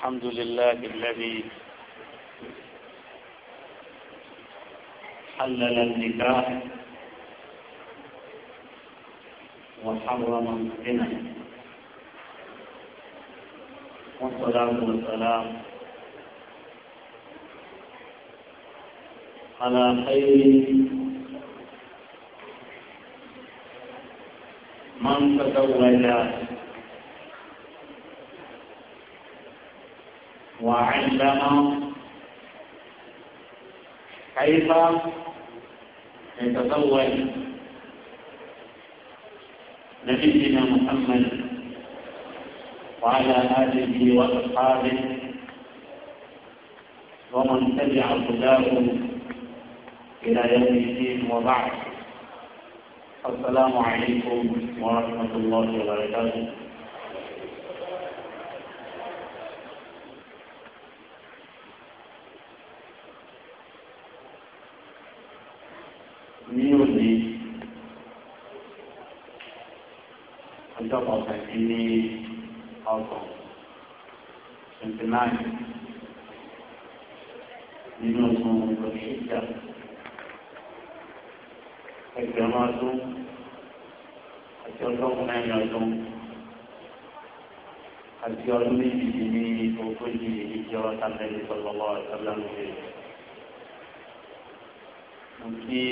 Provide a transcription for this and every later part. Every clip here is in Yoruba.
الحمد لله الذي حلل النكاح وحرم الزنا والصلاة والسلام على خير من تزوج وعندما كيف يتزوج نبينا محمد وعلى آله وأصحابه ومن تبع هداه إلى يوم الدين وبعد السلام عليكم ورحمة الله وبركاته dín ní ọgbọ̀n twenty nine nínú ọdún lọ́sídà ẹgbẹ̀rún ọdún àti ọdún mẹ́rin ọdún àti ọdún méjìdín ní ogójì ìjọ tàbí ọlọ́wọ́ ọ̀dọ́lọ́wọ́ mo kí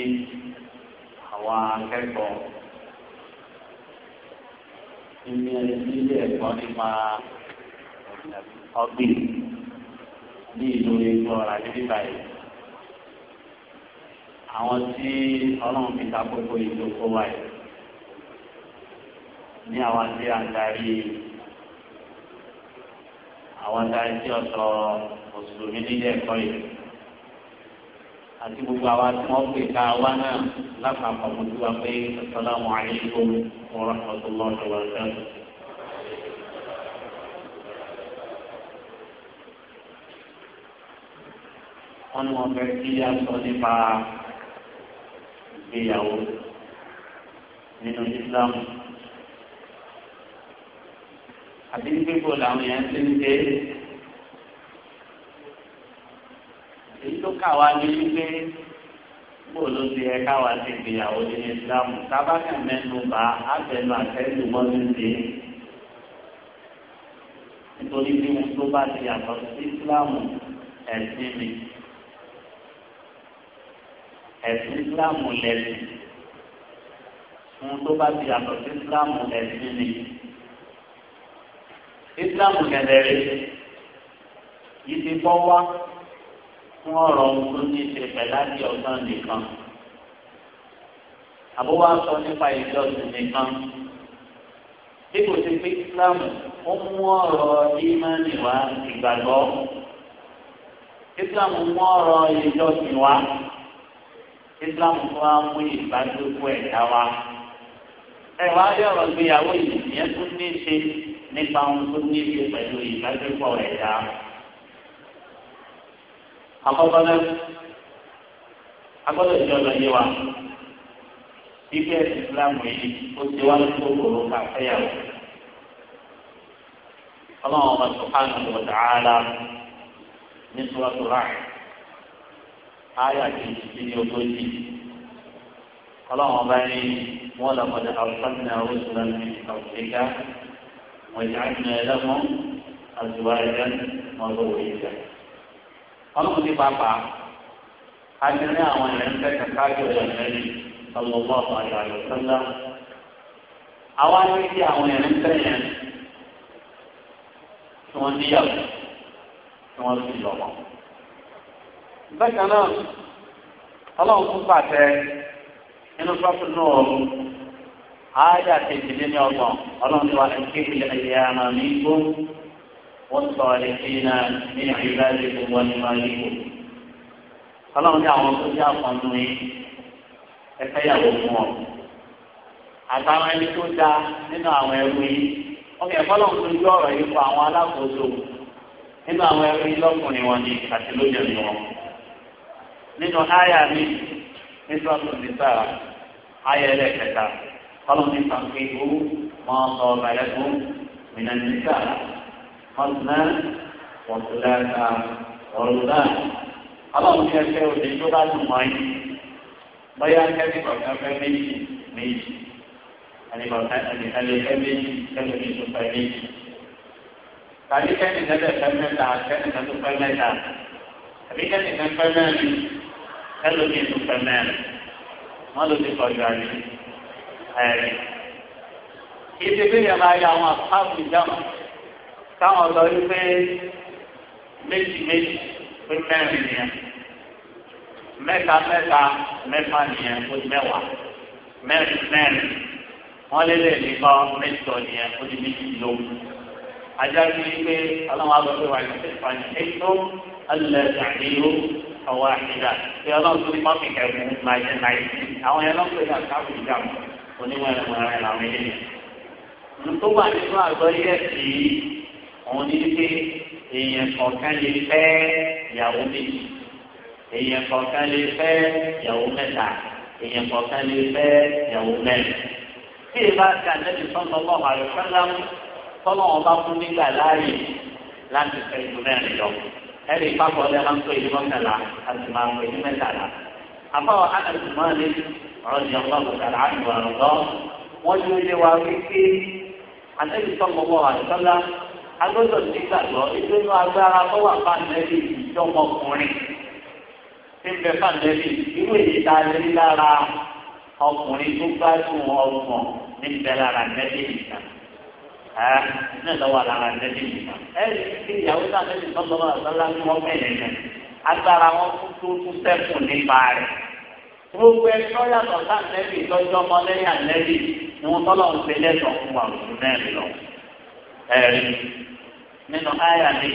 àwọn akẹ́kọ̀ọ́ ilé ilé ẹ̀kọ́ nípa ọ̀gbìn ní ìlú ìlú ọ̀rá níbí báyìí. Àwọn tí ọlọ́run fi takoko ìdókò wa yìí ní àwọn tí a ń darí àwọn darí tí ọ̀sọ̀ mùsùlùmí nílé ẹ̀kọ́ yìí àti gbogbo àwa tí wọ́n pè ká wá náà lápapọ̀ mojú wa pé assalamu alaykum wa rahmatullahi wa barakatuh. wọ́n ní wọ́n fẹ́ kí a nípa ìgbéyàwó nínú Islam àti nígbèkó làwọn yẹn ti ń dé. kà wá ní wípé bó ló ti yẹ káwa ti gbìyàwó ní ìsìlámù tábàkà mẹ́nu bá àtẹnu àtẹnu mọ́tò ti nítorí bí wọn tó bá ti yàtọ̀ sí Islam, ẹ̀sìn mi ẹ̀sìn ìsìlámù lẹ́sìn wọn tó bá ti yàtọ̀ sí ìsìlámù ẹ̀sìn mi ìsìlámù kẹ̀dẹ̀rẹ̀ yìí ti bọ́ wá fún ọ̀rọ̀ ohun tó ní ṣe pẹ̀láti ọ̀sán nìkan. àbúwá sọ nípa ìjọsìn nìkan. bí kò ti pé Islam ó mú ọ̀rọ̀ ìmánì wá ìgbàgbọ́. Islam mú ọ̀rọ̀ ìjọsìn wá. Islam tó wá mú ìbádókò ẹ̀dá wá. ẹ wá bí ọ̀rọ̀ ìgbéyàwó yìí ìyẹn tún ní ṣe nípa ohun tó ní ṣe pẹ̀lú ìbádókò ẹ̀dá àkọ́kọ́ náà agbọ́dọ̀ ìjọ lọ yé wa bíbí ẹ̀sìn ìsìlámù yìí ó ti wá lóko òru káfẹ́yàwó ọlọ́run ọmọ sùpánù ọ̀dà ara ní sùwàtò ráì ayé àti ìdílé ogójì ọlọ́run ọba ní wọ́n lọ́kọ̀dà àwùsánná oṣùlá ní àwùjẹ́ká wọ́n yà á ń lọ́mọ́ àzùwáyé mọ́tò òyìnbá. ọlọ́run ní pàápàá adìrin àwọn ẹ̀rẹ́ ń fẹ́ kàkà jọ ọlọ́wọ́ àyàlọ́ sọ́lá àwa ní àwọn ẹ̀rẹ́ ń tí wọ́n níyàwó tí wọ́n sì lọ́mọ. bákan náà ọlọ́run tún pàtẹ inú sọ́ọ̀tù náà ọ̀run ááyà kejìlélọ́gbọ̀n ọlọ́run ní gbó. والصالحين من عبادكم وإمائكم ọlọ́run ní àwọn tó jẹ́ àpọ̀nù yìí ẹ̀fẹ́ yàwó fún tó dáa nínú àwọn ẹrú yìí ọmọ nínú àwọn ẹrú yìí lọ́kùnrin wọn ni àti lóbìnrin wọn nínú àyà mi ní sọ́ọ̀tún ní sára àyà ẹlẹ́kẹta ní sàǹkì mọ́ mìíràn ní sára. ọ̀nà ọ̀túnlẹ́ta ọ̀rùnà. ọlọ́run ní ẹsẹ̀ òde tó bá dùn wọ́n yìí bóyá kẹ́mi kọ̀ọ̀kan fẹ́ méjì méjì ẹnìkọ̀ọ̀kan ẹnìkẹ́lẹ́ fẹ́ méjì kẹ́mi ní tó fẹ́ méjì. tàbí kẹ́mi kẹ́lẹ́ fẹ́ mẹ́ta kẹ́mi kẹ́lẹ́ tó fẹ́ mẹ́ta tàbí kẹ́mi kẹ́lẹ́ fẹ́ mẹ́rin kẹ́lẹ́ ní tó fẹ́ mẹ́rin wọ́n ló ti kọjú àlè ẹ̀rí. ìdílé yẹn máa yọ àwọn àpá káwọn lọ yí pé méjì méjì pé mẹ́rin ni, mẹ́ta mẹ́ta mẹ́fà nìyẹn ó di mẹ́wàá mẹ́rin mẹ́rin wọ́n lé lè nìkan mẹ́tọ̀ nìyẹn ó di méjì lóhùn ajáde yí pé ọlọ́run á lọ pé wàá ṣe fani ètò alẹ́ ìdàgbéyó ọwọ́ àṣìdá pé ọlọ́run tó ní mọ́mì kẹ́kọ̀ọ́ máa jẹ náírà àwọn yẹn lọ́pọ̀ ìgbà káàbù ìjàmbá onímọ̀ ẹ̀rọ ẹ̀rọ àwọn ènìyàn. nítorí wà nínú àgbọ̀ yẹ́ sí i òun ní pé èèyàn kọ̀ọ̀kan lè fẹ́ ìyàwó méjì èèyàn kọ̀ọ̀kan lè fẹ́ ìyàwó mẹ́ta èèyàn kọ̀ọ̀kan lè fẹ́ ìyàwó mẹ́rin. bí ìbá ka nẹ́bí sọ́nà lọ́wọ́ àlùfáà tọ́lọ́ wọn bá fún nígbà láàyè láti fẹ́ ìlú mẹ́rin lọ. ẹ̀rí pápọ̀ ọ̀dẹ́ máa ń pè ní mọ́kànlá àti máa ń pè ní la. àbáwọ̀ alàtùmọ́lé ọ̀rọ̀dìyàn wọ́n ti ń lé wa wípé àtẹ́bí sọ́nà lọ́wọ́ àlùfáà agbọ́dọ̀ nígbàgbọ́ ilé inú agbára tó wà fáńdẹ́lì ìjọmọkùnrin tí ń bẹ fáńdẹ́lì irú èyí tá a lé lára ọkùnrin tó gbádùn ọgbọ̀n ní bẹ lára nẹ́bí nìkan ẹ ní lọ́wọ́ lára nẹ́bí nìkan ẹ kí ìyàwó náà nẹ́bí sọ́dọ̀ wà sọ́dọ̀ ní wọ́n bẹ̀rẹ̀ rẹ̀ agbára wọn tó tó sẹ́kùn nípa rẹ̀ gbogbo ẹ tó yàtọ̀ sáà nẹ́bí ẹ̀rí nínú àyà mi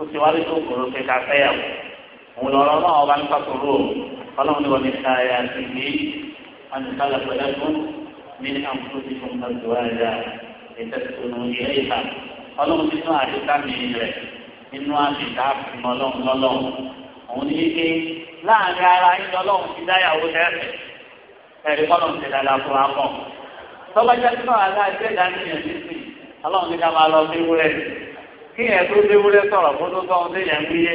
ó ti wáyé tó kúrò pé ká fẹ́yàwó òun lọ́rọ́ náà ọba ń pàtóró ọlọ́run ní wọn ní káyà sí ní àdùnkálà pẹ̀lú ẹ̀dùn ní àmúlòdì fún ọjọ́wáyà ìtẹ̀síwọ̀n ilé ìta ọlọ́run nínú àdúgbò mi rẹ̀ nínú àdìgbà fún ọlọ́run lọ́lọ́run òun ní ike láàrin ara yín lọ́lọ́run ti dáyàwó tẹ́lẹ̀ ẹ̀rí kọ́lọ́run ti dàda fún akọ. tọ́bajá tí wọ́n aláàjẹ́ dání yẹn ti sìn ọlọ́run ní ká máa lọ léwúrẹ́ kí yẹn tó léwúrẹ́ sọ̀rọ̀ fún tó sọ́hún tó yẹn ń gbéyé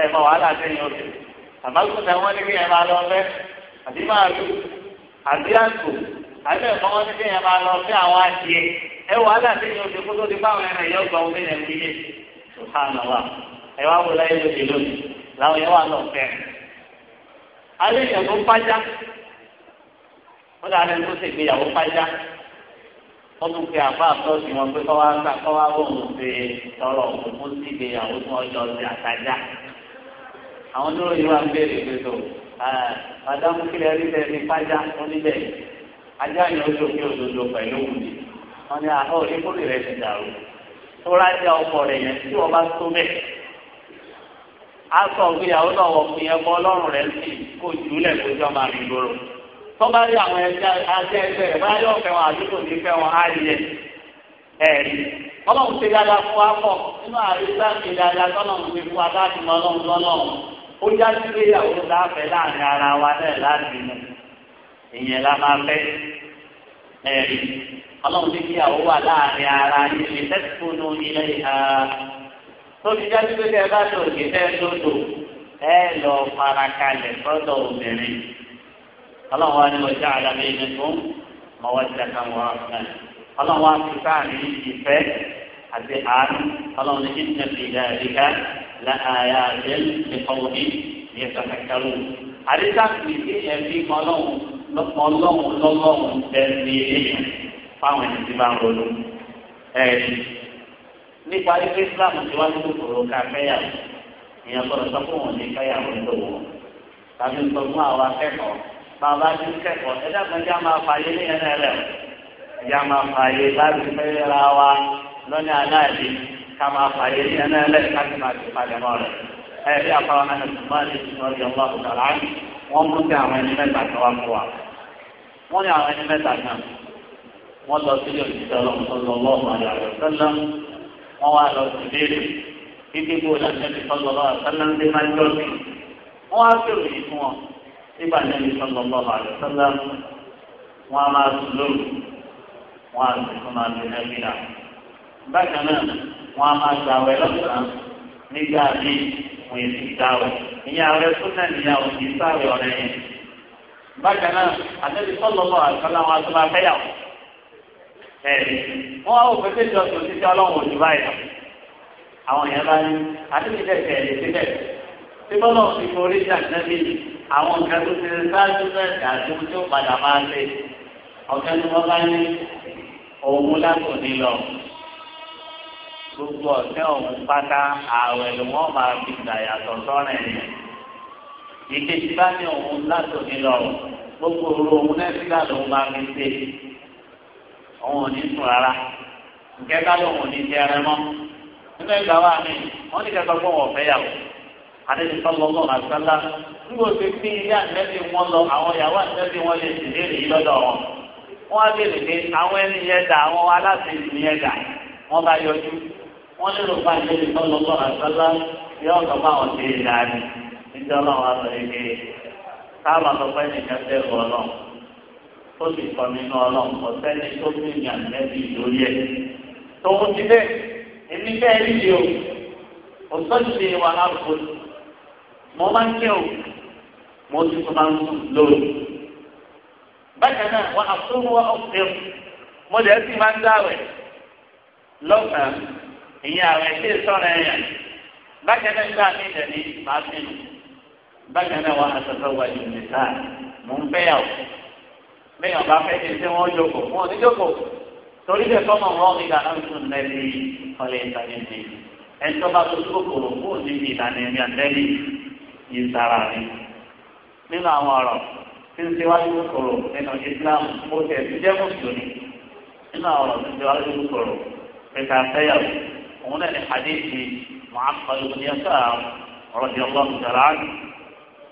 ẹ̀ mọ wàhálà sẹ́yìn oṣù àbákùnrin wọn ní kí yẹn máa lọ fẹ́ àbí máa lu àbí àtò àbí ẹ̀fọ́ wọn ní kí yẹn máa lọ fẹ́ àwọn àṣìyẹ ẹ̀ wàhálà sẹ́yìn oṣù kó tó ti fáwọn ẹ̀rẹ̀ yọ gbọ́ ohun tó yẹn ń gbéyé sùhánàlá ẹ̀ wá wọlé wọ́n tún fi àbá àtọ́sí wọn pé kọ́ wá gbà kọ́ wá bò ń ṣe tọrọ òkú sí ìgbéyàwó tí wọ́n jọ ṣe àtajà. àwọn tó lóyún wa ń béèrè pé tó màdámù kílẹ̀ rí bẹ́ẹ̀ ní fájá tó níbẹ̀ ajá yẹn ojú òkè òdodo pẹ̀lú òwúdi wọ́n ní àhọ́ oníkórè rẹ̀ ti dàrú tó rájà ọkọ rẹ̀ yẹn tí wọ́n bá tó bẹ́ẹ̀. a sọ ìgbéyàwó náà wọ̀ fún yẹn ọlọ́run rẹ̀ sí kó jùlẹ̀ kó jọ tọ́ba rí àwọn ẹja ajẹ́ ẹgbẹ́ rẹ̀ báyọ̀ ọ̀fẹ́ wọn àdúgbò ní fẹ́ wọn á ẹ̀rí. ọlọ́run fún wa pọ̀ nínú àríwá ṣe dáadáa tọ́lọ́run ṣe fún wa láti mọ ọlọ́run lọ́lọ́run ó já sí pé ìyàwó láàrin ara wa náà láti mú ìyẹn la máa fẹ́ ẹ̀rí. ọlọ́run ìyàwó wà láàrin ara yìí ilé ìhà tóbi já sí pé ẹ bá tó ọlọ́run wa ni mo jẹ́ àdàbí ẹni fún mọ́wọ́ ti dàkà wọ́n ọ̀sán ọlọ́run wa fi káàní ìfẹ́ àti àánú ọlọ́run ní kí ní fi ìdáríkà la àyà àjẹ́ ìfọwọ́ ní ní ìsọ̀kà kẹrù. àdéhà kìí sí ẹbí ọlọ́run lọ́lọ́run lọ́lọ́run bẹ́ẹ̀ ní ilé fáwọn ẹni tí bá ń ronú. nípa ilé Islam tí wọ́n ti kòkòrò ká fẹ́yàwó ìyẹn gbọ́dọ̀ sọ fún òun ní fẹ́yàwó ńlọ́wọ́ tàbí sọ fún àwọn akẹ́kọ̀ọ́ bàbá ti kẹ́kọ̀ọ́ ẹ dàgbọn já máa fààyè ní ẹnẹ rẹ já máa fààyè láti fẹ́rẹ́ ra wa lọ́nà aláàbí ká máa fààyè ní ẹnẹ rẹ káti máa ti palẹ̀ mọ́ rẹ ẹ bí afárá náà tó máa ní ìsọ̀rí ọlọ́ àbùdàlá wọ́n mú sí àwọn ẹni mẹ́ta kan wá fún wa wọ́n ní àwọn ẹni mẹ́ta kan wọ́n lọ sí ilé òṣìṣẹ́ ọlọ́ọ̀mọ́ àyàwó sẹ́lẹ̀ wọ́n wá lọ sí ìbéèrè nígbà níbi sallallahu alaihi wasallam wọn a máa sùn lóru wọn a sì tún máa lè lẹ́bí náà bákan náà wọn a máa gbà wẹ̀ lọ́sàn-án nígbà míì wọn èsì gbà wẹ̀ ìyá rẹ súnà nìyà òkè sáré ọ̀rẹ́ yẹn bákan náà àtẹ́bí sallallahu alaihi wọn a tún máa fẹ́yàwó ẹ̀rí wọn á wò pé kéjọ tó ti tẹ́ àwọn yẹn bá ní àtẹ́bí tí bọ́lá fi forí ṣàgbẹ́bí àwọn nǹkan tó ti ṣáájú mẹ́ta àti ohun tí ó padà máa ṣe ọ̀kẹ́ ni wọ́n bá ní òun látò ní lọ. gbogbo ọ̀sẹ̀ òun pátá ààwẹ̀ ni wọ́n máa fi gbà yàtọ̀ sọ́rẹ̀ yẹn. ìkejì bá ní òun látò ní lọ gbogbo òru òun náà sígbà lòun máa fi ṣe òun ò ní sùn rárá nkẹ́ká lòun ò ní jẹ́ ẹrẹ mọ́ nínú ìgbà wa mi wọ́n ní kẹ́kọ̀ọ́ fún ọ̀fẹ́ yàwó àdéhùn sọlọ́mọ́ àgbàlá nígbà tó fi ilé àtẹ́bí wọn lọ àwọn ìyàwó àtẹ́bí wọn lè sì léèrè yìí lọ́dọ̀ wọn. wọ́n á béèrè pé àwọn ẹni yẹn dà àwọn aláṣẹ́yìn yẹn dà wọ́n bá yọjú. wọ́n lérò pa àdéhùn sọlọ́mọ́ àgbàlá yọ ọ̀dọ̀ bá wọn ṣe ìlànà níjọ́ náà wà sọ èké káàmà tó pẹ́ nìkan tẹ́ ọlọ́run ó sì kọ́ nínú ọlọ́run kò mo máa ń kẹ́ o mo ti tún máa ń sùn lóru. bákan náà wọn àtúntò wọn ọ̀sẹ̀ mo lè ti máa ń dáwẹ̀ lọ́sàn-án ìyẹn àwẹ̀ tí ì sọ̀rọ̀ ẹ̀yà bákan náà gbà mí dẹ̀ ní màá fi nù bákan náà wọn àtọ̀tọ̀ wà ní ìlẹ̀ta mo ń fẹ́ yà o bẹ́ẹ̀ ọba fẹ́ ṣe wọ́n jókòó wọn ò ní jókòó torí bẹ́ẹ̀ kọ́mọ wọn ní ká ń sùn lẹ́ni ọ̀lẹ́ ìtàgé ìsara ni nínú àwọn ọ̀rọ̀ tí ń ṣíwájú kòkòrò nínú Islam ó tẹ̀ sí jẹ́ mùsùlùmí nínú àwọn ọ̀rọ̀ tí ń ṣíwájú kòkòrò pẹ̀ka fẹ́yàwó òun náà ní hadithi Muhammad ibn Yasar radiyallahu ta'ala anhu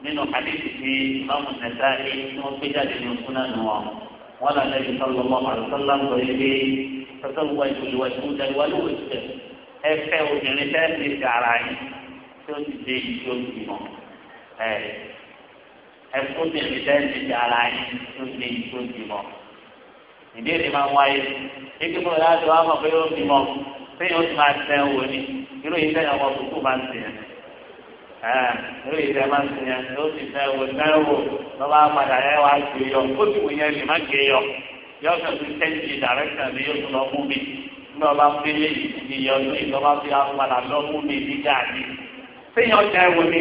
nínú hadithi tí Imamu Nasa'i tí wọ́n gbé jáde ní sunan nù wọn wọn là Nabi sallallahu alaihi wasallam ń sọ pé tọ́tọ́ wọ ìwà ìwà ìwà ìwà ẹ fẹ́ obìnrin fẹ́ẹ́ fi ẹ ẹkún tèmi sẹ́ńtì ti ara yín tó lé tó bímọ ìbéèrè máa ń wáyé kíkí fún ìyá àdúrà mọ̀ pé ó bímọ sẹ́yìn ó ti máa tẹ owó ni irú yìí sẹ́yìn ọmọ kúkú máa ń tẹ̀ irú yìí sẹ́yìn máa ń tẹ̀ ẹ́ ó ti tẹ owó tẹ owó lọ́wọ́ àpàdà ẹ̀ wá gbé yọ ó ti wù yẹn lè má gbé yọ yọ kàn fi sẹ́ńtì dàrẹ́kítà mi yóò tún lọ mú mi ní ọba fẹ́lẹ́ ìyọ̀nù ìjọba fi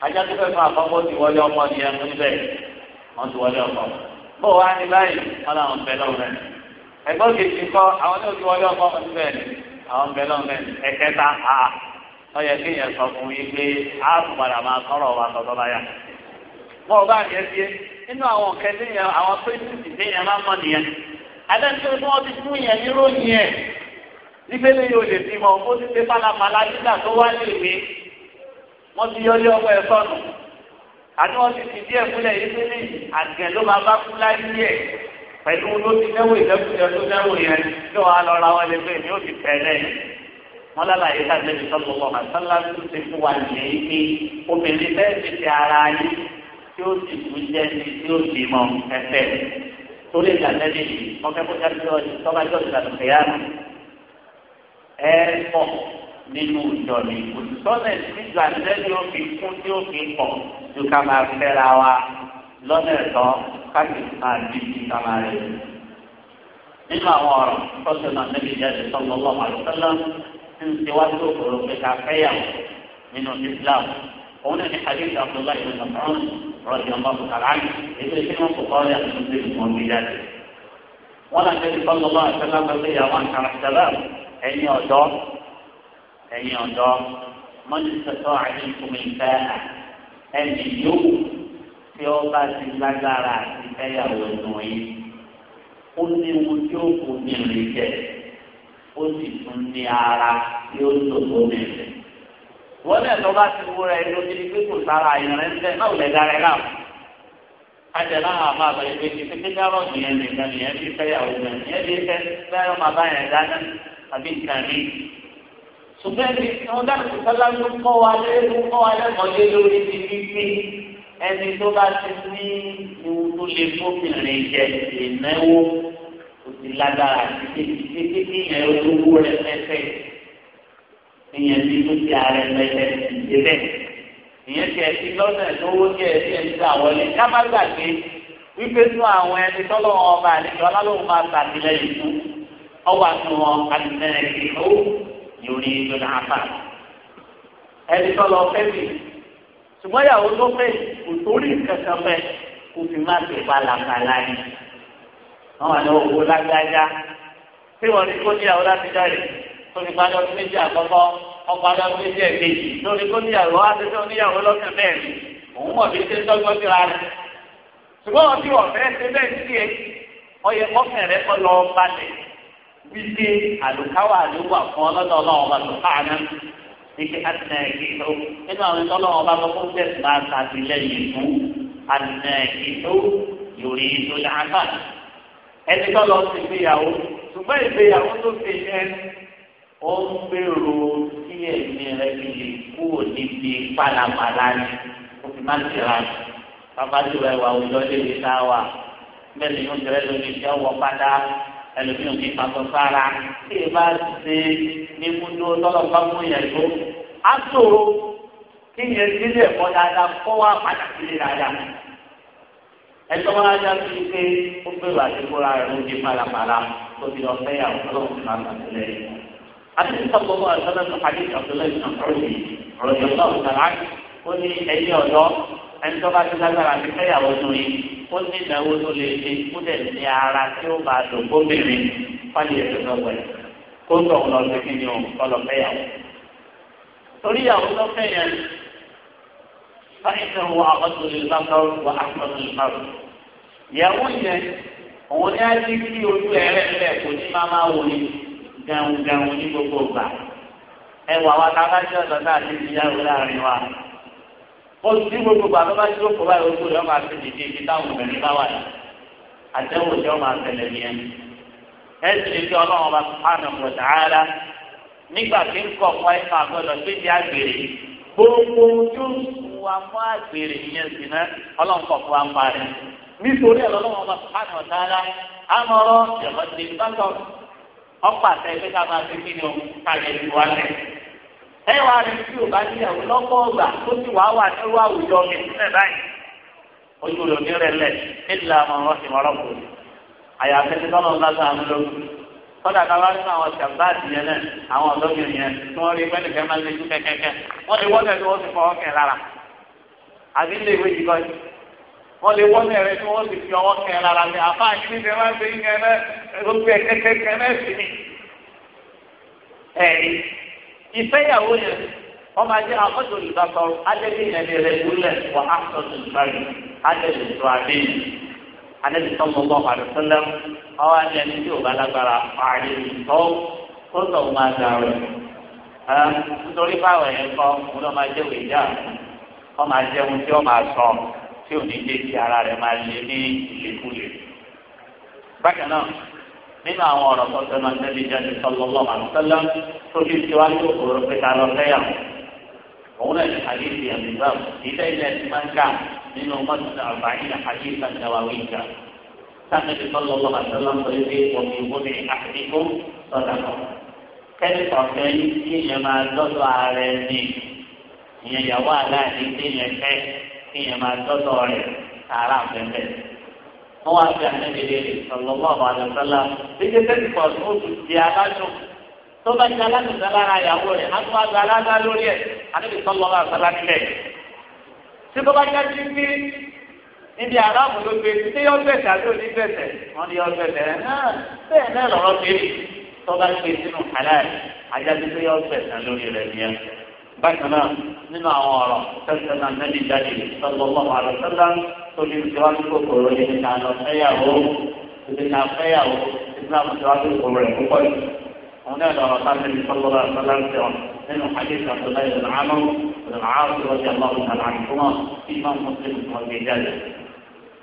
ajá tó fẹ́ fún àkọ́kọ́ ti wọlé ọmọ nìyẹn fún ibẹ̀ wọ́n ti wọlé ọmọ. bó wàá ní báyìí wọn làwọn bẹ lọ́wọ́ rẹ̀. ẹ̀gbọ́n kejì kọ́ àwọn náà ti wọlé ọmọ fún ibẹ̀ àwọn bẹ lọ́wọ́ rẹ̀. ẹ̀kẹta a wọ́n yẹ kí yẹn sọ fún yín pé a tún padà máa kọ́rọ̀ wa sọ́tọ́ báyà. wọ́n bá yẹn fi inú àwọn kẹ́lí yẹn àwọn pírẹ́sìtì ti fún yẹn níròyìn yẹn nígbẹ́lẹ́ wọ́n ti yọ ilé ọkọ ẹ̀ sọnù àti wọ́n ti fi díẹ̀ fúnlẹ̀ yìí fún mi àgẹ̀ ló máa bá kú láyé yẹ pẹ̀lú ló ti náwó ìdẹ́kùnjẹ tó náwó yẹn yóò wá lọ ra wọn lé pé mi ò ti tẹ̀ lẹ́yìn wọn lálàyé káàdé mi sọ́kọ̀ wọn àtàlà tó ti fún wa nìyí pé obìnrin bẹ́ẹ̀ ti ti ara yín tí ó sì kú jẹ́ ni tí ó sì mọ ẹsẹ̀ torí ìdáná ní ìlú wọn fẹ́ kó jáde lọ́wọ́ ìtọ́bájọ́ ìdàgbàsẹ̀ yára ẹ̀ pọ̀ nínú ìjọ ni òtítọ́nà nígbà tẹ́lẹ̀ ó fi kún tí ó fi pọ̀ ju ká máa fẹ́ra wa lọ́nà ẹ̀tọ́ káàkiri máa di ju ká máa rẹ̀. nínú àwọn ọ̀rọ̀ tọ́sí náà níbi ìjáde sọ́nà ọlọ́mọ àlùfẹ́lá ń ṣe wá sí òkòrò pé ká fẹ́yàwó nínú Islam òun náà ní hadith Abdullahi ibn Mas'ud rọ̀jì ọmọ bukaraani èyí tó wọn kò kọ́ ọ́ yà tó mi jáde. wọ́n ẹ̀yin ọ̀dọ́ mọ́nìsọ̀tọ̀ àdínkùnmí fẹ́ ẹnì yóò tí ó bá ti lágbára àti fẹ́yàwó ẹ̀nù yìí ó ní ohun tí ó kù ní ìrìnjẹ ó sì tún ní ara tí ó lò tó ní ìrìn. wọ́n lẹ̀ tó bá ti wúra ẹ lójú pé kò sára ìrìn ńlẹ̀ náà lẹ̀ dára ẹ̀ láwọn. kájà náà àmọ́ àbẹ̀yẹ pé kí pé dáhùn nìyẹn nìkan nìyẹn ti fẹ́yàwó ẹ̀nù yẹn ti fẹ́ fẹ́ràn bàbá yẹn dáná àbí nǹkan mìíràn ṣùgbọ́n ẹni tí wọ́n dáhùn sí sọ́lá ló kọ́ wa lẹ́nu kọ́ wa lẹ́mọ̀ọ́dé lórí ti wípé ẹni tó bá ti ní ewu tó lè fóbìnrin jẹ ìnáwó kò sí lágbára àti kékeré ìyẹn olówó rẹ mẹ́fẹ́ ìyẹn ti tó ti ààrẹ mẹ́fẹ́ ìdílé ìyẹn ti ẹtí lọ́nà ìnáwó ní ẹtí ẹtí àwọlé ká má wípé tún àwọn ẹni tọ́lọ́wọ́n ọba àlejò ọlọ́lọ́wọ́n máa tàbí lẹ́yìn fún ọwọ́ àtúnwọ̀n àtìlẹ́yìn ìnáwó yorì yorì afa ẹni tó lọ fẹ́ mi ṣùgbọ́n ìyàwó tó fẹ́ kò torí kankan fẹ́ kò fi má ti balabala yìí àwọn àna owó lágbájá tí wọ́n ní kó níyàwó láti jáde tó ní padà ọdún méjì àkọ́kọ́ ọgbà ọdún méjì ẹ̀kejì tó ní kó níyàwó láti tó níyàwó lọ́sẹ̀ mẹ́rin òun mọ̀ bí ṣe ń tọ́gbọ́n sí ra ṣùgbọ́n ọtí wọ̀ fẹ́ ṣe bẹ́ẹ̀ sí ẹ ọyẹ kọ́fẹ̀rẹ́ kọ́ lọ balẹ̀ wípé àlùkáwà àdúgbò àfọ ọlọ́dọ̀ ọlọ́run ọba tó káàná wípé àtìlẹyìn ìtò nínú àwọn ìtọ́lọ́run ọba tó fún tẹ̀sí máa ṣàtìlẹyìn fún àtìlẹyìn ìtò lórí ìtò dáadáa ẹni tọ́lọ́ ti gbéyàwó ṣùgbọ́n ìgbéyàwó tó fi ẹ ó ń gbèrò sí ẹ̀mí rẹ fi lè kú níbi pálapàla ni ó fi máa ń tẹ̀ra ni bàbá tó ẹwà òjò lè ta wà mẹ́rin ó tẹ̀rẹ́ ẹlòmíràn kì í pàtó sára tí ì bá ṣe mímúdó tọ́lọ́pàá mú yẹn tó á ṣòro kí yẹn sílé ẹ̀kọ́ dáadáa kọ́ wá padà sílé dáadáa ẹjọ́ wọn ajá sí i pé ó bẹ̀rù àdébọ́ra rẹ̀ ló di pàlàpàlà tó ti lọ fẹ́ yàwó ọlọ́run ti máa gbàgbé lẹ́yìn. àti sọ́kọ̀ bọ́ àtọ́lá ní àdéhùn àtọ́lá ìtàn ọ̀rọ̀yìn ọ̀rọ̀yìn ọ̀lá ọ̀tàlá ó ní ẹ̀yìn ọ̀dọ́ ẹni tó bá ti lágbára ti fẹ́ yàwó tó yìí ó ní ìnáwó tó lè ṣe kó dẹ̀ ní ara tí ó máa dùn gómìnrin fáyé ẹ̀sìn lọ́wọ́ ẹ̀ kó ń tọ̀hún lọ sí kíni òun kọ́ lọ fẹ́yàwó. torí àwọn tó fẹ́ yẹn fáyẹ̀sìn wọ àkọ́tù ìlúbákọ́rù wọ àkọ́tù ìlúbákọ́rù. ìyàwó yẹn òun ní àti kí ojú ẹ̀rẹ́ ńlẹ̀ kò ní máa máa wò ní gàùngàùn ní gbogbo gbà. ẹ wà wá ká oṣù tí gbogbo gbàgbọ́ bá ti lóko báyìí oṣù rẹ̀ máa fi dìde ibi táwọn obìnrin bá wà ní àtẹ̀wò tí wọ́n máa tẹ̀lé ní ẹni. ẹ sì ọlọ́run nígbà tí ń kọ̀ gbọ́dọ̀ tó di àgbèrè gbogbo ojú wa mọ́ àgbèrè yẹn sì ọlọ́run kọ̀ fún wa ń nítorí ọlọ́run ẹ wá rí tí o bá níyàwó lọ́pọ̀ ọgbà tó ti wàá wà nírú àwùjọ mi sílẹ̀ báyìí ojú rẹ̀ ní rẹ̀ lẹ̀ nílẹ̀ àwọn ọ̀rọ̀ sì mọ̀rọ̀ kù àyàfẹ́ ti tọ́lọ̀ ńlá sáà ń kọ́dà ká wá nínú àwọn sàbáàtì yẹn náà àwọn ọ̀dọ́bìnrin yẹn tí wọ́n rí pẹ́ẹ́nìkẹ́ máa ń lejú kẹ́kẹ́kẹ́ wọ́n lè wọ́n tẹ̀lé wọ́n sì fọwọ́ kẹ́ lára àbí ilé ìwé yìí kọ́ni wọ́n lè wọ́n tẹ̀lé tí wọ́n sì fi ọwọ́ kẹ́ lára ní àfa àyíní máa ń gbé yín kẹ́ ìfẹ́yàwó yẹn ọmọ ajé akọ́jọ ìbáfọ́ adébí yẹn lè rẹ wúlẹ̀ wà á sọ tó ìbáyìí adébí tó adé yìí adébí tó mọ́ bọ́ àdùsọ́lẹ́m ọwọ́ adé ẹni tí ò bá lágbára pààyè tó tó tó máa dà rẹ̀ ẹ́ nítorí báwọ̀ yẹn kọ́ mo lọ́ máa jẹ́ wèé jà ọmọ ajé ohun tí ó máa sọ tí ò ní dé kí ara rẹ̀ máa lé ní ìlékúlé bákan náà nínú àwọn ọ̀rọ̀ tó tẹnu ẹ̀dẹ́bí jáde sallallahu alaihi wasallam tó fi tiwájú òkúrò pé ká lọ fẹ́yà òun náà ní àdéhùn ìyàmìgbà ilé ilẹ̀ ti máa ń kà nínú mọ́tòtò àbáyé àdéhùn àdáwáwé ìjà sáfẹ́tì sallallahu alaihi wasallam tó lé dé omi ìwúni àdéhùn sọ̀dà kan kẹ́lí kọ̀ọ̀kẹ́ yìí kí máa dọ́dọ̀ ààrẹ ní ìyẹn ìyàwó àdáyé wọ́n wá sí àtẹ́lẹ́lẹ́ sallallahu alaihi wasallam ṣíṣe tẹ́lifí kan ó tún di aláṣọ tó bá ṣe aláṣọ lára ìyàwó rẹ̀ á tún wá gba aláṣọ lórí ẹ̀ àtẹ́lẹ́ sallallahu alaihi wasallam nílẹ̀. ṣé tó bá jẹ́ sí ní níbi aráàmù ló gbé ṣé yọ bẹ̀sẹ̀ àti òní bẹ̀sẹ̀ wọ́n ní yọ bẹ̀sẹ̀ bẹ́ẹ̀ náà lọ́rọ́ kiri tó bá gbé sínú kàlá ẹ̀ ajá bákan náà nínú àwọn ọ̀rọ̀ tẹ́sán náà nẹ́bí jáde sallallahu alaihi wasallam tó ní ìṣèwádìí kòkòrò yìí níta lọ fẹ́yàwó níta fẹ́yàwó islam ìṣèwádìí kòkòrò rẹ̀ púpọ̀ yìí. àwọn náà lọ́rọ̀ sáà nẹ́bí sallallahu alaihi wasallam tẹ̀ wọ́n nínú hadith abdullahi bin amr bin aas rọ́jì aláwọ̀ nàlá àdìgúnmá tí imam muslim wọn gbé jáde.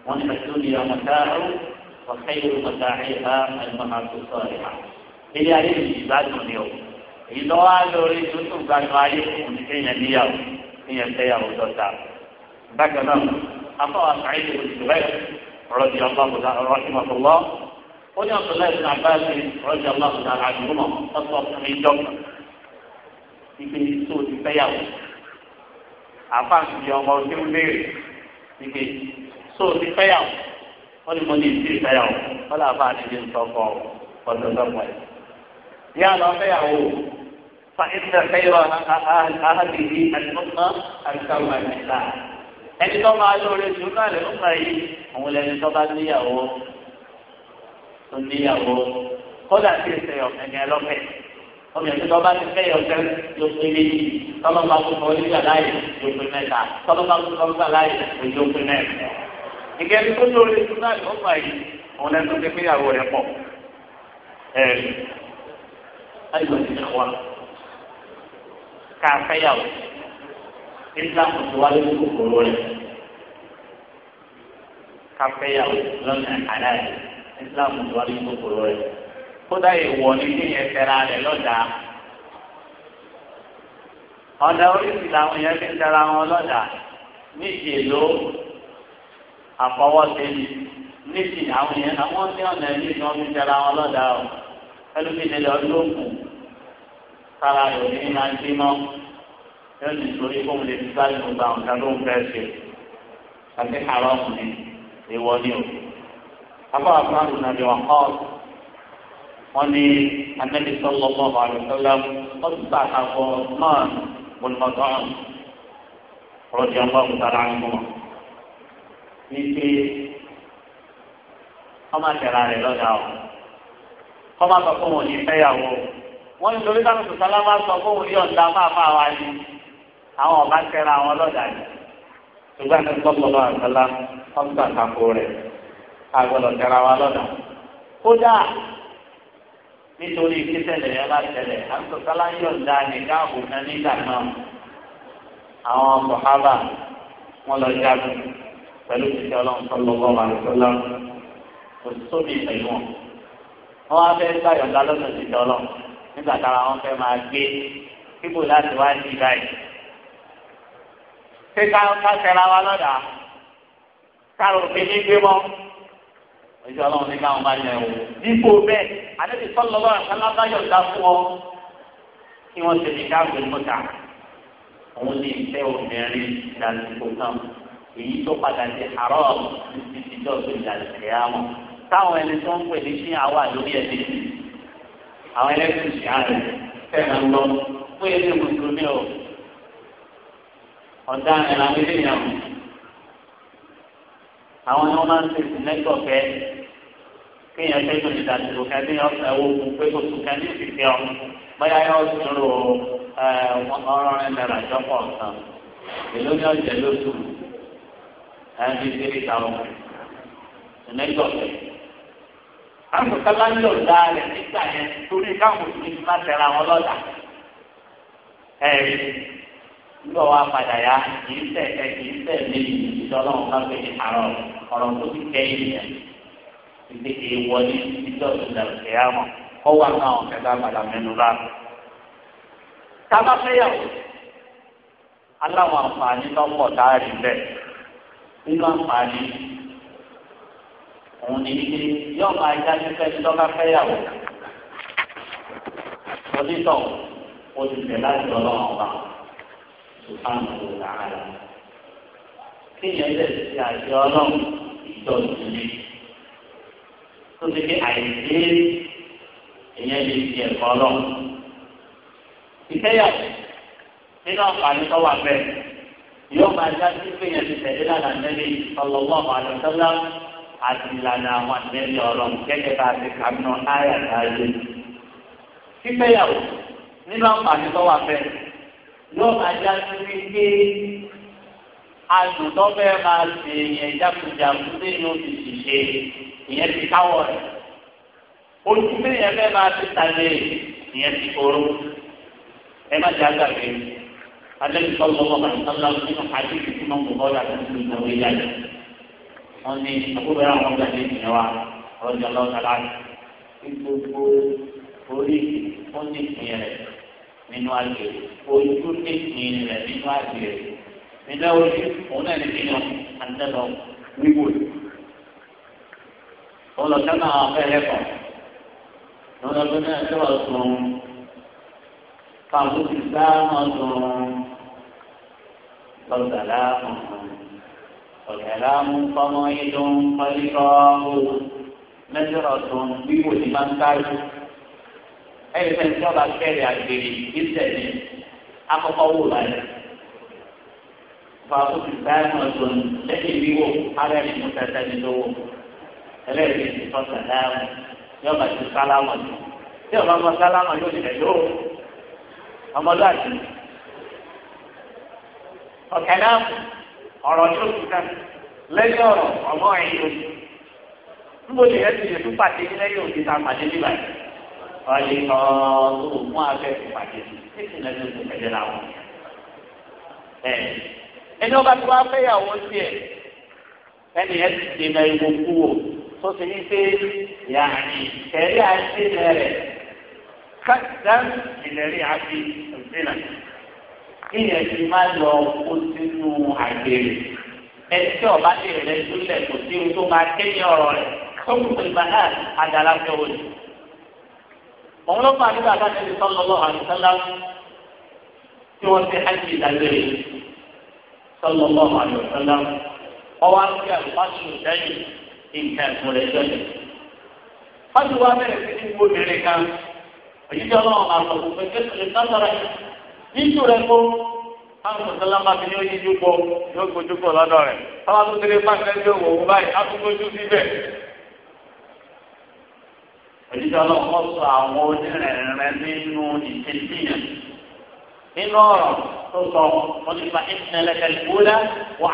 wọ́n ti tún ní ọmọ táàrù wọ́n kẹ́yìn ọmọ táàrù ìlọ́wọ́ lórí tuntun gbàgbọ́ ayé fún mi kéèyàn níyàwó kéèyàn fẹ́yàwó dọ́ta. bákan náà afọwọ́ àtàyè ìṣúrẹ́ rọ́bì ọlọ́mọdé rọ́ṣìmọ̀tòlọ́ ó ní ọ̀sọ̀lá ìṣúná àbáṣe rọ́bì ọlọ́mọdé àdúgbò ọ̀sọ̀ fún mi dọ́gba. ibi tó ti fẹ́yàwó àfáàfin ọmọ tí ń béèrè ibi tó ti fẹ́yàwó wọ́n ní mo ní ìdí ìfẹ́yàwó wọ́n làbá يا رافعه فإن خير هذه الأمة الكون لله ẹni tó máa lóore jù náà lè ń pè yí òun lẹni tó bá níyàwó tó níyàwó kódà sí ìṣe ọ̀gẹ̀gẹ̀ lọ́fẹ̀ẹ́ ọmọ ìṣe tó bá ti fẹ́ ọ̀gẹ̀ ló pé méjì tọ́lọ́ bá kú fún onígbà láàyè ló pé mẹ́ta tọ́lọ́ bá kú fún onígbà láàyè ló pé mẹ́ta. ìgẹ̀ni tó lóore jù náà lè ń pè yí òun tó ti pé ìyàwó rẹ̀ pọ̀ ayọ̀ ìdílé wa ká fẹ́yàwó nígbà tó ti wá lórí kòkòrò rẹ̀ ká fẹ́yàwó lọ́nà àdá rẹ̀ nígbà tó ti wá lórí kòkòrò yẹn ń dara wọn lọ́dà níṣì ló àfọwọ́sẹ́ni níṣì àwọn yẹn àwọn ní ọ̀nà yìí ni wọ́n ń dara wọn lọ́dà o ẹlòmíì lè lọ lóògùn kára rẹ̀ ní máa ń dín mọ́ yóò ní torí kó lè fi bá ìlú gba nǹkan ló ń fẹ́ ṣe àti haramu ni ìwọ ni o. Abáwá Fáàlù nàbí wà kọ́ wọ́n ní Anábì sọ́lọ́ bọ́ àlùsọ́lá wọ́n ti bá àkàkọ́ náà bọ̀lùmọ̀tọ́rùn rọ̀jì ọlọ́run tààrà ń Ní pé ọmọ àtẹ̀rà rẹ̀ lọ́dà ọ̀ kọ́ máa sọ fún òun ní fẹ́yàwó wọ́n ní torí sáà sọ̀tàn lá máa sọ fún òun ní ọ̀dà máa fà wá ní àwọn ọ̀bá kẹra àwọn ọlọ́dà ní. ṣùgbọ́n ní sọ́kọ̀lọ́ àgbàlá ọ̀gbà kàkó rẹ̀ àgbọ̀lọ̀ kẹra wa lọ́dà. kódà nítorí kíṣẹ̀lẹ̀ yẹn bá ṣẹlẹ̀ àtúntàn lá yọ̀ǹda nìkan òkúta nígbà náà àwọn sọ̀hábà wọn lọ jagun pẹ̀lú ìṣẹ́ ọlọ́run sọ́lọ́ wọn wá fẹ́ gbàyọ̀dá lọ́nà ìdíjọ́ lọ nígbà tára wọn fẹ́ máa gbé kíkò láti wá sí báyìí. ṣé ká ká tẹ̀ra wa lọ́dà káàrò fi ní gbé mọ́ ojú ọlọ́run ní káwọn máa yẹ wò. dípò bẹ́ẹ̀ àdébí sọ́lọ́wọ́ àkàlà báyọ̀dá fún ọ kí wọ́n ṣe ní káàgbé mọ́ta òun ní ìfẹ́ obìnrin ìdánilẹ́kọ̀ọ́ náà èyí tó padà di àárọ̀ títí tó táwọn ẹni tó ń pè ní sí àwa lórí ẹni àwọn ẹlẹ́sìn sí àárẹ̀ fẹ́ràn lọ fún ẹni mùsùlùmí o ọ̀daràn làwọn ènìyàn àwọn ni wọ́n máa ń ṣe ìsìnlẹ́gbọ̀fẹ́ kéèyàn fẹ́ tó ti kẹ́ni ọ̀sẹ̀ wo kò pé kò tún kẹ́ni ìfìfẹ́ ọ bóyá yóò tún ro ọ̀rọ̀rin náírà jọ́pọ̀ ọ̀sán èló ni ọ̀jẹ̀ lóṣù ẹni tí ìta ọ̀hún ìsìnlẹ́gbọ̀fẹ́ àwọn sábà ń lò dá rẹ̀ nígbà yẹn torí káwọn òṣèlú má tẹ̀ra wọn lọ́dà. ẹ̀rí lọ wá padà yá kìí tẹ̀ ẹ kìí tẹ̀ lé ìdọ́lọ́wọ́ bá fi ní àrọ̀ ọ̀rọ̀ tó ti kẹ́ ìyẹn. ìdí èèwọ̀ ní ìjọ ìjà òkèèyà mọ̀ kọ́ wà náà kẹta padà mẹ́nu bá. sábà fẹ́yàwó aláwọ̀ àǹfààní lọ́pọ̀ tá bẹ́ẹ̀ nínú àǹfààní òun ni wípé yóò máa jáde fẹ́ẹ́ lọ́ba fẹ́yàwó onítọ̀ o ti tẹ̀ láti ọlọ́run ọba sùpáàmù tó làárà kéèyàn lè ṣe àṣẹ ọlọ́run ìjọsìn ni tó ti ké àìsí èèyàn lè fi ẹ̀kọ́ ọlọ́run ìfẹ́yàwó nínú àǹfààní tó wà yóò máa jáde fẹ́yàn ti tẹ̀lé lánàá nẹ́bí ọlọ́wọ́ àwọn àlọ́ àti ìlànà àwọn àtẹ́lẹ̀ ọ̀rọ̀ gẹ́gẹ́ bá a ti kà nù ayà láàyè. Fífẹ́yàwó nínú àǹfààní tó wà fẹ́ yóò máa já sí wípé adùn tó fẹ́ máa ṣe èèyàn jákujàku nínú ìṣiṣẹ́ ìyẹn ti káwọ̀ rẹ̀. Ojú tí ìyẹn fẹ́ máa ti tàlẹ̀ ìyẹn ti kóró. Ẹ má jẹ́ àgbàgbé. Adébísọ́ lọ́wọ́ màtí sọ́lá nínú àdébísí mọ́kànlá àti ìṣòwò ìyá rẹ̀ wọn ní àkókò àwọn ọgbà ní ìpìlẹ̀ wa ọjọ́ lọ́wọ́ tala ní gbogbo orí wọn ní ìpìlẹ̀ rẹ̀ nínú àgbè ojú ní ìpìlẹ̀ rẹ̀ nínú àgbè nígbà wo ni òun náà ní kíni àtẹlọ wíwò olùsọ́nà àwọn afẹ́rẹ́ kan lọ́dọ̀ tó náà tó wà fàmùsì sáà máa sùn lọ́sàlá ọ̀hún. والكلام صميد طريقه نجرة بيو لمن كاي أي من شرع الشارع الجري جدا أقوى له فأقول بانة التي بيو على المتسلسل الذي سلام يوم السلام يوم السلام يوم السلام ọ̀kẹ́lá ọ̀rọ̀ yóò fi kàn lẹ́yìn ọ̀rọ̀ ọmọ ẹ̀yìn lójú. níbo ndị ẹ ti lè tún pàdé lẹ́yìn òbí ta pàdé nígbà yìí. ọ̀lẹ́ kan tó mú abẹ́ fún pàdé ẹni ọba tí sí ẹ̀ ẹni ti ìwò kú o, tó ti ní pé yàrá àti ìlẹ̀ kéèyàn ti máa lọ kó sínú àgbèrè ẹni tí ọba lè rẹ sílẹ̀ kò sí ohun tó máa kéèyàn ọ̀rọ̀ rẹ̀ tó kù pé bàtà àdàlà fẹ́ wò ni. òun ló fà nígbà tá a ti sọ lọ́wọ́ àlùsálà tí wọ́n ti hajj ìdágbére sọ́lọ́ lọ́wọ́ àlùsálà wọ́n wá sí àlùfáàṣù lẹ́yìn nǹkan ẹ̀sùn rẹ̀ jọjọ. fájú wa bẹ̀rẹ̀ sí ní gbòmìnir yíjú rẹ̀ kó àwọn sọ̀tẹ́lá máa fi ní yíjú pọ̀ ní ó gbójú pọ̀ lọ́dọ̀ rẹ̀ táwọn tó tẹ̀lé pàṣẹ ṣe wò ó báyìí á tún gbójú síbẹ̀. òjijì ọlọ́pàá sọ àwọn onírẹ̀rẹ̀ nínú ìṣèṣìyàn nínú ọ̀rọ̀ tó sọ wọn ti fa ìṣẹ̀lẹ̀kẹ̀lẹ̀ kúlẹ̀ wọ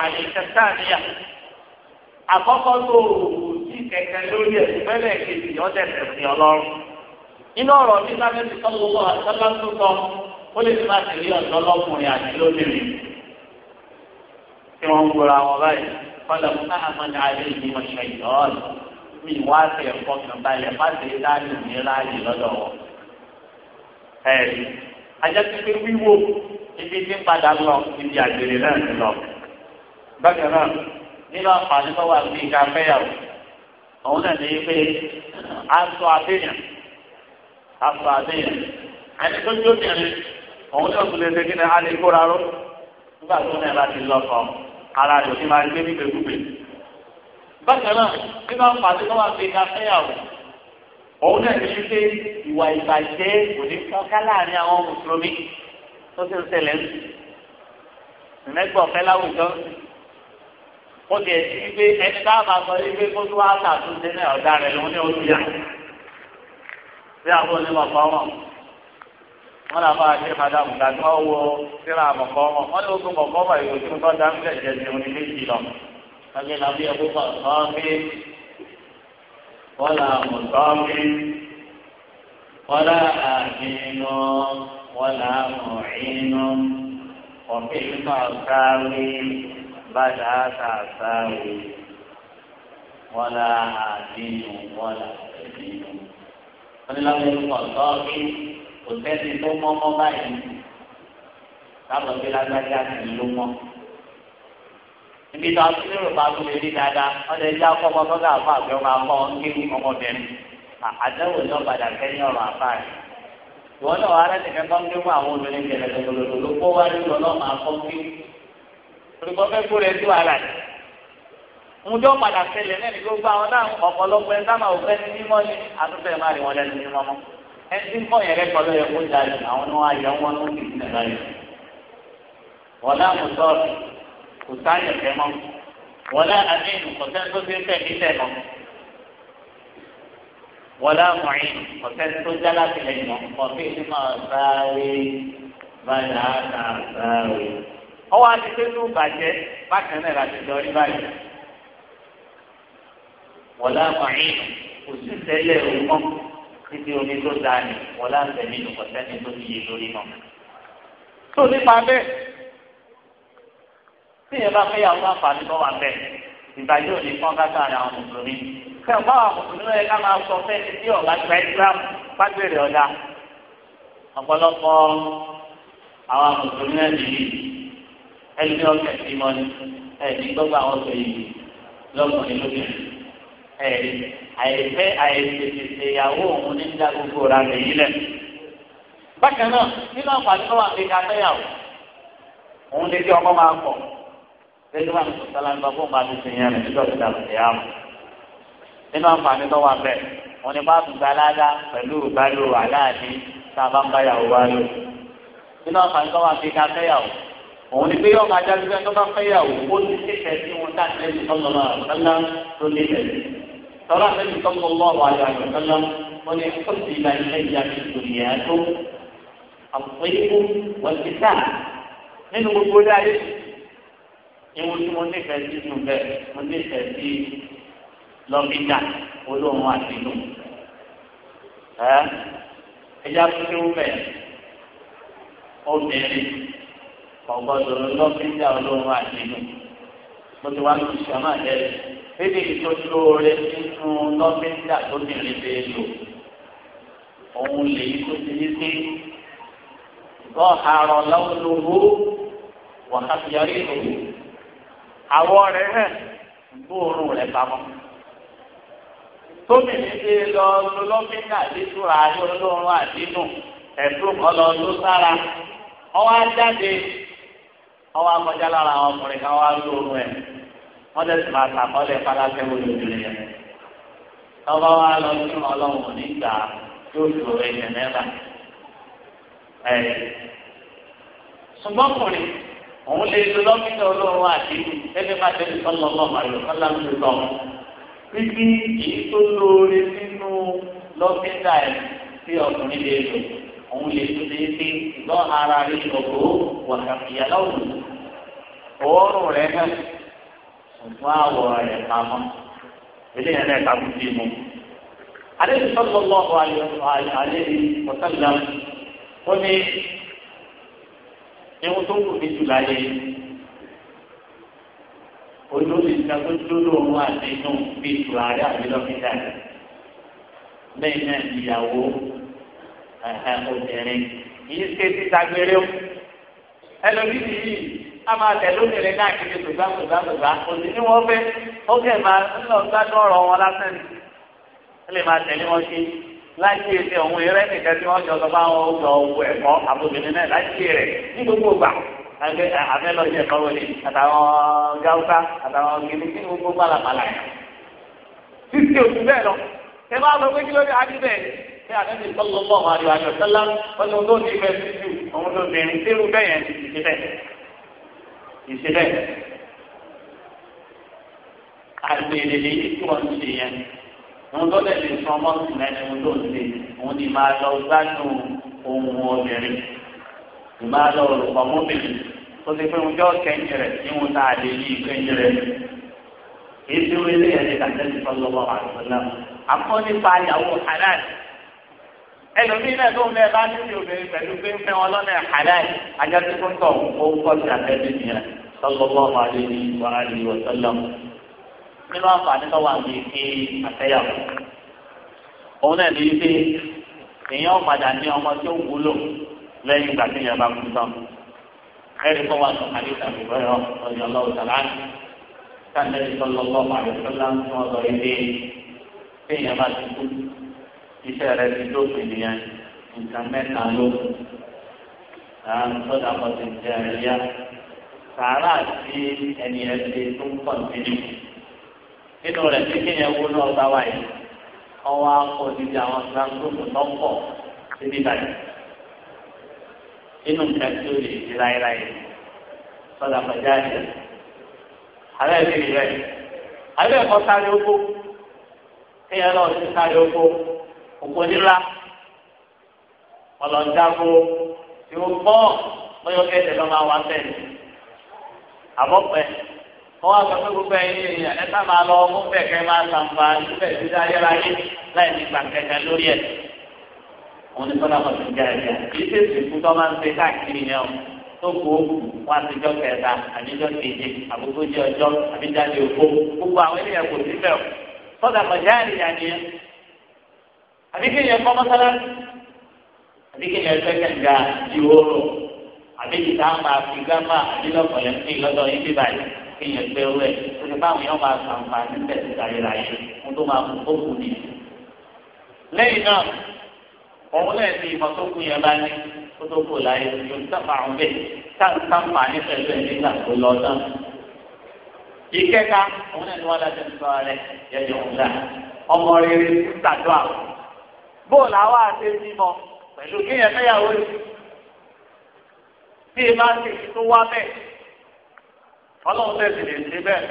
àkọ́kọ́ tó ti kẹ̀kẹ́ lórí ẹ̀ kejì ọ̀dẹ̀ tẹ̀sí ọlọ́run nínú ọ̀rọ̀ nígbà mẹ́tì sọ́lọ́wọ́ tó sọ ó lè ti máa tẹ̀lé ọ̀dọ́ lọ́kùnrin àti lóbìnrin tí wọ́n ń gbọ́ra wọn báyìí kọ́lá mú náà mọ́ ní alẹ́ ìdí ọ̀ṣọ́ ìdọ́ọ̀lù mi wá sí ẹ̀kọ́ kan balẹ̀ má sì rí láàyè ní láàyè lọ́dọ̀ wọn. ẹ̀rí ajásípé wíwò ibi tí ń padà lọ ibi àgbèrè náà ti lọ. bákan náà nínú àǹfààní tó wà ní ìka fẹ́yàwó òun náà ní pé aṣọ àbẹ̀yàn aṣọ àbẹ̀yàn àti tó ń jókè òun yóò tún lè ṣe kí ni a lè kóra ró nígbà tó náà láti lọkọ ara rẹ̀ òní máa gbé nígbèkúgbè. bákan náà bí máa ń pàṣẹ tó máa fi ká fẹ́yàwó òun náà ní wípé ìwà ìbàjẹ́ kò ní fọ́nká láàrin àwọn mùsùlùmí tó ti ń ṣẹlẹ̀ ń sùn mẹ́gbọ̀n fẹ́ láwùjọ ó ti ẹ̀sìn wípé ẹni tá máa sọ wípé kó tó wá tàtúnṣe náà ọ̀daràn lòun ní oṣù yá bí wọn làwọn àti madamu gàdúrà wo síra àmọ̀kọ́ ọmọ wọn ní oṣù kọ̀ọ̀kọ́ ọmọ yìí oṣù tó dá nílẹ̀ jẹ́ ní méjì lọ. ẹgbẹ́ nàbí ẹ̀kú sọ̀tọ́ọ̀mí wọ́lá mọ̀tọ́ọ̀mí wọ́lá àmínú wọ́lá mọ̀ọ́ínú ọ̀fìn náà sáré bàdà sàsáré wọ́lá àmínú wọ́lá àmínú. wọ́n ní lábẹ́ ẹ̀kú sọ̀tọ́ọ̀mí kò sẹ́ni ló mọ́ mọ́ báyìí káàbọ̀ bí lágbájá sì ló mọ́. níbi tó a ti lérò bá tó lè rí dáadáa wọ́n lè jẹ́ akọ́ ọmọ tọ́lá àfa àgbẹ̀ ọmọ akọ́ kéwì ọmọbìnrin àdáwò ní ọ̀padà kẹ́yìn ọ̀rọ̀ àfa rẹ̀. ìwọ náà wàá rẹ́sì kẹ́kọ́ ń kéwì àwọn obìnrin jẹ̀rẹ̀ lọ́dọ̀dọ̀ ló kó wá nílò náà máa kọ́ kéwì. olùkọ́ fẹ́ kó rẹ̀ sí wàhálà rẹ̀. mo jọ́ padà sẹlẹ̀ náà ní gbogbo àwọn náà ọ̀pọ̀lọpọ̀ ẹ̀ ẹtí ń kọ́ yẹn rẹ kọ́ lóye fún ìdarí àwọn ni wọ́n á yọ wọn ló ti sílẹ̀ láyé. wọ́n náà kò sọ́ọ̀tù kò sáyẹ̀ fẹ́ mọ́ wọ́n náà àmì ìkọ̀tẹ́ tó ti ń tẹ̀lé tẹ̀ mọ́ wọ́n náà mọ̀ ẹ́ kọ̀tẹ́ tó já láti lẹ̀ mọ́ kọ̀tẹ́ tí sáré bàjá náà sáré. ọwọ́ àti tẹ́lú bàjẹ́ bákan náà láti lọ rí báyìí. wọ́n náà mọ̀ ẹ́ kò sí tẹ́lẹ̀ òun mọ́ títí omi tó da ni wọn láǹfẹ̀ nínú kọ̀sẹ́ni tó ti yé lórí mọ́. tó nípa bẹ́ẹ̀ tí yẹn bá fẹ́ yàwó àǹfààní bọ́ wà bẹ́ẹ̀ ìbàjẹ́ òní fún káta ni àwọn mùsùlùmí. kẹ́ ọ̀ bá àwọn mùsùlùmí rẹ̀ ká máa sọ fẹ́ ti tí ọ̀gá gba islam bá gbèrè ọ̀dà. ọ̀pọ̀lọpọ̀ àwọn mùsùlùmí rẹ̀ nìyí ẹni ọ̀kẹ́ sí mọ́ni ẹ̀ ní gbọ́gbọ́ àwọn sọ ẹ̀rí àìfẹ́ àìfèsèsè ìyàwó òun ní dá gbogbo ra nìyí lẹ̀. bákan náà nínú àǹfààní tó wà ní ká fẹ́yàwó òun ní kí ọkọ máa pọ̀ lẹ́yìn wà ní sọ̀tàlá nípa fún bàbá ti yẹn rẹ̀ nígbà tó dàgbà ìyá mọ̀. nínú àǹfààní tó wà bẹ́ẹ̀ òun ní báàbù gbalada pẹ̀lú ìbálò aláàdí tá a bá ń bá yàwó wá lò. nínú àǹfààní tó wà ní ká fẹ́yàwó òun ni pé yóò máa dájú pé tó bá fẹ́yàwó ó ti ṣèṣẹ́ sí wọn láti lẹ́yìn tó tọ́lá nẹ́bí sọ́kọ́ lọ́wọ́ àyọ̀ àyọ̀ sọ́lá wọ́n ní kó sì ilà ilé ìyá mi lórí ẹ̀ tó àpéyìnbó wọ́n ti tà nínú gbogbo dáyé ìwọ tí mo nífẹ̀ẹ́ sí inú bẹ́ẹ̀ mo nífẹ̀ẹ́ sí lọ́mídà olóhùn àti inú ẹ ẹja tó kéwú bẹ́ẹ̀ ọ̀gbọ́dọ̀ lọ́mídà olóhùn àti inú lójú wa lójú sàmà ẹ lédè tó lóore nínú lọ́fíńdà tó nìrìn bẹ́ẹ̀ lò òun lèyí tó ti ní sí lọ́hàrọ̀ lọ́wọ́lọ́wọ́ wàhásíyárí ìlú àwọ̀ rẹ̀ hẹ̀ gbóòórùn rẹ̀ pamọ́ tómi ní ṣe lọ lọ́fíńdà títúra ayé olóorun àdínú ẹ̀dùn kan sára ọwọ́ á jáde ọwọ́ akọjá lára àwọn ọkùnrin kan wá ló orun ẹ̀ wọ́n tẹ̀sí máa sàkọọ́lẹ̀ falákẹ́ wo lóbìnrin yẹn. ọba wa lọ sí ọlọ́run onígbà yóò tó ẹ̀yẹ mẹ́ta. ẹ̀ ṣùgbọ́n kùnrin òun lè lo lọ́mídọ̀ olóorun àti ẹgbẹ́ bá tẹ̀lé sọ́lọ́ ọlọ́run àyè sọ́lá ń èyí tó lóore nínú lọ́mídà ẹ̀ tí ọkùnrin lè lò òun lè tún lè fi ìgbọ́n ara rí ọ̀gbọ́ wàkàkìyà lọ́wọ́ òórùn rẹ̀ hàn ṣùgbọ́n àwọ̀ rẹ̀ pamọ́ eléyìí ẹ̀ náà tàbí bí mu. àdéhùn sọ́dọ̀ lọ́wọ́ àléhìn ọ̀sánlá ó ní ihun tó kù ní jùlá yẹ olórí ìdàgbàsókè òun àti inú bíi ìtura rẹ̀ àbí bẹ́ẹ̀ náà ìyàwó. obìnrin yìí ṣe o ẹlòmíì yìí a máa tẹ̀ lómìnira náà kiri tòbá tòbá tòbá òsì ni wọ́n fẹ́ ó kẹ́ máa ń lọ gbádùn ọ̀rọ̀ wọn lásán ni ó lè máa tẹ̀lé wọn ṣe láti ẹsẹ̀ òun eré nìkan tí wọ́n jọ sọ fún àwọn ọgbà owó ẹ̀kọ́ àbòbìnrin náà láti rẹ̀ ní gbogbo gbà àmẹ́lọ́jẹ́ ẹ̀kọ́ wọlé àtàwọn gáúsá àtàwọn gidi kí ni gbogbo gbàlàgbàlà yẹn. títí òtún bẹ́ẹ̀ lọ lọ ṣé àdébí sọ́lọ́mọ́ àríwá àjọ sẹ́lá wọ́n ní olóòtú ìfẹ́ sísú òun ló bẹ̀rẹ̀ sírú bẹ́ẹ̀ yẹn ti ṣe bẹ́ẹ̀ ìṣe bẹ́ẹ̀. àgbèrè lèyí tí wọ́n ń ṣe yẹn òun tó lè lè sọ ọmọ sí mẹ́rin òun tó ń ṣe òun ni máa lọ gbádùn ohun obìnrin ìmáa lọ rọ̀pọ̀ mọ́bìnrin tó ti pé oúnjẹ ọ̀kẹ́yìn rẹ̀ níwọ̀n tá a lè yí ìkẹ́yìn rẹ̀ èyí tí ó lé ẹ̀ẹ́dẹ́gbẹ̀ta tẹ́lifíṣọ́ lọ́wọ́ àgbẹ̀lá ìyàwó halal ẹlòmíín náà tó ń bẹ bá níbi obìnrin pẹ̀lú pé ń fẹ́ wọn lọ́nà àdá yìí ajásí tó ń tọ̀ owó kọ́sì àtẹ́bí nìyẹn sallallahu alaihi wa alihi wa sallam nínú àǹfààní tó wà ní ike àtẹ́yàwó òun náà ní pé èèyàn padà ní ọmọ tó wúlò lẹ́yìn ìgbà tí ìyàbá kú tán ẹ̀rí tó wà ní àdéhùn àbíbọ̀yọ̀ ọ̀dọ̀ ọlọ́wọ́ sàlá alaihi wa sallam tí iṣẹ́ rẹ ti tó pènìyàn nǹkan mẹ́ta ló à ń sọ́dà pọ̀ sí ìjẹ́ ẹ̀yà sàárà tí ẹni ẹ ti tó ń pọ̀ nínú nínú rẹ̀ tí kéèyàn wó náà bá wà yìí ọwọ́ akọ níbi àwọn sàǹgóòmù tó pọ̀ síbi báyìí nínú nǹkan tí ó lè di láéláé sọ́dà pọ̀ jáde alẹ́ ìbéèrè rẹ̀ alẹ́ ẹ̀kọ́ sáré oko kéèyàn náà ti sáré oko òpó nílá ọlọ́dàgbò tí ó gbọ́ bóyá kẹ́tẹ̀ lọ́ máa wá bẹ́ẹ̀ àbọ̀pẹ́ wọ́n wá sọ pé gbogbo ẹ̀yin èèyàn ẹ̀ta máa lọ mú bẹ̀kẹ́ máa sàǹfà síbẹ̀ sí ayérayé láì ní gbàǹkẹ́kẹ́ lórí ẹ̀ wọ́n ní kọ́lá kọ́sì gẹ́gẹ́ kì í ṣe ìsìnkú tó máa ń ṣe káàkiri yẹn o tó kó wọn àtijọ́ kẹta àtijọ́ keje àgbógbójì ọjọ́ àbíjáde òfo gbogbo àwọn ènìyàn kò sí bẹ́ẹ̀ o sọ́dà kọjá ìrìnàjò àbí kéèyàn kọ́ mọ́sálásí àbí kéèyàn fẹ́ kẹ̀ǹgà ìhòòrò àbí ìta máa fi gámà àdínlọ́pọ̀ yẹn ní ìlọ́dọ̀ yín bíbá yìí kéèyàn gbé wẹ̀ ó ti báwọn yẹn máa sàǹfà níbẹ̀ ti darí ra yẹn mo tó máa kú ó kù ní. lẹ́yìn náà òun náà ti ìmọ̀ tó kù yẹn bá ní kó tó kù láyé yóò sábà ń bẹ̀ sáǹfà ní pẹ̀lú ẹ̀ nígbà tó lọ náà. ìkẹ́ka òun náà ni wọ́n láti bóòlù àwa àti mímọ pẹ̀lú kíyàn fẹ́yàwó ni bí ẹ máa ń tètè tó wá bẹ́ẹ̀ ọlọ́run tẹ̀sí lè ṣe bẹ́ẹ̀.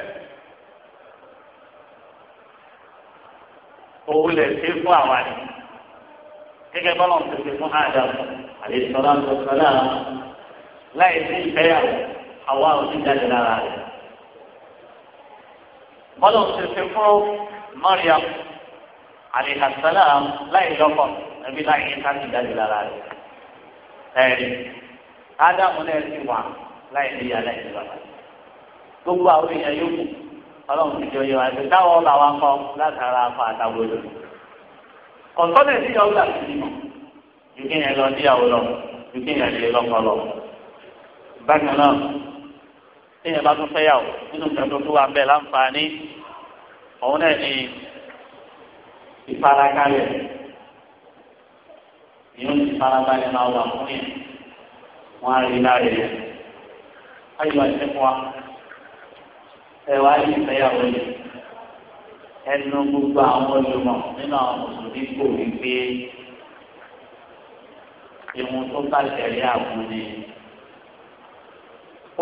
òun lè ṣe fún àwa ni gẹ́gẹ́ bọ́lá ń tètè fún Ádámù àlèsọ́lá ń láì sí ìfẹ́yàwó àwa ò lára rẹ̀ bọ́lá ń fún Mọ́ríà àlèhàsálàm láì lọ́kọ̀ ẹbí láì ní ká ti jáde lára rẹ̀ ẹ̀rí ádámù náà ti wà láì níyà láì ní bàbá gbogbo àwọn èèyàn yòókù ọlọ́run ti jọ yọ àti táwọn ọ̀la wa kọ́ látara akọ àtàwọn olè kọ̀ǹtọ́nẹ̀ sí yọ ọ̀la sí mọ̀ ju kí yẹn lọ díyàwó lọ ju kí lè lọ́kọ lọ bákan náà tí bá tún fẹ́ yàwó nínú ìtàn tó wà bẹ́ẹ̀ láǹfààní òun náà ni ìfarakalẹ̀ yóò ti farabalẹ̀ máa wà fún yẹn wọn á rí lára yẹn ayé wa ti fún wa ẹ wá yí ìfẹ́yàwó yẹn ẹnu gbogbo àwọn olùmọ̀ nínú àwọn mùsùlùmí kò rí pé ìwọ̀n tó bá tẹ̀lé àbúrò ni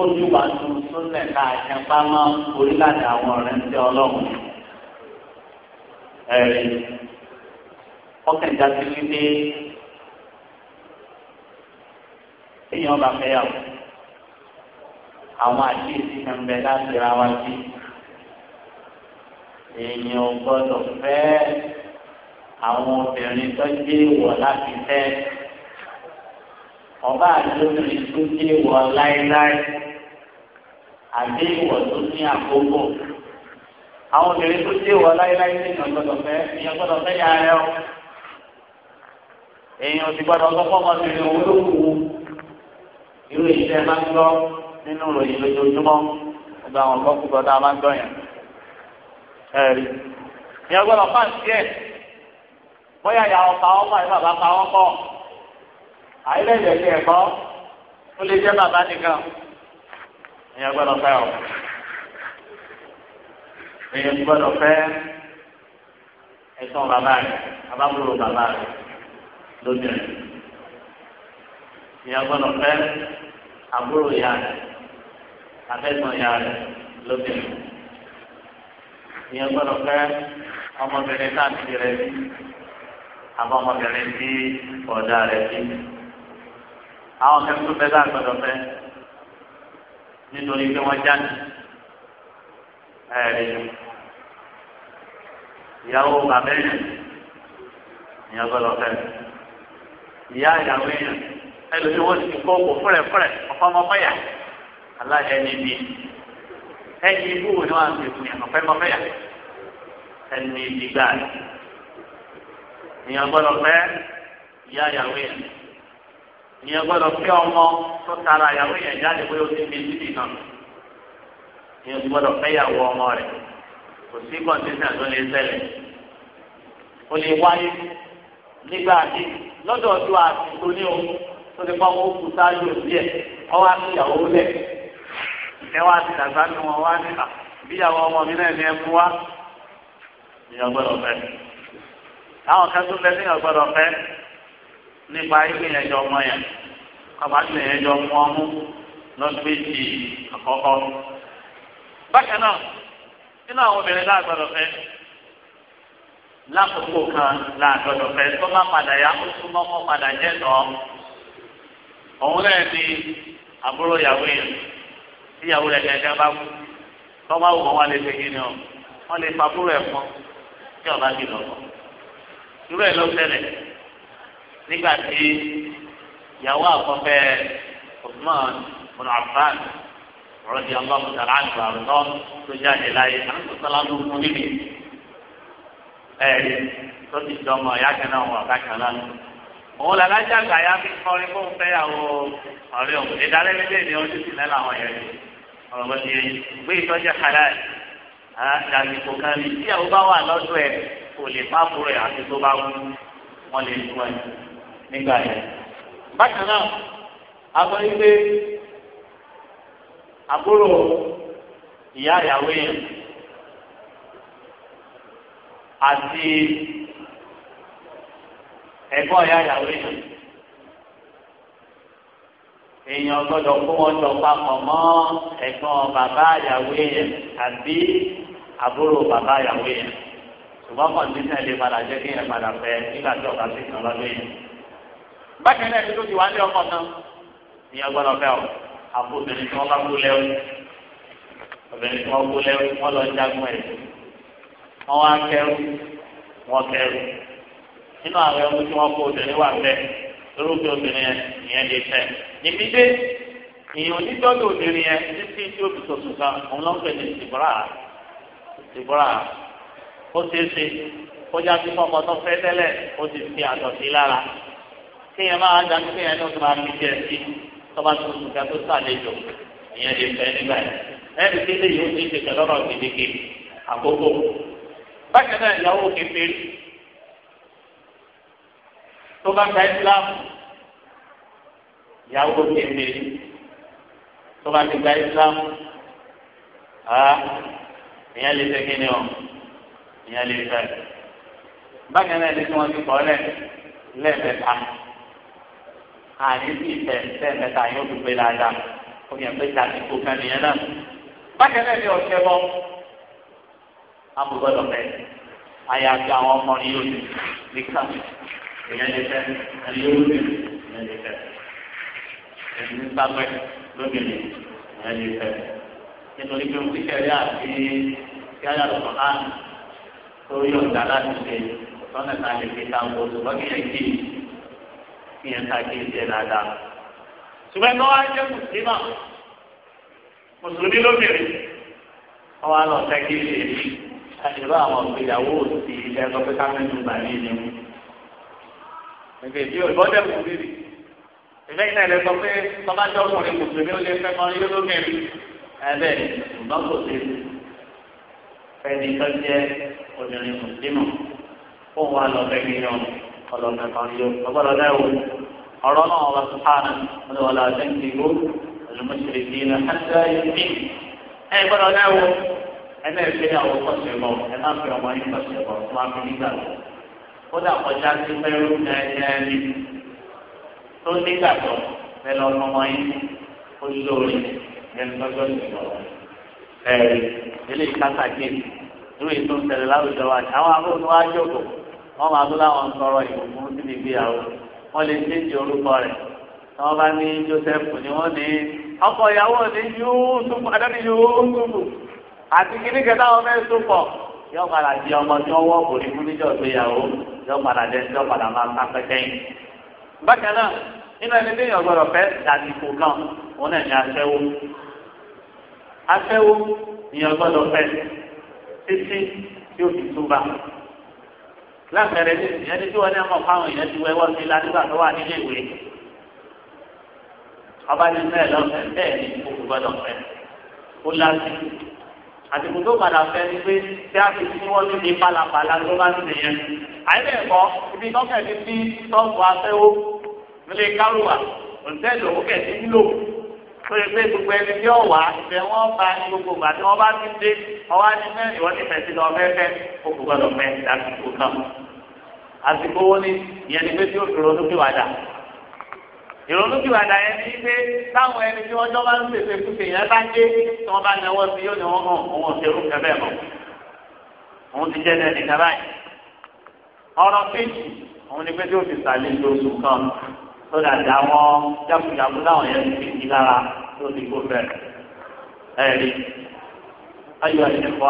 ó ti wà nínú súnlẹ̀ káàkiri bá máa ń forí láti àwọn ọ̀rẹ́ ń tẹ ọlọ́run ẹ̀rí ọkàn ìdásí wípé èèyàn bá fẹ́ yà wọ́n àwọn àkíyèsí kan bẹ láti ra wá sí èèyàn gbọ́dọ̀ fẹ́ àwọn obìnrin tó dé wọ̀ láti fẹ́ ọba àdóbìnrin tó dé wọ̀ láéláé àdéhùwọ̀ tó ní àkókò àwọn obìnrin tó dé wọ láyéláyé nínú ìgbọ́dọ̀ ìyẹn gbọ́dọ̀ fẹ́ yà rẹ o èèyàn ti gbọ́dọ̀ sọ fọmọ obìnrin òun ló wù irú ìṣe máa ń gbọ́ nínú ìròyìn lójoojúmọ́ ọgbà àwọn ọgbọ́n kúkọ tá a máa ń gbọ́ yẹn ẹ̀rí ìyẹn gbọ́dọ̀ fáǹtì ẹ̀ bóyá ìyàwó pa wọ́n pọ̀ bàbá pa wọ́n pọ̀ àyílẹ̀ ìdẹ̀kẹ̀ ẹ̀kọ́ ó lè jẹ́ bàbá nìkan ìyẹn gbọ́dọ̀ fẹ́ o èèyàn ti gbọ́dọ̀ fẹ́ ẹ̀sán bàbá rẹ̀ abábúrò bàbá rẹ̀ lóbìnrin èèyàn gbọ́dọ̀ fẹ́ àbúrò ìyá rẹ̀ abẹ́sàn ìyá rẹ̀ lóbìnrin èèyàn gbọ́dọ̀ fẹ́ ọmọbìnrin káàkiri rẹ̀ bí àbọ̀mọbìnrin bí ọ̀dà rẹ̀ bí àwọn kẹ́kọ̀ọ́ bẹ́ẹ̀ bá gbọ́dọ̀ fẹ́ nítorí pé wọ́n jáde ẹ̀rí ìyàwó bàbá èèyàn ìyàn gbọ́dọ̀ fẹ́ ìyá ìyàwó èèyàn ẹlòmíì wọ́n ti kó òkú fúrẹ̀fúrẹ̀ ọ̀fọ́mọfẹ́yà aláìní bí ẹni ibú ni wọ́n á ti fún yàn ọ̀fẹ́mọfẹ́yà ẹni ibi gbáà ìyàn gbọ́dọ̀ fẹ́ ìyá ìyàwó èèyàn ìyàn gbọ́dọ̀ fẹ́ ọmọ tó tara ìyàwó èèyàn jáde pé ó ti fi títì náà èèyàn ti gbọ́dọ̀ fẹ́yàwó ọmọ rẹ̀ kò sí kọ́ńtínà tó lè ṣẹlẹ̀ ó lè wáyé nígbà tí lọ́dọ̀ tó àti tó ní ohun tó lè fọwọ́ kú sáájú díẹ̀ ọwọ́ àti ìyàwó lẹ̀ ẹ wá ti dàgbà nù wọn wá níta bí ìyàwó ọmọ mi náà ní ẹ mú wá èèyàn gbọ́dọ̀ fẹ́ àwọn kan tó fẹ́ èèyàn gbọ́dọ̀ fẹ́ nípa ìgbìyànjọ ọmọ yẹn kọ́ba ìgbìyànjọ ọmọ ọmú lọ́dún méjì àkọ́kọ́ bákan náà nínú àwọn obìnrin láàgbọ́dọ̀ fẹ́ lákòókò kan láàgbọ́dọ̀ fẹ́ tó má padà yá ó súnmọ́ mọ́ padà jẹ́ tọ́ òun náà ni àbúrò ìyàwó yẹn tí ìyàwó rẹ̀ gẹ́gẹ́ bá kú tọ́wọ́ àwọn wa lè fẹ́yìn ni ọ wọ́n lè fa àbúrò ẹ̀ fún tí ọba bí lọ́wọ́ irú ẹ̀ ló ṣẹlẹ̀ nígbà tí ìyàwó àkọ́fẹ́ Osman ọ̀nà àbáyé rọ́bì aláwọ̀ tàrà àgbà ọ̀tọ́ tó jáde láyé àtúntàlá ló fún níbi ẹ̀rí tó ti dọ́mọ ẹ̀yà kan náà wọ̀ ọ̀gá kan náà òun làlájà gbàyà fi kọrin fún fẹ́yàwó ọ̀rẹ́ òun ìdálẹ́ méjèèjì ni ojú sì lẹ́la àwọn yẹn ọ̀rọ̀ bó ti gbé ìtọ́jú kàlá ẹ̀ àdàgbìkò kan ní tí àwọn bá wà lọ́dọ̀ ẹ̀ kò lè má burú àbúrò ìyá ìyàwó yẹn àti ẹ̀gbọ́n ìyá ìyàwó yẹn èèyàn gbọ́dọ̀ kó wọn jọ papọ̀ mọ́ ẹ̀gbọ́n bàbá ìyàwó yẹn àbí àbúrò bàbá ìyàwó yẹn ṣùgbọ́n kọ̀ǹdíṣà lè padà jẹ́ kí yẹn padà fẹ́ nígbà tí ọ̀gá sí kan lọ́dún yẹn. bákan náà ẹni tó ti wá ní ọkọ̀ náà ìyẹn gbọ́dọ̀ fẹ́ o àbò obìnrin tí wọ́n bá kú lẹ́wọ́ obìnrin tí wọ́n kú lẹ́wọ́ wọ́n lọ jagun ẹ̀ wọ́n wá kẹ́rù wọ́n kẹ́rù nínú àwọn ẹrú tí wọ́n kó obìnrin wà bẹ́ẹ̀ irúfẹ́ obìnrin yẹn ìyẹn lè fẹ́ níbi dé ìyẹn onítọ́jú obìnrin yẹn títí tí ó fi sọ̀tún kan òun ló ń pè ní ìbúra ìbúra ó ṣeé ṣe kọjá sí fọmọ tó fẹ́ tẹ́lẹ̀ ó ti fi àtọ̀ sí lára kéèyàn máa dání kéèyàn ní oṣù máa fi jẹ́ sí i tọ́ba tó ń ga tó sàlejò ìyẹn lè fẹ́ nígbà yẹn ẹni tí lè yóò ti ṣe kẹlọ́rọ̀ gbèdéke àkókò bákan náà ìyàwó kékeré tó bá ka ìsìlámù ìyàwó kékeré tó bá ti ka ìsìlámù ìyẹn lè fẹ́ kíni o ìyẹn lè fẹ́ bákan náà ẹni tí wọ́n ti kọ́ lẹ̀ lẹ́ẹ̀mẹ́ta àní sí ìfẹ́ ìfẹ́ mẹ́ta yóò tún gbé dáadáa ó yẹ pé ìdájí kó fẹ́ nìyẹn náà. bákan náà ni ọ̀sẹ̀ bọ́ abùgbọ́dọ̀ fẹ́ àyàfi àwọn ọmọrin yóò ní nìkan èèyàn lè fẹ́ ẹni yóò ní èèyàn lè fẹ́ ẹni ní sábẹ́ lóbìnrin èèyàn lè fẹ́ nítorí pé mo ti kẹ́rẹ́ àti yáyà lọ́kàn án tó yọ̀ǹda láti ṣe ọ̀sán náà lè fi ta ọ̀gbọ̀n ṣùgbọ́n kí ìyẹn ká kí n ṣe dáadáa. ṣùgbọ́n ní wọ́n á jẹ́ mùsùlùmá mùsùlùmí lóbìnrin wọ́n á lọ sẹ́kì ṣe àṣìlọ́ àwọn ìgbéyàwó ti ilẹ̀ ẹ̀kọ́ pé káfíńtì gbà ní ìlú. ìgbè tí òyìnbó dẹ̀ kù rírì ìgbẹ́ iná ilẹ̀ sọ pé tọ́lájọ́ ọkùnrin mùsùlùmí ó lè fẹ́ mọ́ ilé lóbìnrin ẹ̀bẹ̀ ṣùgbọ́n kò sí fẹ́ni tó jẹ́ obìnrin mùsùlùmí ó wà lọ bẹ́ẹ̀ ọlọ́nà kan yóò ọgbọ́dọ̀ lẹ́wọ̀ ọ̀rọ̀ náà wà sùpáànà ọ̀dọ̀ wà láti ń dìbò ọ̀dọ̀mọ̀sẹ̀rẹ̀ kì í nà ẹ̀ṣẹ̀ ìdí. ẹ gbọ́dọ̀ lẹ́wọ̀ ẹ náà fi àwọn kọ̀ṣẹ̀ bọ̀ ẹ má fi ọmọ yín kọ̀ṣẹ̀ bọ̀ tó má nígbà tó. ó dà kọjá sí pẹ́rú ẹni tó nígbà tó ẹ lọ ọmọ yín ó lóore ẹni lọ́jọ́ ìgbà ẹ̀rí eléyìí ká wọ́n máa tó láwọn sọ̀rọ̀ ìbùkún síbi ìgbéyàwó wọ́n lè ṣéǹjì orúkọ rẹ̀ tí bá ní Joseph ni wọ́n ní ọkọ ìyàwó ní Yusuf adáni Yusuf àti kíní kẹta wọn fẹ́ sopọ̀ yọ padà di ọmọ tí wọ́n wọ́ òní fún níjọ́ ìgbéyàwó yọ padà dé yọ padà máa ká pẹ́kẹ́ yìí. bákan náà nínú ẹni tí èèyàn gbọdọ̀ fẹ́ dàdìpò kan òun náà ní aṣẹ́wó aṣẹ́wó èèyàn gbọdọ̀ fẹ́ títí tí ó fi túbà lápẹẹrẹ ní ìyẹn tí wọn ní ọmọ fáwọn èèyàn ti wẹwọ sí ládùúgbà tó wà nílé ìwé ọba ní bẹ́ẹ̀ lọfẹ bẹ́ẹ̀ ní ìkókò gbọ́dọ̀ fẹ ó lásì àtìkù tó padà fẹ ni pé tí a fi sí wọn níbi palapala tó bá ti yẹn àyẹ̀bẹ̀ ẹ̀kọ́ ibi tọ́kẹ̀ ti fi tọ́ọ̀bù afẹ́wó nílé kárùwà òǹtẹ́ẹ̀lì òkè ti ń lò tó yẹ pé gbogbo ẹni tí ó wà ibẹ̀ wọ́n bá gbogbo ìgbà tí wọ́n bá ti dé ọwọ́ ní fẹ́ ìwọ́n ti fẹ̀sí lọ fẹ́fẹ́ ó kò gbọdọ̀ fẹ́ àsìkò kan àsìkò wo ni ìyẹn ni pé tí ó dúró lókè wàdà ìrònúkìwàdà yẹn ní pé táwọn ẹni tí wọ́n jọ bá ń pèsè kúṣe yẹn bá dé tí wọ́n bá náwó sí yóò ní wọ́n hàn òun òṣèlú kẹfẹ́ mọ́ òun ti jẹ́ ẹni kẹfẹ́ báyìí ọ̀rọ̀ kejì òun ni pé tí ó ti sàlẹ̀ lóṣù kan tó dàda wọn jákujàku láwọn yẹn ti fi lára tó ti kó bẹ ẹrí ayọ ẹnìkọ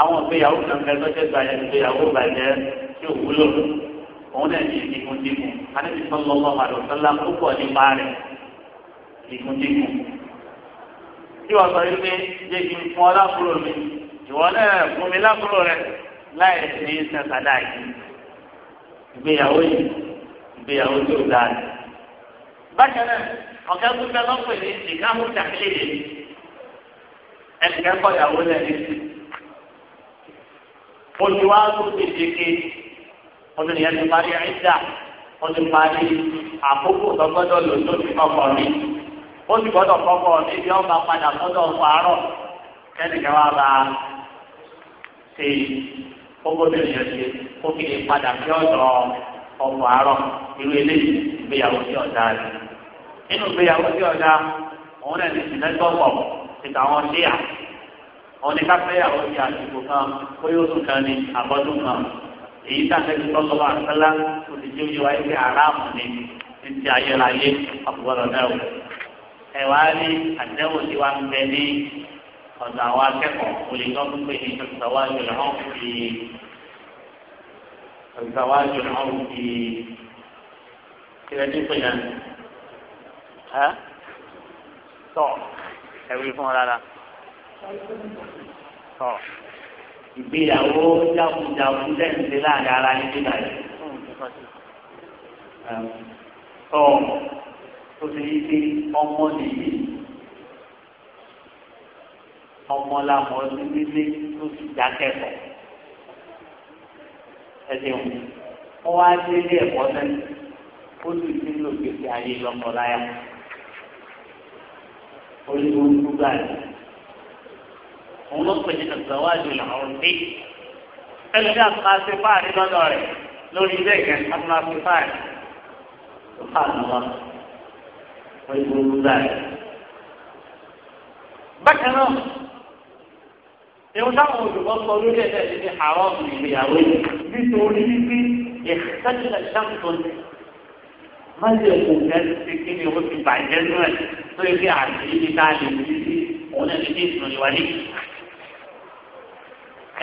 àwọn ìgbéyàwó kan fẹ ìgbà yẹn ìgbéyàwó bàjẹ́ tí ò wúlò òun náà ní ìdíkùndínkù anábì sọlọ lọ́wọ́ àdọ̀sọ́lá púpọ̀ nípa rẹ̀ ìdíkùndínkù tí wọ́n sọ wípé jẹ́ kí n fún ọ lákúrò mi ìwọ náà fún mi lákúrò rẹ láì ní sẹ́sàdáì ìgbéyàwó yìí ìgbéyàwó tó dáa ni. bákan náà ọ̀gá gbígbẹ́ lọ́pọ̀ ní ìkáwó dàkílẹ̀ yẹn ẹnìkan kọ́ ìyàwó náà ní sí. olùwàlú gbèdéke olùyẹn ti parí ẹ̀dá olùparí àkókò tó gbọ́dọ̀ lò tó ti kọ́kọ́ mi ó sì gbọ́dọ̀ kọ́kọ́ mi bí wọ́n bá padà gbọ́dọ̀ fàárọ̀ kẹ́nìkan wá bá ṣe kókó tó yẹ ṣe kó padà sí ọ̀dọ̀ ọ̀pọ̀ àárọ̀ irú eléyìí ìgbéyàwó tí ọ̀dà rẹ̀ nínú ìgbéyàwó tí ọ̀dà òun náà ní ìdílẹ́gbọ̀pọ̀ ti tàwọn ṣíà òun ní káfíńyàwó ti àsìkò kan bóyá oṣù kan ní àbọ́dún kan èyí tàbí lọ́sọ̀rọ̀ àtàlà kò sì jẹ́ òye wáyé pé àràmù ni títí ayérayé ọ̀pọ̀lọpọ̀ náà wò ẹ̀wá ní àdéhùn tí wàá ń bẹ ní ọ̀dọ̀ àwọn akẹ́kọ̀ọ́ olùkọ́ ìgbàwájú ọ̀hún di kílẹ̀ nípìn náà ẹ́ tọ̀ ẹ̀rí fún ọ rárá tọ̀ ìgbéyàwó jákujàku lẹ́ǹdé láàrin ara yín nígbà yìí tọ̀ tó ti yí pé ọmọ nìyí ọmọ làwọn ọdún nílé tó ti já kẹ́kọ̀ọ́ ẹsẹ̀ wọn wá sí ilé ẹ̀kọ́ náà ó sì ti ń lò gbèsè ayé lọ́kọ̀láyà olùkókó gbàdé òun ló pè ní àgbàwájú làwọn dé ẹlẹ́dẹ́ àtúnṣe fáàrí lọ́dọ̀ rẹ̀ lórí ilé ìkẹ́ àtúnṣe fáàrí tó fáàrí wọn olùkókó gbàdé. bákan náà ewu táwọn olùkọ́ sọ lórí ẹ̀dá ẹ̀dá ní àwọn ìgbéyàwó nítorí wípé ìṣẹ́jìlá ìṣàkóso má lè kó kẹ́sì sí kí ni o ti bàjẹ́ nù ẹ̀ tó yẹ kí àti ibi tá a lè fi sí òun ẹni tí ìsìn ìwà ní.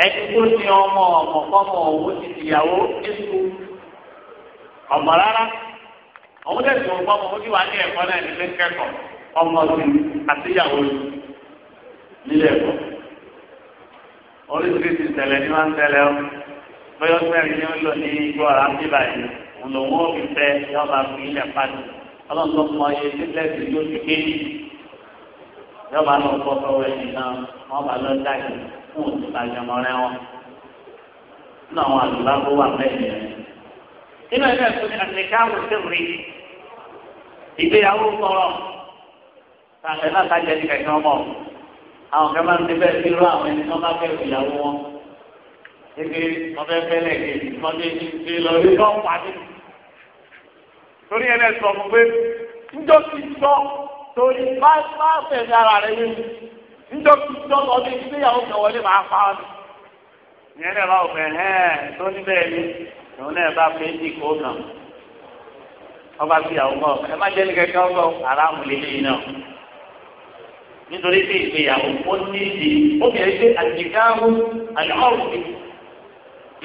ẹni tó ní ọmọ ọmọ kọ́mọ owó ti tìyàwó èso ọmọ rárá òun lè sọ ọgbọ́n mo ní wà ní ẹ̀kọ́ náà nílé kẹ́kọ̀ọ́ ọmọ sí àtìyàwó nílé ẹ̀kọ́ oríṣiríṣi ìṣẹ̀lẹ̀ ni wọ́n ń tẹ̀lé ọ́ bóyá mẹ́rin ni ó lò ní igbó ara ń bíbà yìí òun lòun ò fi fẹ́ yọ́n máa fi ilẹ̀ pàdé ọlọ́run tó mọ iye sílẹ̀ sí yóò fi ké yìí yọ́n máa lọ fọ́ fọwọ́ ẹ̀yìn náà wọ́n máa lọ dáì fún òtún àjọmọ́ rẹ wọn nínú àwọn àdúrà tó wà mẹ́rin yẹn. nínú ẹgbẹ́ tó ní àtẹ̀káwò sẹ́wìrì ìgbéyàwó kọ̀ọ̀rọ̀ tàbí náà àwọn kan máa ń ti bẹ́ẹ̀ sí àwọn ẹni tó bá fẹ́ ìyàwó wọn. Ebi wọn fẹ́ fẹ́ lẹ́ẹ̀kejì wọn ti ti lọ rí lọ́ pàdé. Torí ẹni ẹ̀sọ́ mo pé njọ́ ti sọ torí bá bá fẹ̀mí ara rẹ̀ yé mi. Njọ́ ti sọ lọ́dún ìgbéyàwó kan wọlé máa pa ọ́ ni. Ìyẹn náà bá òfin hẹ́ẹ̀ tó ní bẹ́ẹ̀ ni òun náà bá fẹ́ dì kó kàn. Ọba fi àwọn ọmọ ẹ má jẹ́ ní kẹ́kẹ́ ọgbọ́n nítorí pé ìgbéyàwó ó ní ìdí ó fi ẹgbẹ́ àtìkáwó àlọ́ọ̀rùn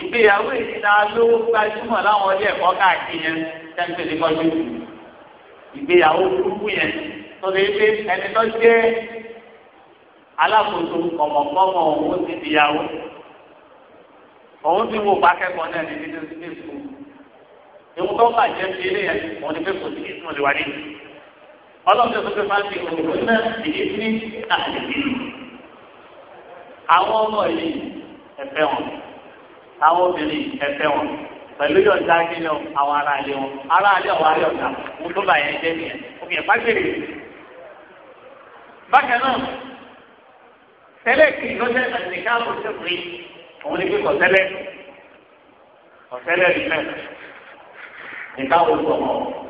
ìgbéyàwó ìdílé alówó gbajúmọ̀ láwọn ilé ẹ̀kọ́ káàkiri yẹn tẹ́ńtẹ́ ní kọ́jú ìgbéyàwó burúkú yẹn tó lè pé ẹni tó jẹ́ alákòóso ọ̀mọ̀kọ́mọ̀ òun ti dìyàwó òun ti wo bákẹ́kọ̀ọ́ náà ní títí sí ìsú ìwọ́n tó bàjẹ́ sí ilé yẹn òun ni pé kò sí ìsú lè wá nínú ọlọ́pàá tó fẹ́ máa ń fi òkú náà ìdí sí àdìdì àwọn ọmọ yìí ẹ̀fẹ́ wọn àwọn obìnrin ẹ̀fẹ́ wọn pẹ̀lú yọ̀ǹda nínú àwọn ará ilé wọn ará ilé ọ̀wá yọ̀ǹda wọn tó bá yẹn jẹ́ nìyẹn òkè ẹ̀fá gbèrè bákan náà tẹ́lẹ̀ kì í lọ́jọ́ àdìníkà kò sí pé òun ní pé kọ̀tẹ́lẹ̀ kọ̀tẹ́lẹ̀ nílẹ̀ nígbà wo lọ́wọ́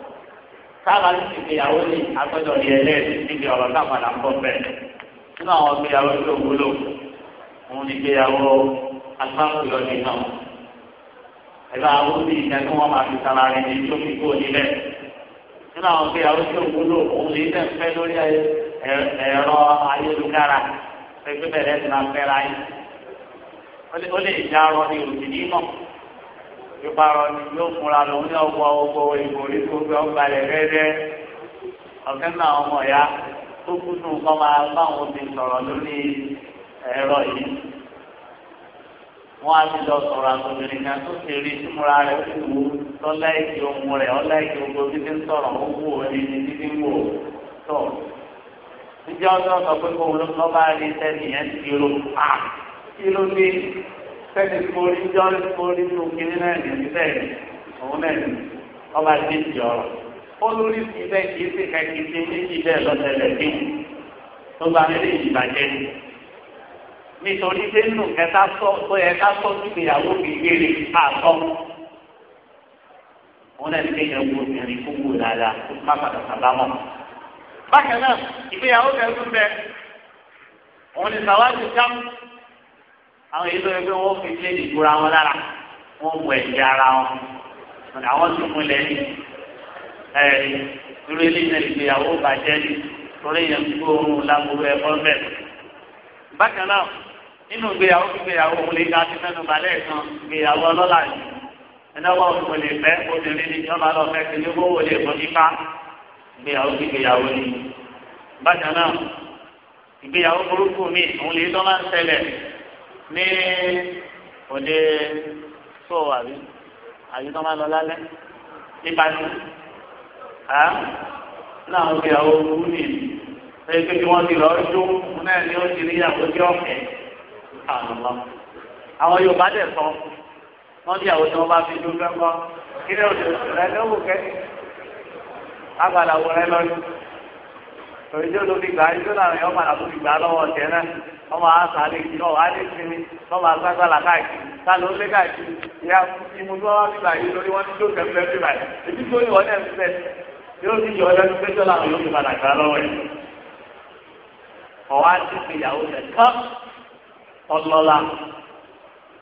sábà ní ìgbéyàwó ní agbọ́dọ̀ ní ẹlẹ́rìí níbi ọ̀rọ̀ náà padà ń bọ̀ bẹ́ẹ̀. nínú àwọn ìgbéyàwó tó wúlò òun ní ìgbéyàwó agbáfòyọ ní náà. ẹ̀rọ àwọn òbí ìjà tí wọ́n máa fi sara rẹ̀ ní tó fi kó nílẹ̀. nínú àwọn ìgbéyàwó tó wúlò òun ní ìdẹ́ fẹ́ lórí ẹ̀rọ ayélujára pẹ̀lú bẹ̀rẹ̀ ti máa fẹ́ ra yín. ó lè já ìparọ ni yóò fúnra lòun ní ọgbọ ọgbọ ìbò orí gbogbo ọgbà rẹ rẹrẹ ọkẹ náà ọmọ ya tó kú tó nǹkan máa báwọn ti sọ̀rọ̀ lórí ẹ̀rọ yìí wọn á ti lọ sọ̀rọ̀ àtòmìnrin kan tó ti rí símúra rẹ kú lọlá ìdí ohun rẹ ọlá ìdí ogbó títí ń sọ̀rọ̀ ó wù ó ní ní wò ó ìjọ ọjọ́ sọ pé kó lọ bá rí sẹ́ni yẹn ti ro pa kí ló dé sẹ́ni mórí jọ́ mórí nù kíní náà nìyí bẹ́ẹ̀ òun náà nìyí ọba ti ń jọ olórí ti bẹ́ẹ̀ kì í sì ká kì í ṣe méjì bẹ́ẹ̀ lọ́sẹ̀lẹ̀ bí tó bá mi lè ìbàjẹ́ nítorí pé nù kẹta sọ pé ẹka sọ sí ìgbéyàwó mi gbére àtọ́ òun náà ti kéèyàn wo obìnrin kó wò dáadáa kó má padà sábàmọ́ bákan náà ìgbéyàwó kẹtù àwọn èyí tó yẹ pé wọ́n fi lé ìgbóra wọn lára wọ́n mú ẹ̀jẹ̀ ara wọn ọ̀nà àwọn tó múlẹ̀ ní ẹ̀ irú eléyìí náà ìgbéyàwó bàjẹ́ ní torí yẹn kó oorun lágbóró ẹ̀kọ́ mẹ́rin. bákan náà nínú ìgbéyàwó ìgbéyàwó òun lè ga ti mẹ́nu balẹ̀ kan ìgbéyàwó ọlọ́lá yìí ẹ̀dáwó òun lè fẹ́ obìnrin ní ìjọba lọ fẹ́ kiri owó òun lè fọ́ nípa ìgbéyàwó ìgbéyàwó ni. bákan náà ìgbéyàwó burúkú mi òun lè tọ́ máa ń ṣẹlẹ̀ ní òde tó àbí àbí tó máa lọ lálẹ́ nípasẹ̀ à náà wọ́n fi àwọn owó ní ẹni pé kí wọ́n ti lọ jó náà ni ó ti rí àkójọ ọ̀fẹ́ àlọ́ àwọn Yorùbá dẹ̀ sọ wọ́n bí àwọn tí wọ́n bá fi dúró lọ́kọ́ kí ni òde rẹ lówó kẹ́ agbada wọ rẹ lọ́yọ́ òde tí olóbi gbà á yóò náà yọ padà tó fi gbà á lọ́wọ́ ọ̀tẹ̀ náà ọmọ asàlẹ̀ yìí ọmọ adéṣinmi ọmọ agbágbálà káàkiri sálọ lé káàkiri ìyá ìmú tó wá bíbà yìí lórí wọn tó kẹ fẹ bíbà yìí èyí tó yọ ọdẹ fẹ yóò ti yọ ọdẹ fẹ tó làwọn yóò fi padà gbà lọ́wọ́ yìí. ọwọ àti ìgbéyàwó rẹ kán ọlọlá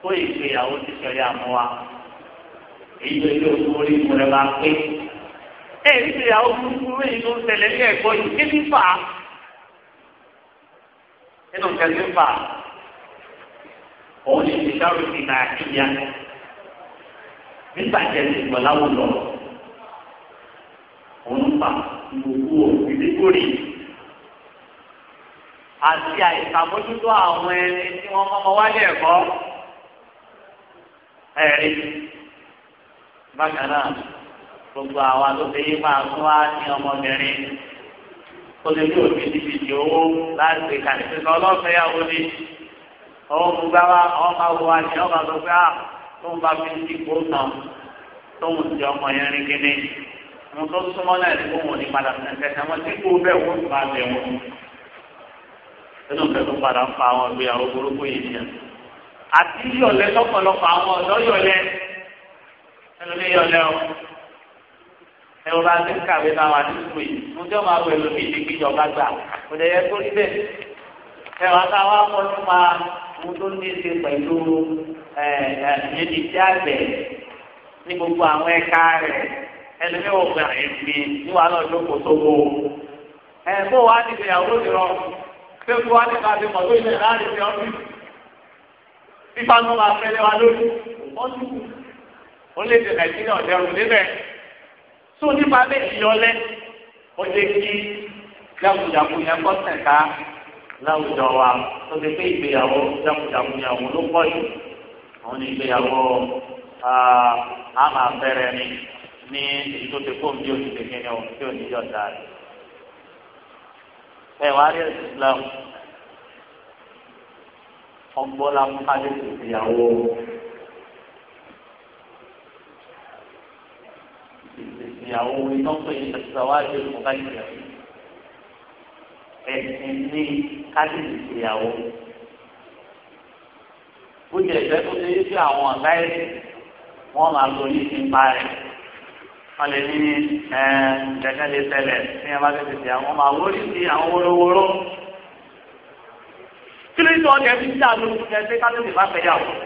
ó ìgbéyàwó ti sọrí àmọ wa èyí tó yọ owó orí ìmú bá pé. ẹ ìgbéyàwó burúkú èyí tó ń tẹ̀lé ní ẹ̀kọ́ yìí kébí fà á nínú kẹsí fà òun ní ìdárò ti nà ìyá nígbà jẹ ti gbọ láwùjọ òun fà gbogbo òbí kórè àti àìsàmójútó àwọn ẹni tí wọn mọmọ wálé ẹ̀kọ́ ẹ̀rí bákan náà gbogbo àwa tó fi yí máa tún wá ní ọmọbìnrin tó lè ní òbí níbi fi owó láti ṣe kalẹ̀ ṣe sọ ọlọ́fẹ́ yàwó ni ọwọ́ mu bá wa ọwọ́ máa wọ àti ọwọ́ máa sọ pé à ah, tó ń bá fi ti kó tán tó ń ti ọmọ yẹn rí kíní mo tó súnmọ́ náà ní kó wọn ní padà kẹsẹ̀ wọn tí kó bẹ́ẹ̀ wọ́n bá bẹ̀ wọn. nínú ìfẹ́ tó padà ń fa àwọn ìgbéyàwó burúkú yìí ni àti yọ̀lẹ́ lọ́pọ̀lọpọ̀ àwọn ọ̀dọ́ yọ̀lẹ́ ẹlòmíyọ̀lẹ́ ẹ wọ́n bá ti ń kàwé náà wà nínú yìí mo jọ máa wọ ẹlòmí ìdí kíjọba gbà kò dẹ̀ yẹ kó níbẹ̀ ẹ wọ́n ká wá kọ́ nípa mo tó ní ṣe pẹ̀lú ẹ ẹ tí a bẹ̀ ní gbogbo àwọn ẹ̀ka rẹ̀ ẹlòmí wò pé àyèmí ní wàá lọ lóko tó wò ẹ kó wàá ní ìgbéyàwó ti rọ pé kó wàá ní káfí mọ̀ tó ìṣẹ̀lẹ̀ láàrin ti ọ́fíìsì fífa ló máa fẹ́lẹ́ wa lórí wọ́n tún ó lè ṣe nàìjíríà ọ̀dẹ́rùn níbẹ̀ tó nípa bẹ́ẹ̀ ìyọlẹ́ ó lè kí jákujàku yẹn kọ́ sẹ̀ka láwùjọ wa tó ti pé ìgbéyàwó jákujàku yẹn òun ló pọ̀ jù òun ni ìgbéyàwó àmà ni ní èyí tó ti kó bí oṣù kékeré o tí ò ní yọ̀ dáadé. ẹ wá rí ẹsùn Islam ọgbọ́n la adé tó ìgbéyàwó. ìyàwó ìtọ́pẹ́ ìṣẹ̀wájú ìmọ̀gájìlá ẹ̀sìn ní kájíìsì ìyàwó. ó jẹ́ ìfẹ́ tó ṣe sí àwọn ọ̀gá ẹ̀sìn wọ́n máa lo yìí ti ń pa lè ní gẹ́gẹ́ lè ní ẹ bá tètè sí àwọn ọmọ àwòrán sí àwọn wórówóró. kí ló ń sọ ọ́nà ẹbí sí àlùkù ẹgbẹ́ kájíìsì bá fẹ́ yà wọ́n.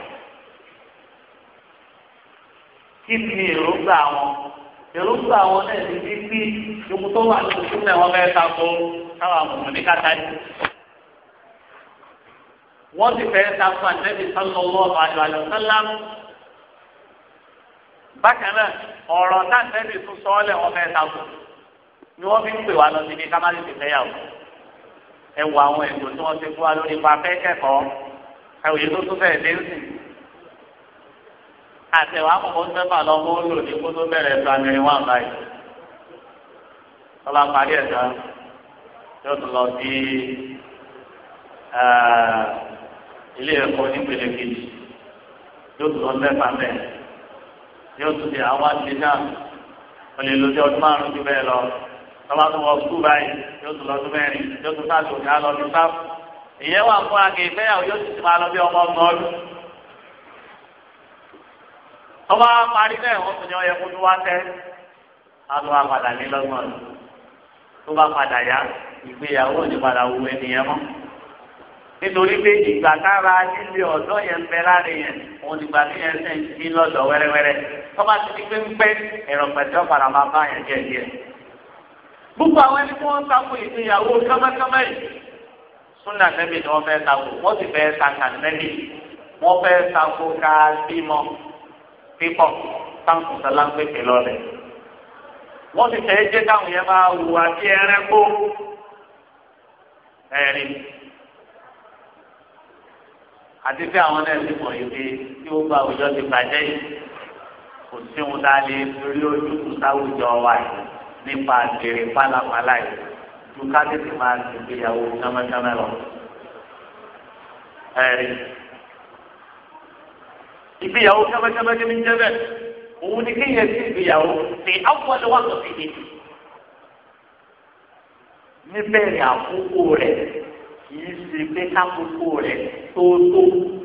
kí ni èròǹgbà wọn? èròǹgbà àwọn náà ti di pí ìlú tó wà ní ojú náà wọ́n fẹ́ ta ko káwọn àmọ̀mọ́ ní kàtá yìí. wọ́n ti fẹ́ ta fún àtẹ́bí sọ́nà lọ́wọ́ àjọ àjọ sọ́nà bákan náà ọ̀rọ̀ táǹtẹ́bí tún sọ́ọ́lẹ̀ wọ́n fẹ́ ta ko ni wọ́n fi ń pè wá lọ síbi ká ti fẹ́yàwó. ẹ wọ àwọn ẹ̀dùn tí wọ́n ti fún wa lórí ipa fẹ́ ẹ òye tó tún fẹ́ẹ̀ dé sí i àtẹ̀wá kọ̀kọ́ sẹ́fà lọ bó lò ní kó tó bẹ̀rẹ̀ primary one báyìí. ọba parí ẹ̀ tán yóò tún lọ sí ilé ẹ̀kọ́ nípele kejì yóò tún lọ sẹ́fà bẹ́ẹ̀ yóò tún di àwọn àti náà wọ́n lè lójú ọdún márùn-ún jù bẹ́ẹ̀ lọ tọ́ba tó wọ sukú báyìí yóò tún lọ ọdún mẹ́rin yóò tún sáà tó ní alọ́ ní sáà ìyẹn fún akẹ́fẹ́ yàwó yóò tún ti máa lọ bí ọmọ ọgbọ̀n ọdún tọ́wọ́ parí náà wọ́n tún ní ọyẹ kó tún wá tẹ́ alọ́ apàdà ní lọ́gbọ̀n tó bá padà yá ìgbéyàwó ò ní padà wu ènìyàn mọ́ nítorí pé ìgbà kára nílé ọ̀dọ́ yẹn bẹ láre yẹn òun nígbà tí yẹn sẹ́yìn ní lọ́dọ̀ wẹ́rẹ́wẹ́rẹ́ tọ́ba ti di pẹ́ńpẹ́ ẹ̀rọ pẹ̀tẹ́ ọ̀padà máa bá yẹn díẹ̀ díẹ̀. gbogbo àwọn ẹni tí wọ́n ń takò ìgbéyàwó kámákámá yìí súnà nẹ́bí ni wọ́n fẹ́ takò wọ́n sì fẹ́ takà nẹ́bí wọ́n fẹ́ takò ká bímọ pípọ̀ táǹkù sálá ń pèpè lọ́lẹ̀. wọ́n ti fẹ́ jẹ́ káwọn yẹn máa hùwà bí ẹranko ẹ̀rí. àti bí àwọn náà ti mọ̀ ibi tí ó gba àwùjọ ti bàjẹ́ yìí kò sí wọn dá lé lórí ojú kù sáwùjọ wa yìí nípa àgbèrè pálapàla yìí ju ká tètè máa gbéyàwó sámásámá lọ. ẹ̀rí ìgbéyàwó kẹ́mẹ́kẹ́mẹ́ ní ń jẹ́bẹ̀ òun ni kéèyàn sí ìgbéyàwó ní awọ́lé wà tó fi dé níbẹ̀rẹ̀ àkókò rẹ̀ kìí ṣe pé kákòókò rẹ̀ tó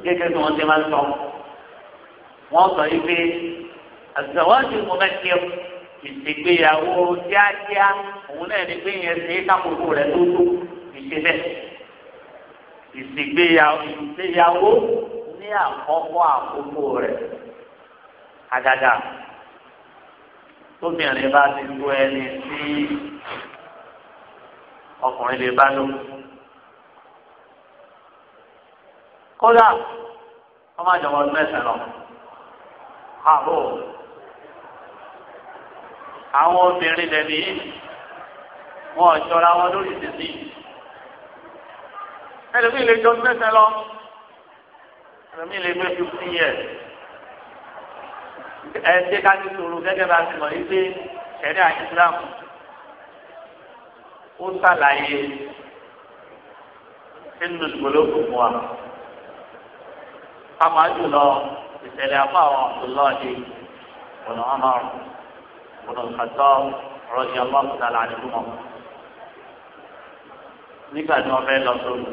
gẹ́gẹ́ bí wọ́n ti máa ń sọ wọ́n sọ yìí pé àzọwọ́dì mọ̀mẹ́kẹ́ ìṣègbéyàwó kíákíá òun náà ni kéèyàn ṣe kákòókò rẹ̀ tó ìṣe bẹ́ẹ̀ ìṣègbéyàwó ní àkọ́kọ́ àkókò rẹ̀ àgàgà tóbìnrin bá ti tó ẹni tí ọkùnrin lè bá lò. kódà ọmọ àjọmọ ọdún mẹ́sàn lọ àbò àwọn obìnrin lẹ́bi wọn ò jọra wọn lórí títì ẹlòmíì lè jọ ọdún mẹ́sàn lọ ẹ̀mí lè gbé fifty years ẹ̀ ṣe ká ní sòrò gẹ́gẹ́ bá ti mọ̀ yí pé ṣẹ̀rí àìsílám ó sàlàyé nínú ìgbòlógún fún wa ká máa jù lọ ìṣẹ̀lẹ̀ àpá àwọn àbúlọ́ọ̀dì ọ̀nà ọmọ ọ̀nà ìkàtọ́ rọ̀jì ọlọ́ọ̀kú tààlà àdìgúnmọ̀ nígbà tí wọ́n fẹ́ lọ sóòlù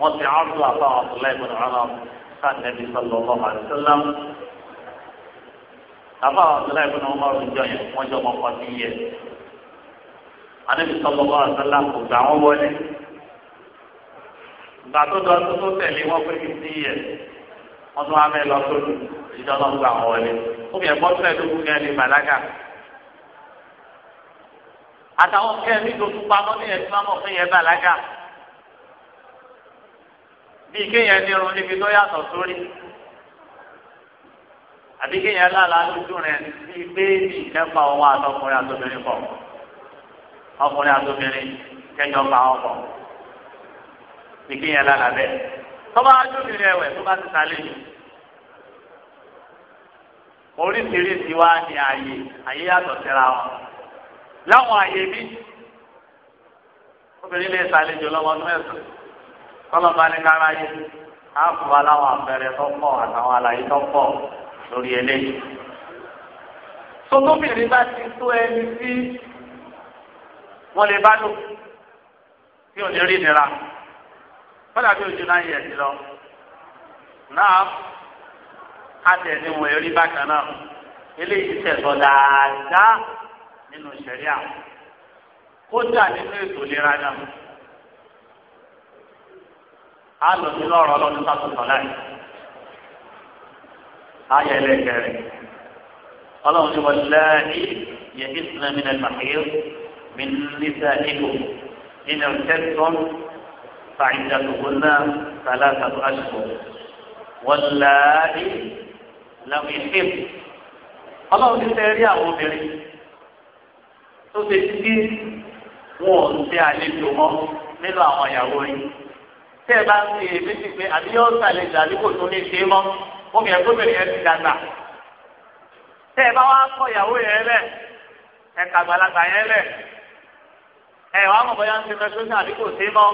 wọ́n ti àrùn àpá àwọn àbúlọ́ọ̀dì ọ̀nà ọmọ ọ̀nà sànẹ́bí sọlọ ọmọ àdìsọ́lá àbá ọ̀sọ́lá ìbùnà ọmọ ọ̀rùnjọ yẹn wọ́n jọ ọmọ ọtí yẹ àdìsọ́ sọlọ ọmọ àdìsọ́lá kò gbà wọ́n wọlé gbà tó dọ̀ tó tó tẹ̀lé wọ́n pé kìí sí yẹ wọ́n tún wá mẹ́ lọ tó ìjọ lọ gbà wọ́n wọlé ó yẹ bọ́ sílẹ̀ tó kú ẹni bàlágà àtàwọn kẹ́ẹ̀ ní tó tún pamọ́ ní ẹ̀ bíi kéèyàn nírun níbi tó yàtọ̀ sórí àbí kéèyàn lálàá dúdú rẹ̀ bíi béèbì nípa ọwọ́ àtọkùnrin àtọbìnrin pọ̀ ọkùnrin àtọbìnrin kẹjọ pa ọkọ̀ bíi kéèyàn lálàá bẹ́ẹ̀ tọ́ba ajúbìnrin ẹ̀wẹ̀ tó bá ti sálẹ̀ yìí oríṣiríṣi wá ní ààyè ààyè yàtọ̀ síra wọn láwọn ààyè bí obìnrin lè sálẹ̀ jù lọ́wọ́ ọdún mẹ́sàn-án. tọ́lọ̀ bá ní kára yé á fún wa láwọn àpẹẹrẹ tó pọ̀ àtàwọn àlàyé tó pọ̀ lórí eléyìí. sotóbìnrin bá ti tó ẹni tí wọ́n lè bá lò tí ò ní rí nira fọ́nà bí ojú náà yẹ̀ sí lọ náà á ní wọ̀nyí rí bákan náà eléyìí tẹ̀sọ̀ dáadáa nínú ìṣẹ̀rí àwọn kódà nínú ètò ìlera náà á lọ sí lọ́rọ̀ ọlọ́run sábà sọ̀lá yìí. ayé ẹlẹ́kẹ̀rẹ̀ ọlọ́run ní wọ́n lẹ́ẹ̀ni yẹ ìsúná mi nà màkìr mi nísà ìlú nínú tẹ́tọ́n fàìjà tòun náà kàlá tàbí aṣọ wọ́n lẹ́ẹ̀ni lọ́wọ́ ìfẹ́ ti fẹ́ rí àwọn obìnrin tó ṣe sí wọn ò ń ṣe àlejò mọ́ nínú àwọn ìyàwó yìí tẹ́ ẹ bá ń ṣe èméjì pé àbí yóò ṣàlejò àbí kò tún ní ṣe mọ́ omi ẹ̀ gómìnà yẹn ti dàgbà tẹ́ ẹ bá wá kọ ìyàwó yẹn lẹ̀ ẹ̀ka àgbàlagbà yẹn lẹ̀ ẹ̀ wá mọ̀ bóyá ń ṣe mẹ́sọ́sí àbí kò ṣe mọ́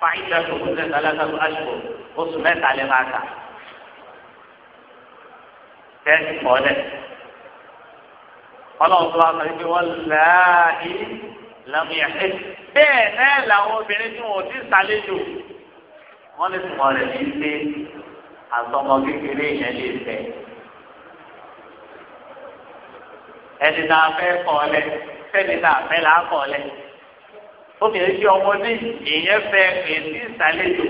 fàáyìn lẹ́sọ̀ kó tẹ̀ sálásàkó aṣọ oṣù mẹ́ta lẹ́ máa kà tẹ́ ẹ kọ́ lẹ̀ ọlọ́run tó wá sọ wípé wọ́n láàyè làmúyẹ̀ bẹ́ẹ̀ náà làwọn obìnrin tí wọ́n ti sàlejò wọ́n lè tún ọ̀rẹ́ yìí lé àtọmọ kékeré yẹn lè tẹ̀. ẹni tá a fẹ́ kọ́ lẹ sẹ́ni tá a fẹ́ là á kọ́ lẹ. obìnrin tí ọmọdé ìyẹn fẹ́ èsì ìsàlẹ̀jò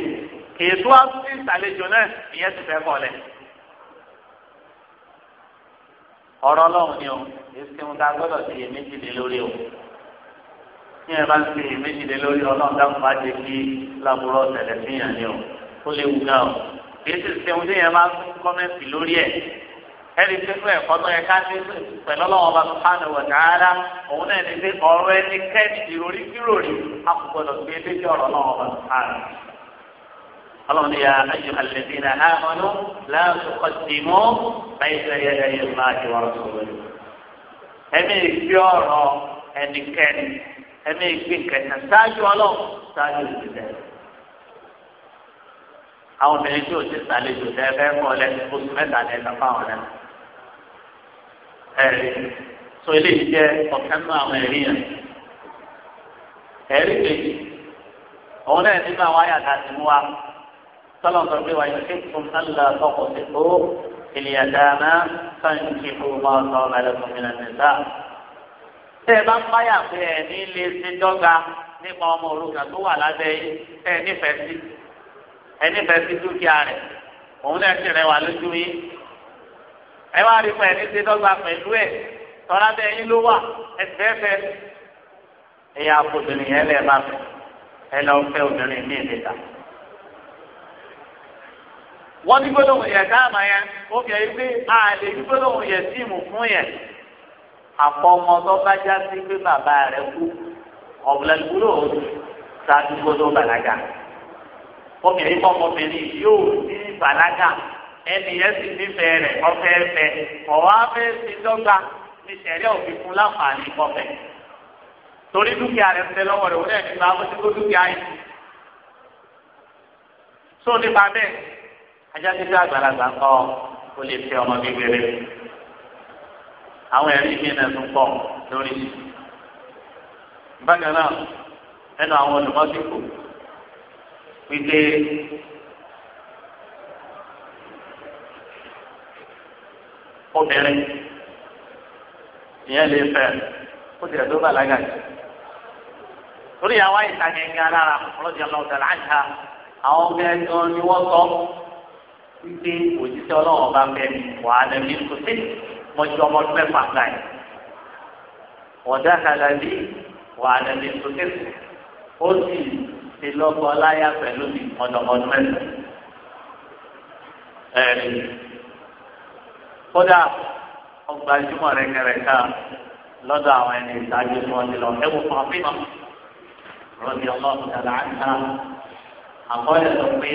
ètò àtúntì ìsàlẹ̀jò náà ìyẹn ti fẹ́ kọ́ lẹ. ọ̀rọ̀ ọlọ́run ni o èsì ń ta gbọ́dọ̀ ti yẹ méjìlélórí o ní ẹ bá ti lè méjìlél lórí ọlọ́run dáhùn bá ti fi lábúrò ọ̀sẹ̀lẹ̀ sí yàn ni o ó léwu náà o kìí sì ṣe ohun tí yẹn máa ń kọ́mẹ́ǹtì lórí ẹ̀ ẹni tí fún ẹ̀kọ́ tó yẹ ká ní pẹ̀lú ọlọ́run ọba sùpánù wọ̀ dáadáa òun náà ní pé ọ̀rọ̀ ẹni kẹ́ẹ̀dì ìròrí kíròrí a kò gbọdọ̀ ọ̀rọ̀ ọlọ́run ọba sùpánù. ọlọ́run ni ayé alẹ́bí náà á mọ́nú láàbù kọ́sìmọ́ báyìí sẹ́yẹ ẹ̀yẹ máa ti wọ́n sọ̀rọ̀ ẹ̀mí ìfi ẹ̀mí ìgbín kẹta ṣáájú ọlọ́run ṣáájú ìgbìlẹ̀. àwọn obìnrin tí o ti sàlejò tẹ fẹ́ kọ́ lẹ oṣù mẹ́ta ní ẹ̀ka fáwọn lẹ. ẹ̀rí so eléyìí jẹ́ ọ̀kan náà àwọn ẹ̀rí yẹn. ẹ̀rí kejì òun náà nínú àwọn àyàtà ti mú wa sọlọ sọ pé wàá yọkẹ́ fún sálà tọkọ̀ sí kó ènìyàn dáná sáǹkì fún ọmọ ọ̀sán ọ̀gá tẹ́ ẹ bá ń báyà pé ẹ ní lè ṣe dọ́gba nípa ọmọ òrùka tó wà lábẹ́ yín ẹ nífẹ̀ẹ́ sí ẹ nífẹ̀ẹ́ sí dúkìá rẹ̀ òun náà sì rẹwà lójú yín ẹ wá rí pé ẹ ní ṣe dọ́gba pẹ̀lú ẹ̀ tọ́lá bẹ́ẹ̀ yín ló wà ẹ fẹ́ẹ́fẹ́ ẹ̀yà obìnrin yẹn lẹ́ẹ̀ bá fẹ́ ẹ lọ fẹ́ obìnrin míì níta. wọ́n ní gbólóhùn yẹn káàmà yẹn ó fi ẹ̀yìn pé àlè gbólóhùn yẹn síìmù fún yẹn àfọmọ tó bá já sí pé bàbá rẹ kú ọ̀bùlẹ̀dúró ṣáájú gbọdọ̀ bàlágà obìnrin fọmọbìnrin yóò ní bàlágà ẹnìyẹn sì nífẹ̀ẹ́ rẹ̀ ọ̀fẹ́ fẹ́ ọ̀wá fẹ́ fi dọ́gba ní sẹ̀rí òfin fún láǹfààní kọfẹ́ torí dúkìá rẹ̀ fẹ́ lọ́wọ́ rẹ̀ wọlé ẹ̀dínlá mọ́tò dúkìá yìí tó nípa bẹ́ẹ̀ ajá àwọn ẹ̀rí mi náà tún pọ̀ lórí mi. bákan náà ẹnu àwọn olùmọ́sìkò pété obìnrin ìyẹn lè fẹ́ ó ti rẹ̀ tó bàlágà jù torí àwọn àìsàn gẹ́gẹ́ alára ọlọ́dún ọlọ́dún aláǹtà àwọn ọmọ ẹ̀gbọ́n ni wọ́n sọ wípé òjíṣẹ́ ọlọ́wọ́n bá fẹ́ wàá lẹ́mí kò sí mo jọ ọmọ ọdún mẹ́fà gbà yìí wọ́n dá halali wà á lẹ́lẹ́ sókè ó sì ti lọ́kọ láyà pẹ̀lú mi ọ̀dọ̀mọdún mẹ́fà ẹ̀rí kódà ọgbà ìjùmọ̀ rẹ̀ kẹrẹ̀ká lọ́dọ̀ àwọn ẹni ìtajú tí wọ́n ti lọ ẹ̀wù fàmímà rọ́bì ọlọ́run dàda àná àkọọ́lẹ̀ sọ pé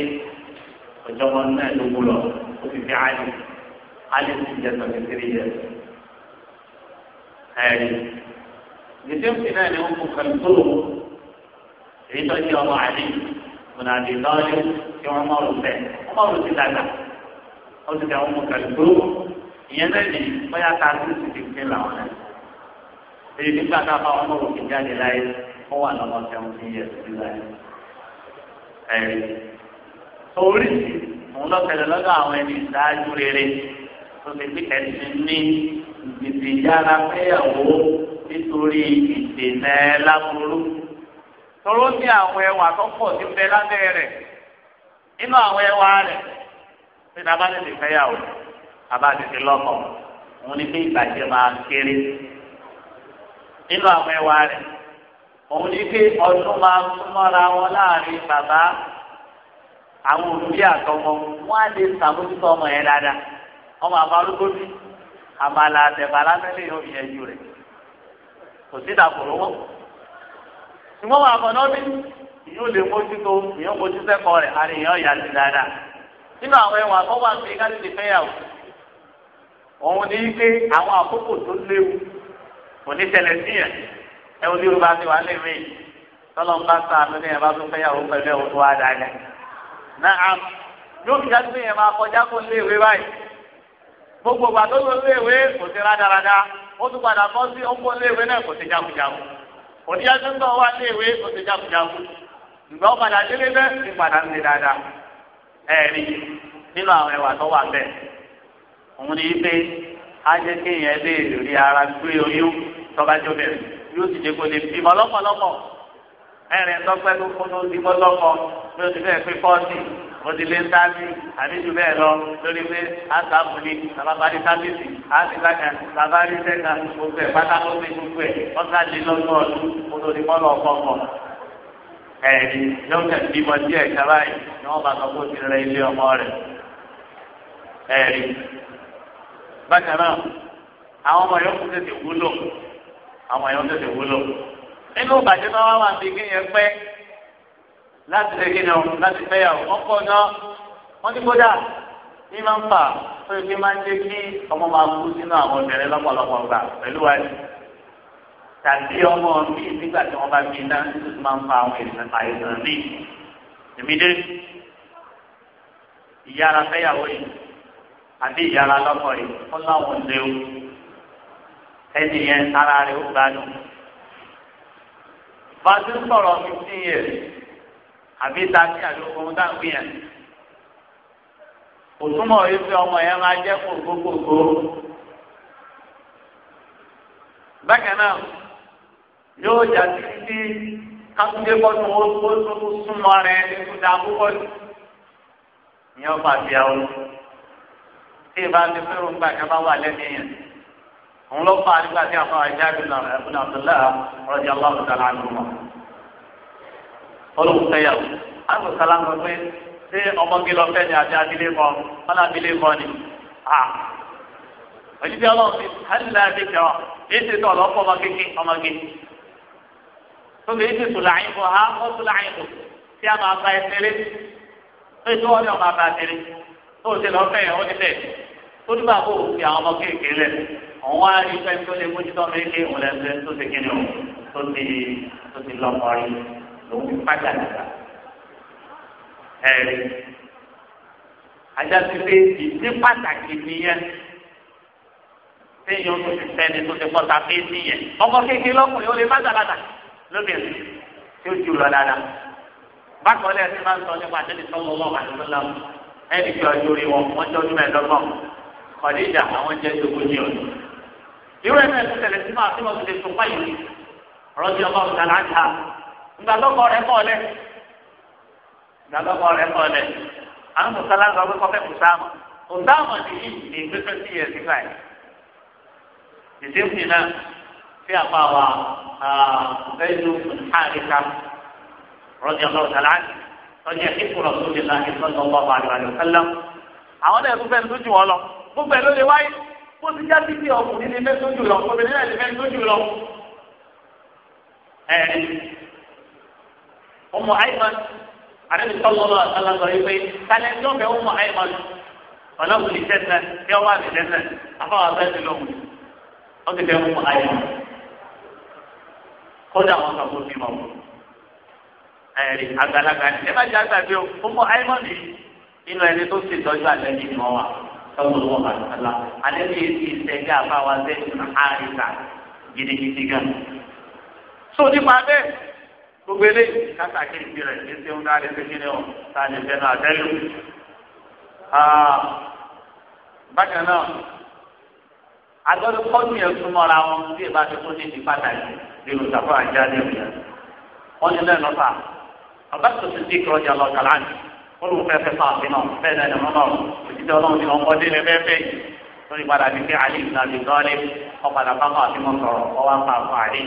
ọjọ́ ọmọdún mẹ́ẹ̀ẹ́dógún lọ ó fi fi àyè alice jẹ twenty three years ẹ̀rí gbèsèmùsì náà ni wọn kò kàn tó lò èyí tó ṣe ọmọ àlè ọ̀nà àdè lọ́ọ̀lì tí wọ́n mọ̀ ọ́ fẹ́ wọ́n mọ̀ ọ́ ti dàgbà ó ti dàwọn ọmọ kàn tó ìyẹn náà ni bóyá ká sí ti fi fi làwọn náà èyí nígbà tá a bá wọn mọ̀ ọ́ jáde láyé ó wà lọ́mọ seventy years ti láyé ẹ̀rí oríṣi òun lọ́kẹ̀lẹ̀ lọ́dọ̀ àwọn ẹni ìdájú rere. tó lè ní ìdìbì yára fẹ́yàwó nítorí ìdènà láburú. Tọ́lọ́ ní àwọn ẹwà tó pọ̀ sí bẹ lábẹ́ rẹ̀ nínú àwọn ẹwà rẹ̀ tí nàbá lè fẹ́yàwó àbá lọ́kọ̀ òun ni pé ìbàjẹ́ máa kéré nínú àwọn ẹwà rẹ̀ òun ni pé ọdún máa súnmọ́ra wọn láàrin bàbá àwọn àtọmọ wọn á lè sàmójútó ọmọ àfarúgbó bí àmàlà àtẹ̀bà lásẹ̀lẹ̀ yóò fi ẹyú rẹ̀ kò sí ìdàkùrọ̀ wọn. ṣùgbọ́n wà àfọ̀nà bí ìyóò lè mójútó ìyóò mójú sẹ́kọ̀ọ́ rẹ̀ àrí ìyóò yà sí dáadáa. nínú àwọn ẹwà tó wà sí káṣí ti fẹ́yàwó òun ní pé àwọn àkókò tó léwu kò ní tẹ̀lẹ̀ sí yẹn ẹ wo ní yorùbá ti wà léwu yìí tọ́lọ́ ń bá sáà lónìí ẹ̀ bá tún fẹ́yàwó pẹ̀lú ẹ̀ gbogbo gba tó lọ léèwé kò ti rádaràda ó tún padà bọ́ sí ọkọ léèwé náà kò ti jagunjagun òdíyá tó ń tọ́ wá léèwé kò ti jagunjagun ìgbà ó padà délé bẹ́ẹ̀ ti padà ń lè dáadáa ẹ̀rí nínú àwọn ẹwà tó wà bẹ́ẹ̀ òun ni pé á jẹ́ kéèyàn lè rí ara gbé oyún tọ́ba jó bẹ̀rẹ̀ yóò òdìlé sáàbì àdéjù bẹ́ẹ̀ lọ lórí pé àtàkùnrin sàbábàdì sábìsì àtìkájà sàbárí sẹ́ka gbogbo ẹ̀ pátákó ní gbogbo ẹ̀ ọ̀sánlélọ́gbọ̀n ọdún olórí mọ́lọ̀ ọ̀kọ̀ọ̀kọ̀ ẹ̀ẹ́dì yọ̀ọ̀kẹ́ bímọ díẹ̀ kára yìí ni wọ́n bá sọ pé ó ti rẹ ilé ọmọ rẹ̀ ẹ̀ẹ́dì bákan náà àwọn ọmọ yòókù tètè wúlò àwọn yòókù tètè wúlò nínú ìbàjẹ́ náà wá wà sí láti lè kí ni o láti fẹ́yàwó wọ́n pọ̀ náà wọ́n ti kódà ní máa ń fà tó ibi máa ń jẹ́ kí ọmọ máa kú sínú àwọn obìnrin lọ́pọ̀lọpọ̀ gbà pẹ̀lú wa tàbí ọmọ mi nígbà tí wọ́n bá fi iná tó máa ń fa àwọn ènìyàn àìsàn mi èmi dé ìyára fẹ́yàwó yìí àbí ìyára lọ́kọ̀ yìí wọ́n láwọn ń léwu ẹni yẹn ara rẹ̀ ó gbádùn. bá sọ̀rọ̀ mi sí yẹn àbí tàbí àlòkùn tá à ń pè yẹn. òtúmọ̀ yìí fi ọmọ yẹn máa jẹ́ kòkókòkó. bákan náà yóò jà títí kátúndé bọ́tù ó tó súnmọ́ rẹ̀ nínú dàbú bọ́tù. ìyẹn ọba àbíyáwó tí ìbá ti fẹ́ràn gbà kí wà lẹ́nu yẹn òun ló fà á nígbà tí a fọ àìsàn ìbùnà abdullahi rọjà allah ta'ala anhu. ọlọ́run fẹ́ o. àwọn sọlá ń pé ṣé ọmọge lọ fẹ́ ni àti abilé kọ ọlá abilé kọ ni à ọlọ́run fi hàlìlá ti kẹ́ ọ èyí ti tọ̀ lọ́pọ̀ ọmọ kéke ọmọge tóbi ha ó tù láyìn fún tí a máa ba ẹsẹ̀rẹ́ tó ìtọ́ ọ̀dọ̀ máa ti lọ fẹ́ yẹn ó ti fẹ́ tó àwọn ọmọ kéèké lẹ̀ àwọn arìnrìn tó lè mójútó ọmọ ilé òun lẹ́sẹ̀ tó ti kíni o tó ti tó ti lòun fi padà nígbà ẹ̀rí ajásí pé ìdí pàtàkì nìyẹn téèyàn tó ti fẹ́ni tó ti pọ́ta fèsì yẹn ọkọ kékeré lọ́kùnrin ó lè má dàgbàdà lóbìnrin tí ó jù lọ dáadáa bákan náà ti máa ń sọ nípa àtẹ́lẹ̀ sọ́mọ ọmọ àtúntò lọ́wọ́ ẹnì kí ọjọ́ orí wọn wọ́n jọ́ ọdún mẹ́ẹ̀ẹ́dọ́gbọ̀n kọ̀díjà àwọn jẹ́ ìdógójì ọdún. irú ẹ̀mí ẹ̀sìn tẹ̀lé sí máa tí mo ti lè tún fáyìí rọ́bì ọmọ ọ̀gá láńtà ìgbàlọ́kọ rẹ̀ kọ́ lẹ̀ ìgbàlọ́kọ rẹ̀ kọ́ lẹ̀ àwọn mùsàlá ń sọ pé kọfẹ́ mùsàmù mùsàmù ni ní pípẹ́ sí yẹn sí báyìí ìdínkù náà fi àpá wa ẹnu àríkà rọ́jà lọ́wọ́ sàlá rọ́jà kíkù rọ̀sùlì náà ìfọ̀dọ̀ ọ̀bọ̀ àdìwàlẹ̀ sálẹ̀ àwọn náà fúnfẹ́ lójú wọn lọ gbogbo ẹ̀ ló lè wáyé bó ti já títí ọkùnrin ní mẹ́tọ́jú lọ obìnrin náà ní mẹ́tọ́jú lọ ọmọ àyìnbọn àdébí sọlọ lọ àtàlà sọ yìí pé kálẹ̀ tí wọ́n fẹ́ ọmọ àyìnbọn ọlọ́run lè tẹ́sẹ̀ tí wọ́n wà lè tẹ́sẹ̀ afọwọ́ abẹ́ ti lọ́wọ́ wọ́n ti fẹ́ ọmọ àyìnbọn kódà wọn kà fún bímọ ẹ̀rí àgbàlagbà ni ẹ bá jẹ́ àgbàgbé o ọmọ àyìnbọn yìí inú ẹni tó ti tọ́jú àlẹ́ yìí mọ́ wa sọ́kùn lọ́wọ́ àtàlà àlẹ́ yìí ti sẹ́gà fáwọn abẹ́ àríkà gidigidi gan. so nípa bẹ́ẹ̀ gbogbo eléyìí kásá kéèké rẹ kí ṣe ń dá lè fi kí ni ọ tá a lè fẹnu àtẹlù. bákan náà agbọ́dọ̀ kọ́jú yẹn tún mọ́ra wọn bí ìbá ti kó ní ti pàtàkì nínú ìtàkùn àjá ní ìlú yẹn. wọ́n ní lẹ́nu ọ̀fà ọ̀bá tó ti dìkọ̀ ọjà lọ kàlá ní olùfẹ́ fẹ́ fà sí náà bẹ́ẹ̀ náà ẹ̀mọ́ náà òjijì ọlọ́run ni wọ́n kọ́jú ní bẹ́ẹ̀ bẹ́ẹ̀ lórí padà ní pé àlè ìgbà mi lọ́ọ́lẹ́ ọ̀padà bá fà sí mọ́ sọ̀rọ̀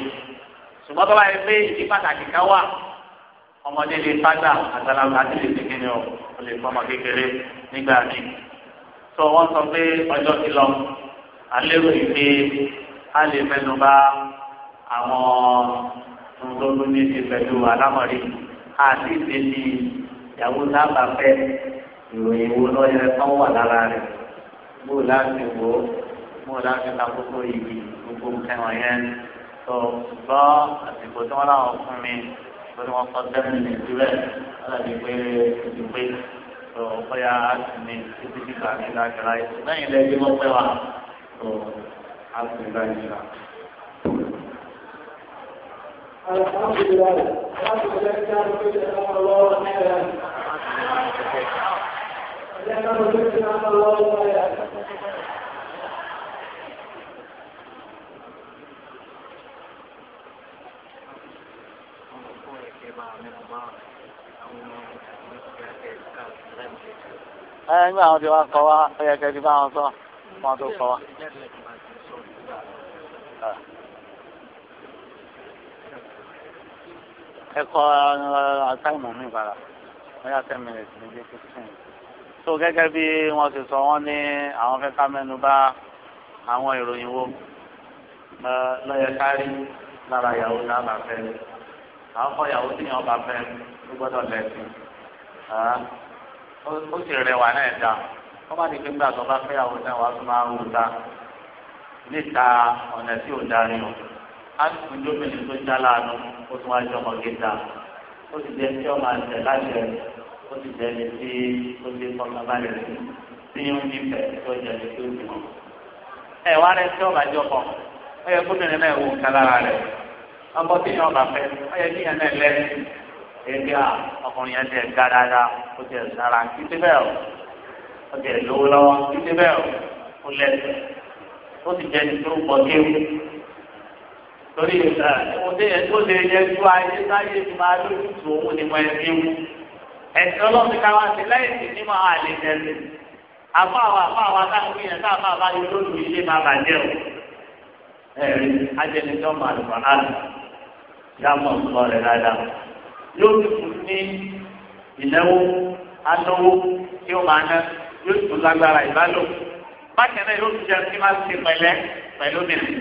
ṣùgbọ́n tó bá yẹ pé ìdí pàtàkì kan wà ọmọdé lè fágbà àgbàlagbà àti lè fi kíni o ó lè fọmọ kékeré nígbà mí. tó wọ́n sọ pé ọjọ́ ti lọ alérò yìí pé a lè mẹ́nu bà àwọn olóòlù ní ti pẹ̀lú alámọ̀rí àti ìdílé ìyàwó sábà fẹ́ ìròyìn wo lọ́yẹ tán wà lára rẹ̀ bó láti wò ó bó láti ta kókó yìí gbogbo nǹkan wọ̀nyẹn tó gbọ́ àsìkò tí wọ́n láwọn fún mi tó ní wọ́n kọ́ tẹ́lẹ̀ ní ìdílé ọlọ́dún pé ìdílé tó bóyá ní títí kíkà ní ìdájọ́ra yìí lẹ́yìn lẹ́yìn wọ́n pẹ́ wa tó á sì dájọ́ra. الحمد لله الحمد لله كان كل امر الله خيرا لكن الله خيرا ẹ nígbà àwọn tí wàá kọ wá ó yẹ kẹ́ bá wọn sọ wọn tó kọ wá. ẹ kọ àtàìmọ̀ mi padà wọ́n yà ten minutes ní fifteen. so gẹ́gẹ́ bí wọ́n ti sọ wọ́n ní àwọn fẹ́ ká mẹ́nu bà àwọn ìròyìn wo lọ́yẹ kárí lára ìyàwó náà bàfẹ́ àwọn kọ́yàwó tí yẹn ọba fẹ́ ló gbọ́dọ̀ lẹ́sìn ó sì rẹwà náà dá wọ́n bá ti fi gbà tó bá fẹ́yàwó náà wàá tó máa ń wù ta níta ọ̀nà tí ò darí o á sì fún gómìnà tó já láàánú ó tún wáá jẹ ọmọ gíga ó sì jẹ tí ọmọ àṣẹ láṣẹ ó sì jẹ ní tí ó ti tọ́ka balẹ̀ sí tí ó ní bẹ̀ tó jẹ ní tí ó ti mọ̀. ẹ wá rẹ tí ọmọ àjọpọ̀ ó yẹ gómìnà ọmọ tí yẹn ọba fẹ́ ọyẹ kí yẹn náà lẹ ebi a ọkùnrin yẹn tẹ ga dáadáa ó tẹ sára títí bẹ́ẹ̀ o ó tẹ lówó lọ́wọ́ títí bẹ́ẹ̀ o ó lẹ ó sì jẹ́ ní tó pọ̀ kéwù torí ọdẹ yẹn lè yẹ ju ayé sáyé ti máa lójú tó òun ni mo ẹ kéwù ẹ̀sìn ọlọ́run ká wá sí lẹ́yìn tí ní máa lè tẹ̀lé àbá àwọn àbá àwọn akáwé yẹn káàbá àbá lójú ilé máa bàjẹ́ o ẹ̀rí ajẹ́nidọ́ màlúmọ́ náà yàmọ̀ ọ̀sán rẹ̀ dáadáa yóò ti fún ní ìnáwó anáwó tí ó máa ná yóò tún lágbára ìbálò bákan náà yóò tún jẹ́ kí máa ṣe pẹ̀lẹ́ pẹ̀lú obìnrin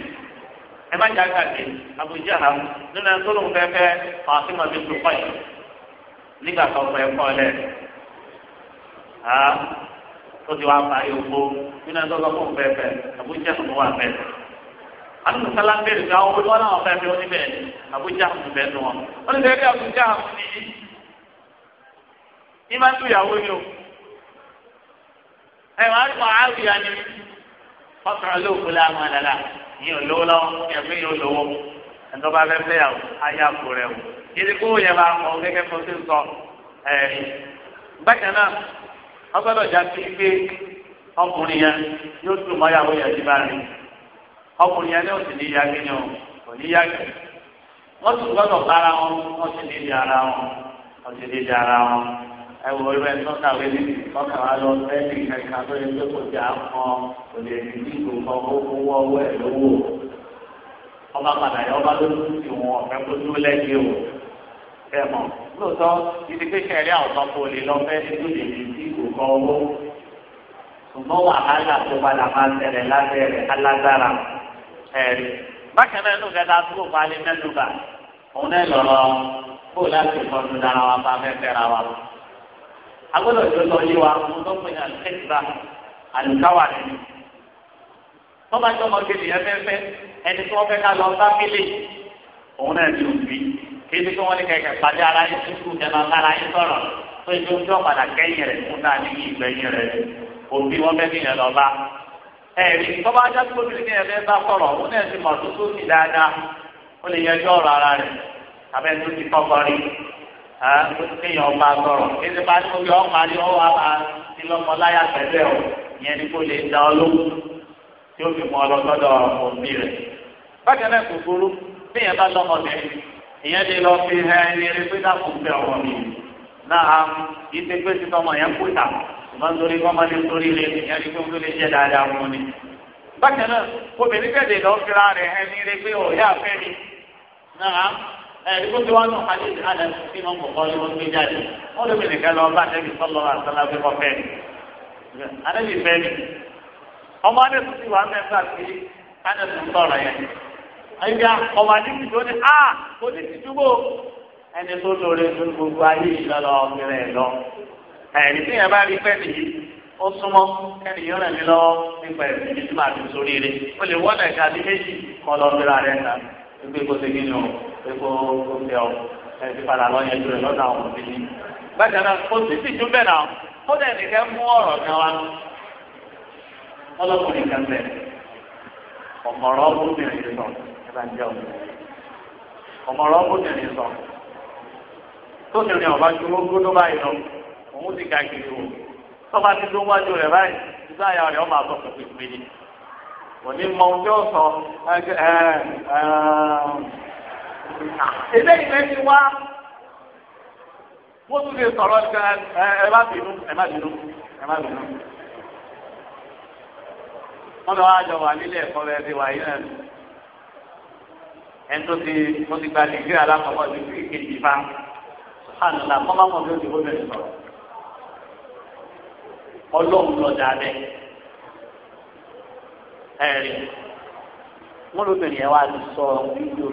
ẹ má jà gàdé àbújá ha nínú ẹ̀tọ́ ló ń fẹ́ fẹ́ fàásì mọ̀ tuntun kọ́ yìí nígbà tó fẹ́ kọ́ lẹ̀ ha ó ti wá parí ogbó nínú ẹ̀tọ́ ló ń fẹ́ fẹ́ àbújá ló wà fẹ́ alùpùpàlà bẹ̀rẹ̀ gba owó wọn làwọn fẹ́ẹ́ fi wọn níbẹ̀ àbújá fún bẹ́ẹ̀ nù wọn wọn lè rí àbújá fún ní ní máa ń tó ìyàwó yìí o ẹ wàá rí wọn àárí ya ni fọkàrà lóògùn láàmú àdàlà yìí ò lówó lọ́wọ́ yẹn fún yìí ò lówó ẹnìtọ́ bá fẹ́ fẹ́ yàwó ayé àpò rẹ̀ o yìí kó yẹ máa kọ́ gẹ́gẹ́ fún sí sọ ẹ̀ bákan náà ọgbọ́dọ̀ já ọkùnrin yẹn ní òsì ní yagi ni o kò ní yagi wọn sì gbọ́dọ̀ bára wọn wọn sì ní ibi ara wọn wọn sì ní ibi ara wọn ẹ wò ó rẹ tọ́kàwé ní tọ́kàwá lọ sẹ́ẹ̀lì kankan tó yẹ kó kò já kọ kò lè fi ní ìlú kan kó wọ́ owó ẹ̀ lówó ọba padà yẹ ọba ló tún ti wọn ọ̀fẹ́ kó tó lẹ́gbẹ̀ẹ́ o ẹ mọ̀ lóòótọ́ ibi kékeré rí àwọn ọkọ̀ lè lọ fẹ́ ní ìlú ìlú ìlú kan owó ṣùgbọ́n wàhálà tó padà máa ń tẹ̀lé lábẹ́ rẹ̀ alágbára ẹ̀rí bákan náà lóògùn ẹ̀dá tó kópa lé mẹ́lúgà òun náà lọ́rọ́ kó láti fọ́nù dára wa bá fẹ́fẹ́ ra wa. agbọ́dọ̀ tó lọ yé wa mo tó pè ní àlùkẹ́tìbá àlùkáwà ni. tó bá jọ́ ọmọkejì yẹn fẹ́fẹ́ ẹni tí wọ́n fẹ́ ká lọ bá mílè òun náà ti òbí kéde tí wọ́n ní kẹ̀kẹ́ pàdé ara yín tó kù jẹ́nu ara yín sọ̀rọ̀ tó ìjọ ń jọ padà kẹ́yìn rẹ̀ fún náà ní ìgbẹ́yìn rẹ̀ òbí wọ́n fẹ́ ẹ̀rí tọ́ba ajá biri lórí ní ẹ̀fẹ́ bá sọ̀rọ̀ ó náà ti mọ̀ tuntun sí dáadáa ó lè yanjú ọ̀rọ̀ ara rẹ̀ abẹ́ tó ti kọ́kọ́ rí kéèyàn ọba sọ̀rọ̀ kéde bá yọ ọ̀pá ní ọwọ́ àbá ti lọ́mọ láyà pẹ̀lú ni kò lè ọ tí ó fi mọ òbí rẹ̀. bákan náà kò burú bá lọ́mọ ìyẹn lọ fi hẹ́ ẹni pé mi náà ìdí pé ti tọmọ yẹn máa ń torí kọ́ máa lè torí lè ìyá ni kó lè jẹ́ dáadáa wọn ni. bákan náà obìnrin bẹ̀rẹ̀ lọ fira rẹ̀ ẹni rẹ̀ pé ọ̀yá fẹ́ mi náà ẹ̀rí kó ti wá nù hali àdá sí wọn kò kọ́ ló ń gbé jáde wọn lè bẹ̀rẹ̀ kẹ́ lọ bá àtẹ́bí sọ́lọ́ àtàlà pé fẹ́ mi. àdébí fẹ́ mi ọmọ adéṣu ti wà mẹ́fà sí adéṣu ń sọ̀rọ̀ yẹn. ayíká ọmọ adéṣu tó ní a ah, kò ní ti dúró ẹni tó lóore lórí gbogbo ayé ìlọ́lọ́ ẹ̀rí tí yẹn bá rí fẹ́ nìyí ó súnmọ́ kẹ́ni yóò rẹ̀ mí lọ́wọ́ nípa ẹ̀sìn tí màá fi sórí rẹ̀ ó lè wọ́n ẹ̀ka bí méjì kọ́ lọ síra rẹ̀ ta pé kó ṣe kí ni o pé kó kó ṣe ọ ẹ̀sìn padà lọ yẹn jùlọ lọ́dọ̀ àwọn òbí ni. bákan náà kò sí tìjú bẹ́ẹ̀ náà ó dẹ̀ nìkẹ́ mú ọ̀rọ̀ kan wá ọlọ́kùnrin kan bẹ̀ ọ̀mọ̀rọ̀ ọ̀bùnrin sọ ẹ bá ń jẹ́ ọ̀mọ̀rọ̀ ọ̀bùnrin sọ tó músíkà kiri tọ́ba ti dún wájú rẹ̀ báyìí títí àyà rẹ̀ ọmọ àtọ́ pèpèpè ni wọ́n ní mọ ohun tí ó sọ ẹ̀ẹ́dẹ́ ìfẹ́ ti wá wọ́n tún lè sọ̀rọ̀ ẹ má bínú ẹ má wọ́n lọ wá wà nílé ẹ̀kọ́ rẹ̀ ti wà yín náà ẹni ti mo ti gba dìgírì alákọ̀ọ́kọ́ ti kejì fa sùhánù náà kọ́ máa mọ̀ bí ó ti sọ̀rọ̀ ọlọ́run lọ dáa bẹ́ẹ̀ ẹ̀rí wọ́n lóbìnrin yẹn wá sọ fídíò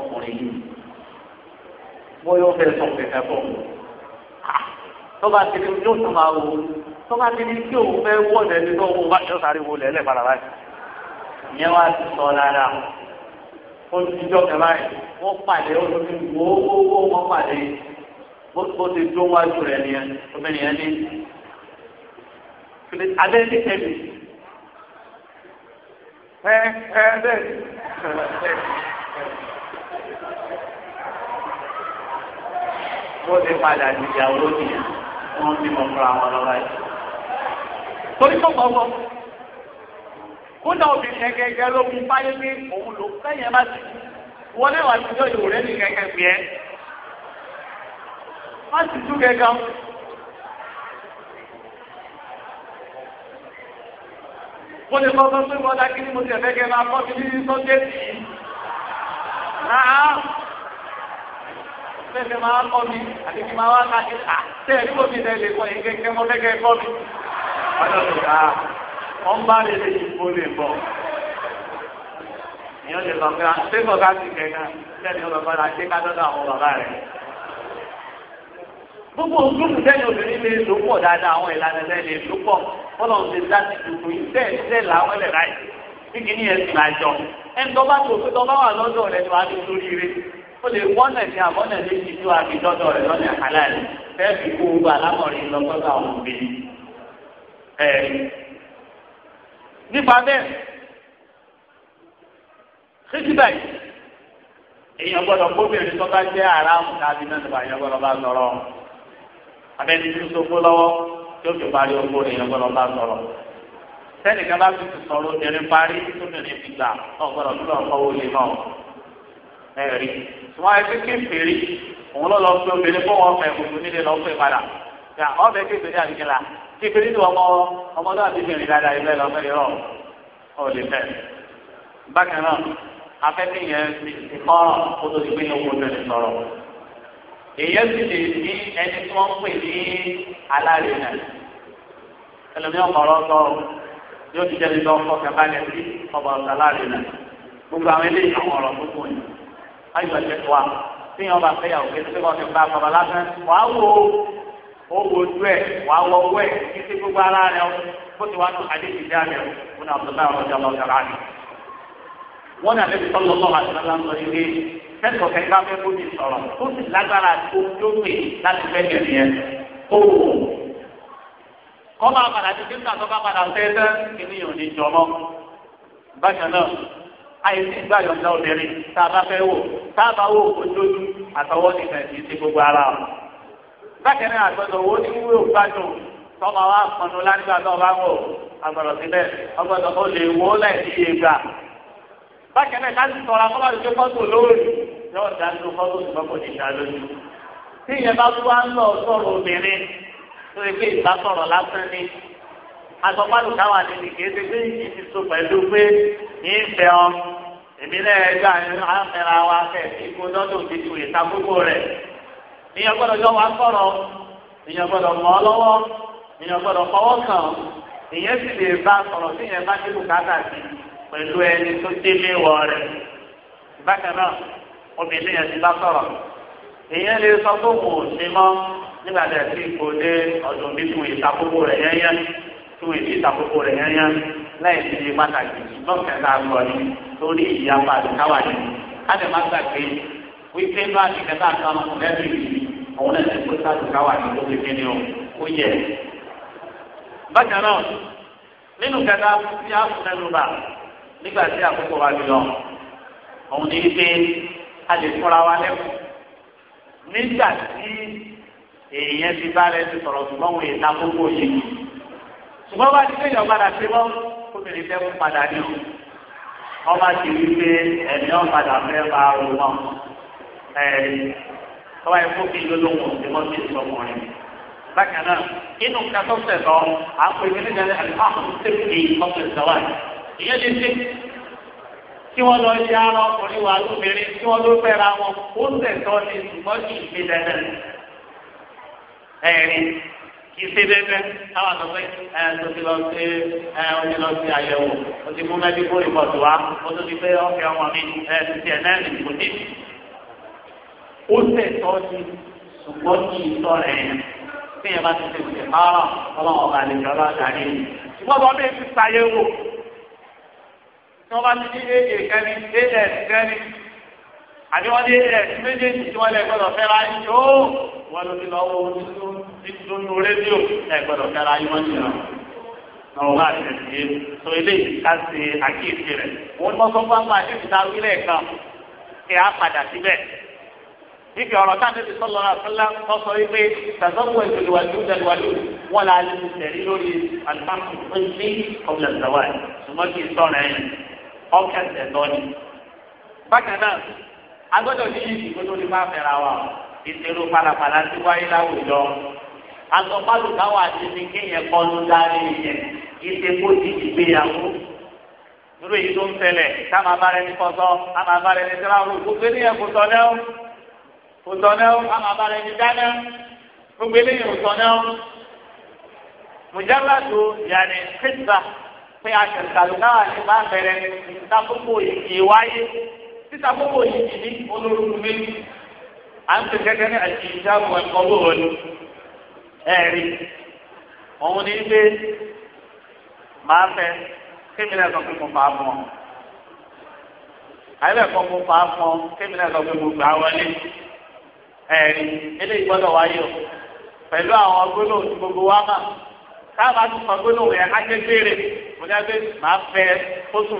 ọkùnrin yìí wọ́n yóò fẹ́ sọ pé ẹ̀fọ́ tó bá ti ní yóò tó máa wò tó bá ti ní kí òun fẹ́ wọ̀ lẹ́ni tó wọ́n bá tó sáré wọ lẹ́lẹ̀ padà báyìí yẹn wá ti sọ dáadáa wọ́n ti jọ kẹ́ báyìí wọ́n pàdé wọ́n wọ́n wọ́n pàdé bó ti dún wájú rẹ̀ nìyẹn obìnrin yẹn ní alẹ́ ní ẹ̀mí. ẹ ẹ bẹ́ẹ̀ wọ́n ti padà di ìyàwó ni wọ́n ti mọ̀ fún àwọn ọlọ́wà yìí. torí tó gbọ́gbọ́ kódà obìnrin gẹ́gẹ́ ló mú báyé pé òun ló fẹ́yẹ̀ má sí wọlé wà sí ọjọ́ ìwòrẹ́ ní gẹ́gẹ́ gbé ẹ́ má sì tú gẹ́gẹ́ ó lè kọ́ sọ pé bọ́dá kí ni mo tẹ̀ fẹ́ kẹ́ máa kọ́ mi ní sọ́jẹ́tì yìí. Náà fẹ́fẹ́ máa kọ́ mi àti kí máa wá ká kí à tẹ́ ẹ̀ níbo mi lẹ lè kọ́ yín kẹ́kẹ́ mọ́ kẹ́kẹ́ kọ́ mi. Bọ́dọ̀ tó ká wọ́n bá lè lè yìnbó lè bọ̀. Ìyọ́n lè sọ pé àtẹ́kọ̀ọ́ ti kẹ̀ náà tẹ́lẹ̀ ọ̀rọ̀ bá la ṣe ká dọ́dọ̀ àwọn bàbá rẹ̀ gbogbo ojúlù sẹ́yìn obìnrin lè lò pọ̀ dáadáa àwọn ìlànà rẹ̀ lè lò pọ̀ fọlọ́ ń ṣe láti dùkú ìṣe ìṣe làwọn ẹlẹ̀ láì tí kìíní yẹn ti máa jọ tó bá tó tó bá wà lọ́dọ̀ rẹ̀ ni wàá fi sórí rẹ̀ ó lè wọ́nà ní àbọ̀nà lè ti tó àbí lọ́dọ̀ rẹ̀ lọ́nà àlàyé fẹ́ẹ́ fi kó owó alámọ̀rin lọ́gọ́dọ̀ àwọn obìnrin ẹ̀ nípa bẹ́ẹ̀ títí èèyàn gbọ́dọ̀ gbóbìnrin tó bá jẹ́ àrà abẹ́ni tó sọ́kó lọ́wọ́ tó fi parí owó rẹ̀ yẹn gbọ́dọ̀ bá sọ̀rọ̀ sẹ́ni kan bá fi sọ̀rọ̀ obìnrin parí tóbìnrin fi gbà ọ̀gbọ́dọ̀ tó lọ fọwọ́ lé náà ẹ̀rí wọ́n á fi kéferì òun lọ́ lọ fi obìnrin fún wọn fẹ́ gbogbo nílé lọ́ fẹ́ padà yà ọ́ bẹ kéferì àdìgẹ́là kéferì ni ọmọ ọmọdé àdìgẹ́rì dáadáa ibẹ̀ lọ́ fẹ́ rọ̀ ọ̀ lè fẹ́ bákan náà afẹ́fẹ́ èèyàn sì lè ní ẹni tí wọ́n ń pè ní alárinà ẹlòmíràn kọ̀ọ̀rọ̀ sọ yóò ti jẹ́ni lọ fọ́ kẹfàlẹ̀ sí ọba ọ̀sà alárinà gbogbo àwọn eléyìí àwọn ọ̀rọ̀ tó kù yìí ayọ̀ ṣe wà tí yẹn ọba fẹ́yàwó kí ẹsẹ̀ kọ́ ti gba bàbá lásán wà á wo owó ojú ẹ̀ wà á wọ owó ẹ̀ kí sí gbogbo ara rẹ̀ bó ti wá tó àdéhùn ìdí àmì ẹ̀ fún àbúrò náà ọjọ́ ọlọ́ọ̀kẹ́ sẹ́tọ̀ fẹ́ bá fẹ́ bóni sọ̀rọ̀ tó sì lágbára tó tó pè láti fẹ́ bẹ̀rẹ̀ yẹn tó wò. kọ́má padà ti fi nígbà tó bá padà fẹ́ tẹ́ ènìyàn ò ní jọmọ́. bákan náà àìsí ìgbà yọ̀ǹda obìnrin tá a bá fẹ́ wò tá a bá wò ó lójú àtọwọ́ nìkan kì í ṣe gbogbo ara o. náà àgbọ̀dọ̀ wo ni wúwo gbádùn tọ́mọ wa pọnú lánígbà tó síbẹ̀ ọgbọ̀dọ̀ yóò dá lójú fọ́tò ṣùgbọ́n kò ní dá lójú. tí ìyẹn bá tún wá ń lọ sọ̀rọ̀ obìnrin tó yẹ pé ìgbà sọ̀rọ̀ lásán ni agbọ́pálù táwa ni ní kí ẹsẹ̀ pé yìí ti so pẹ̀lú pé yìí ń fẹ́ ọ èmi náà ẹgbẹ́ àmẹ́ra wa fẹ́ ikú lọ́dọ̀ òdìkú ìtakókò rẹ̀ ìyẹn gbọ́dọ̀ yọ wá sọ̀rọ̀ ìyẹn gbọ́dọ̀ mọ́ ọ lọ́wọ́ ìyẹn gbọ́dọ̀ fọwọ́ kàn ìyẹn sì lè bá sọ̀rọ̀ tí ìyẹn bá dé bùkátà sí pẹ̀lú ẹni tó délé wọ̀ rẹ̀ bákan náà obìnrin yẹn ti bá sọ̀rọ̀ èèyàn lè sọ pé kò sí mọ́ nígbà tí a ti kò dé ọdún bí tún ìtakókò rẹ̀ yẹ́nyẹ́ tún ìdí ìtakókò rẹ̀ yẹ́nyẹ́ lẹ́yìn tí ìdí pàtàkì ṣùgbọ́n kẹta sọ ni lórí ìyapa àdìkáwà ni a lè má gbàgbé wípé inú àdìkẹta kan ọkùnrin lẹ́nu ìlú òun lẹ́nu ìlú àdìkáwà ni ló ti fi ni ó yẹ. bákan náà nínú kẹta tí a fún ẹnu bá nígbà tí àkókò wa lọ òun ni wípé a lè fúnra wa lẹ́kọ̀ọ́ nígbà tí èèyàn ti bá rẹ ti sọ̀rọ̀ ṣùgbọ́n wọn èèyàn àkókò yìí ṣùgbọ́n bá ti fẹ́yàn padà sí wọn obìnrin fẹ́ fún padà ní o ọba ti wí pé ẹ̀mí ọ̀padà fẹ́ bá rò wọn ẹ̀ẹ́dì tọ́wọ́ ẹ̀ fún mi lólóhùn tí wọ́n ti sọ wọn rẹ̀ bákan náà inú kátó sẹ̀tọ̀ àpò ìgbẹ́lẹ́gbẹ́lẹ́ àti tí wọ́n lọ ṣe ara ọkùnrin wà lóbìnrin tí wọ́n ló fẹ́ra wọn ó ń tẹ̀tọ́ ní ṣùgbọ́n kì í ṣe dandan. ẹ̀rí kì í ṣe dandan táwọn àtọ́fẹ́ ẹ̀ tó ti lọ sí ẹ̀ ó ti lọ sí àyẹ̀wò ó ti mú mẹ́díkù rìpọ̀tù wá ó tó ti fẹ́ ọ̀fẹ́ ọmọ mi ẹ̀ ti tiẹ̀ náà ní kò ní. ó tẹ̀tọ́ ní ṣùgbọ́n kì í rẹ̀ bí ẹ bá ti ṣe ṣe tí wọ́n bá ti ní aa kẹ́ni as kẹ́ni àbí wọ́n ní as méjèèjì tí wọ́n lè gbọ́dọ̀ fẹ́ra yín tó wọ́n ló ti lọ wọ nínú rédíò ẹ̀ gbọ́dọ̀ fẹ́ra yín wọ́n ti rà àwọn bá ti ṣe sọ ilé ká ṣe àkíyèsí rẹ̀ wọ́n mọ́ sọ́kọ́ àgbà àti ìdáwí lẹ́ẹ̀kan kí a padà síbẹ̀ níbi ọ̀rọ̀ táwọn ẹbí sọ́lọ́ àfẹ́lá kọ́ sọ wípé tàzọ́wọ́ ìdòlùwàlú ìdòlùwàlú wọn là á lè tẹ̀lé lórí àlùfáàkù tó ń ní ọ̀gbìn àtàwà ṣùgbọ́n kì í sọ̀rọ̀ ẹ̀yìn ọ̀kẹ́sẹ̀ lọ́ni. bákan náà agbọ́dọ̀ ní ìdìbò tó lè máa fẹ́ra wa ìṣerú palapala ti wáyé láwùjọ asọ̀pálù káwọn àti ní kéèyàn kọlu dárí yẹn ìṣèkó ti ìgbéyàwó irú èyí tó ń tẹlẹ táwọn abára ẹni kọsọ àwọn abára ẹni tẹlẹ àwọn gbogbo eléyàn kò sọ náà kò sọ náà àwọn abára ẹni dáná gbogbo eléyàn kò sọ náà mùjálá tó yàrá ìfẹsà pé àṣẹ̀ǹtàlùkáwà ní bá bẹ̀rẹ̀ ìtakókò ìdí wáyé títakókò ìdí ní olórúkú méjì à ń pè gẹ́gẹ́ ní àṣìṣàbọ̀ ẹ̀kọ́ lóhùn ẹ̀rí òun ní pé màá fẹ́ kémi náà sọ pé mo fà á mọ́ àyẹ̀bẹ̀ kan mo fà á mọ́ kémi náà sọ pé mo gbà á wọlé ẹ̀rí eléyìí gbọ́dọ̀ wáyé o pẹ̀lú àwọn gbólóhùn tí gbogbo wa máa. táwọn tún sọ gbólóhùn yẹn ájẹgbére mo ní fẹ́ fóṣù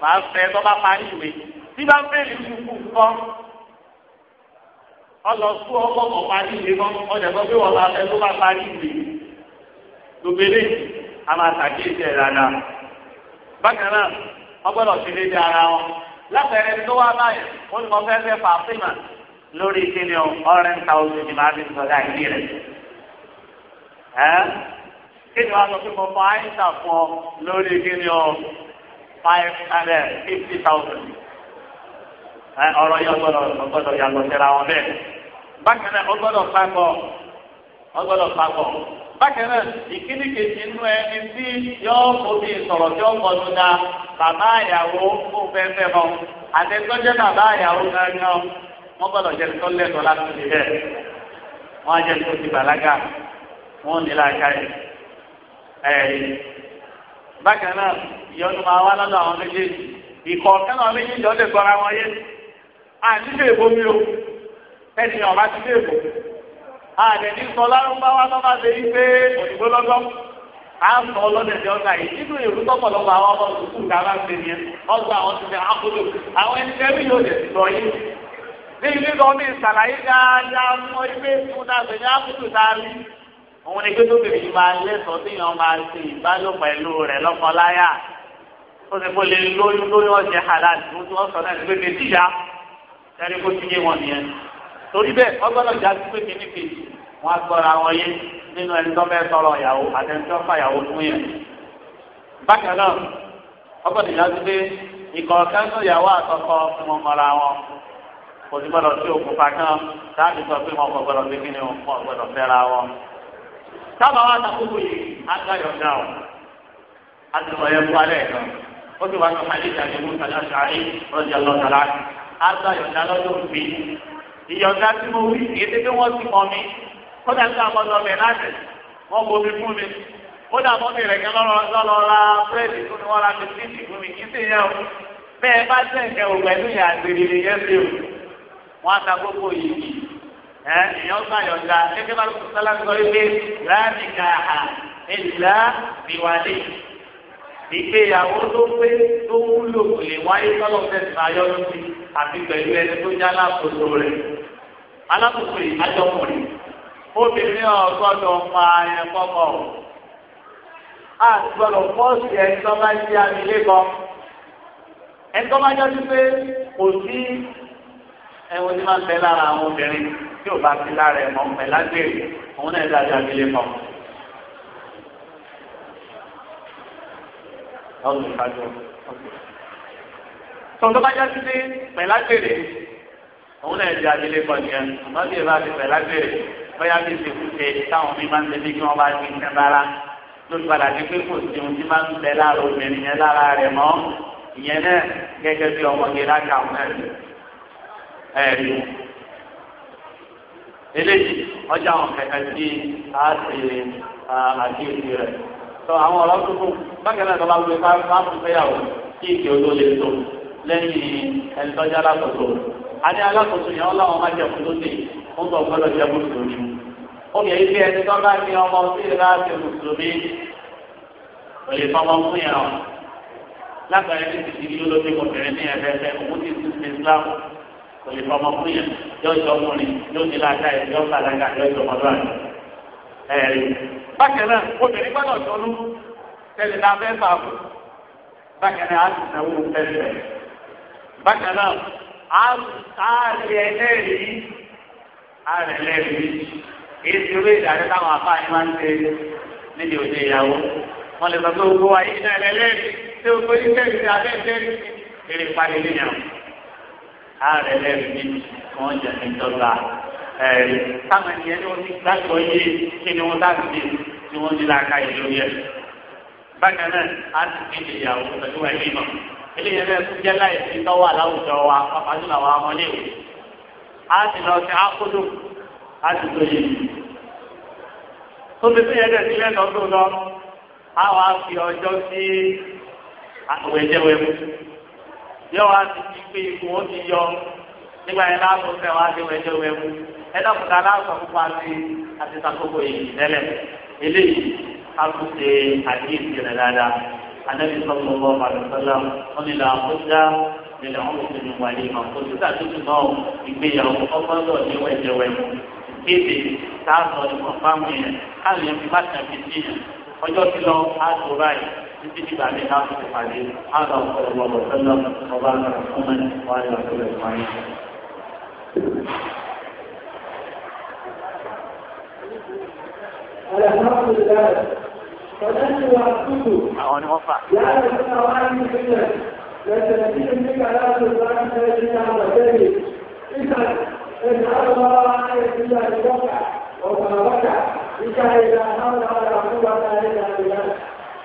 fẹ́ fẹ́ tọ́ba parí ìwé tí bá bẹ́ẹ̀ ní kúkú kọ́ ọlọ sún parí ìwé ọjà sọ pé wọ́n máa fẹ́ parí ìwé gbogbo eléyìí a máa ṣàkíyèsí ẹ̀ dáadáa bákan náà wọ́n gbọ́dọ̀ fi lé di ndị wọn lápẹẹrẹ tó wá báyìí wọ́n ní mo fẹ́ fẹ́ fàáfíìmà lórí ọ̀rẹ́ ń ẹ́ kí ni wàá sọ pé mo fọ àyíṣà fún ọ lórí kí ni ọ five hundred fifty thousand ọ̀rọ̀ yẹn ọgbọ́dọ̀ ọgbọ́dọ̀ síra wọn bẹ́ẹ̀ bákan náà ọgbọ́dọ̀ papọ̀ ọgbọ́dọ̀ papọ̀ bákan náà ìkíni kejì ẹni tí tí ó tó bàbá kó bàbá gángan gbọ́dọ̀ tó láti ṣe bẹ́ẹ̀ á tó ti bàlágà wọn ní láàkáyé ẹ̀rí bákan náà ìyọnu máa wá lọ́dọ̀ àwọn méjèèjì ìkọ̀ kẹ́nà méjèèjì ọ̀dẹ̀ gbọ́ra wọn yé àti ilé ìbò mi o ẹ̀sìn ọ̀bá ti ilé ìbò àdẹ̀ní sọ lárúbáwá tó bá ṣe òyìnbó ń sọ ọ̀gá yìí nínú ìlú tọ́pọ̀lọpọ̀ àwọn ọmọ bá ń ọgbà àwọn ti fẹ́ àwọn ẹni tẹ́lẹ̀ yóò dẹ̀ sọ yìí ní ìsàlàyé dáadáa òun ni gbẹ́dọ̀ bèbí máa lẹ́sọ̀ọ́ tí yẹn máa ṣe ìbálò pẹ̀lú rẹ̀ lọ́kọláyà ó ti kó lè lóyún lóyún ọ̀jẹ̀ halal tó tó ọ̀sán náà gbé bèbí ya ẹni kó ti yé wọn nìyẹn torí bẹ́ẹ̀ ọgbọ́dọ̀ já sí pé kíní kejì wọn agbọ́ra wọn yé nínú ẹni tó fẹ́ tọrọ ìyàwó àtẹnudọ́fà ìyàwó fún yẹn bákan náà ọgbọ́dọ̀ já sí pé ìkọ̀ọ̀kan tó yàwó àtọkọ wọn mọ́ra wọn kò sí gbọ́dọ̀ sí òkùnfà kan láti sọ pé wọn kò gbọ́dọ̀ sí kíni wọn kò gbọ́dọ̀ fẹ́ra wọn sábà wà sàkóso yìí agbáyọ̀ dá o àtìmọ̀ yẹn fún alẹ́ kan ó sì wá sọ hali ìdájọ mú sàlá sàárè lọ́jà lọ́sàlá agbáyọ̀ dá lọ́jọ́ òbí ìyọ̀dá tí mo wí ètè tí wọ́n ti mọ̀ mi kódà tí a bọ́dọ̀ mi láti wọ́n bo mi fún mi kódà mọ́mí rẹ̀ kẹ́ lọ́rọ̀ lọ́ra fúrẹ́dì fún mi wọ́n ra bisikíìtì fún mi kì í sì yẹ o bẹ́ẹ̀ bá tẹ̀ kẹ́ ògbẹ́ni yà gbèrè yẹn fi o wọ́n á ta gbogbo yìí èèyàn gbà yọ̀ǹda gẹ́gẹ́ bá lóko sálá ń sọ wípé láti ka ha ìlà ìwàlẹ̀ ìgbéyàwó tó pé tó wúlò kò lè wáyé sọ́lọ́ fẹ̀sán ayọ́nu sí àti pẹ̀lú ẹni tó já alákòóso rẹ̀ alákòóso yìí ajọkùnrin obìnrin ọ̀gbọ́dọ̀ máa yẹn kọ́kọ́ àgbọ̀dọ̀ pọ́ọ̀sì ẹni bá jẹ́ àmì lẹ́kọ̀ọ́ ẹni bá jẹ́ wípé kò sí ẹ̀wọ̀n tí máa ń bẹ lára àwọn obìnrin tí ò bá ti lára ẹ̀ mọ́ pẹ̀ lágbèrè òun náà dàbí abilé mọ́. tọ́jú bá jáde dé pẹ̀ lágbèrè òun náà di abilé mọ́ nìyẹn àmọ́ bí ẹ bá ti pẹ̀ lágbèrè bóyá bí ti kú ṣe táwọn mi máa ń tẹ́lẹ̀ kí wọ́n bá ti tẹ́ bára lórí padà ní pé kò sí ohun tí máa ń bẹ lára obìnrin yẹn lára rẹ̀ mọ́ ìyẹn náà gẹ́gẹ́ bí ọmọge láti àwọn ẹ̀sìn ẹ̀rí eléyìí ọjà àwọn kẹkẹ tí a ti àkíyèsí rẹ̀ tó àwọn ọ̀rọ̀ tuntun bákan náà lọ́la wọlé fáwọn fẹ́yàwó kí ìkè odó lè tó lẹ́yìn ẹni tọ́jú alákòóso àti alákòóso yẹn ọlọ́wọ́ má jẹ kó tó dé ń bọ̀ gbọ́dọ̀ jẹ mùsùlùmí ó yẹ ibi ẹni tó bá ní ọmọ sí ìlà ti mùsùlùmí kò lè fọmọ fún yẹn o ti ti di olóṣèlú obìnrin ní ẹ̀fẹ́fẹ́ òun ti ti ti Islam kò lè fọmọ fún yẹn yóò jọ ọkùnrin yóò ní láàdá yẹn yóò sàlágà yóò jọ ọmọdé àná ẹ̀rí. bákan náà obìnrin gbọ́dọ̀ tọ́lú tẹ̀lé náà fẹ́ fà fún bákan náà á sì sanwó fẹ́fẹ́ bákan náà á rí ẹlẹ́rìí á rí ẹlẹ́rìí èyí ti rí ìdájọ́ táwọn afáàní máa ń ṣe níbi òde ìyàwó wọn lè sọ pé owó ayé náà ẹlẹ́rìí tí o gbé ní ààrẹ lẹ́rìí méjì wọ́n jẹ́ ìjọba ẹ̀rí táwọn ènìyàn ní wọ́n ti gbàgbọ́ yé kí ni wọ́n láti dé tí wọ́n ní láàka ìlú yẹ. bákan náà a ti fi ìyàwó pẹ̀lú ẹ̀mí mọ̀ eléyìí náà tún jẹ́ láì tọ́wọ́ àláwùjọ wa pàpà tó làwọn ọmọdé wò. a ti lọ sí akódò a ti tó yé. tó fi fún yẹn dẹ̀ sílẹ̀ lọ́dún lọ àwọn á ọjọ́ sí àwẹ̀jẹ̀wẹ̀ mú yọ wá ti fi pé ipò ó ti yọ nígbà yẹn láàbò fẹ́ wá sí wẹ́jọ́ wẹ́mú ẹ̀dá kùtà aláàbò pupa sí àti sàkókò èyí tẹ́lẹ̀ eléyìí a kò ṣe àdéhìí rẹ̀ dáadáa anabi sọ̀rọ̀ lọ́wọ́ àlùfẹ́lá wọn ni làkúndá ni làwọn oṣù ní wàlẹ̀ ìmọ̀ kò sí sàtúntò náà ìgbéyàwó ọgbọ́dọ̀ ní wẹ́jọ́ wẹ́mú kéde táàtọ̀ ìfọ̀fáwọn yẹn káàlì ẹ̀ fi má tẹ̀ fi sí ọjọ́ ti lọ á tó báyìí. يجب عليه حافظ الحديث هذا صلى الله عليه وسلم وبارك على محمد وعلى رسول اجمعين. الحمد لله فنحن لا نسمع عنه الا يستنزل بك على هذا القران الذي نعم به اذا ان الله عن الا بوقع وما وقع بك اذا حمل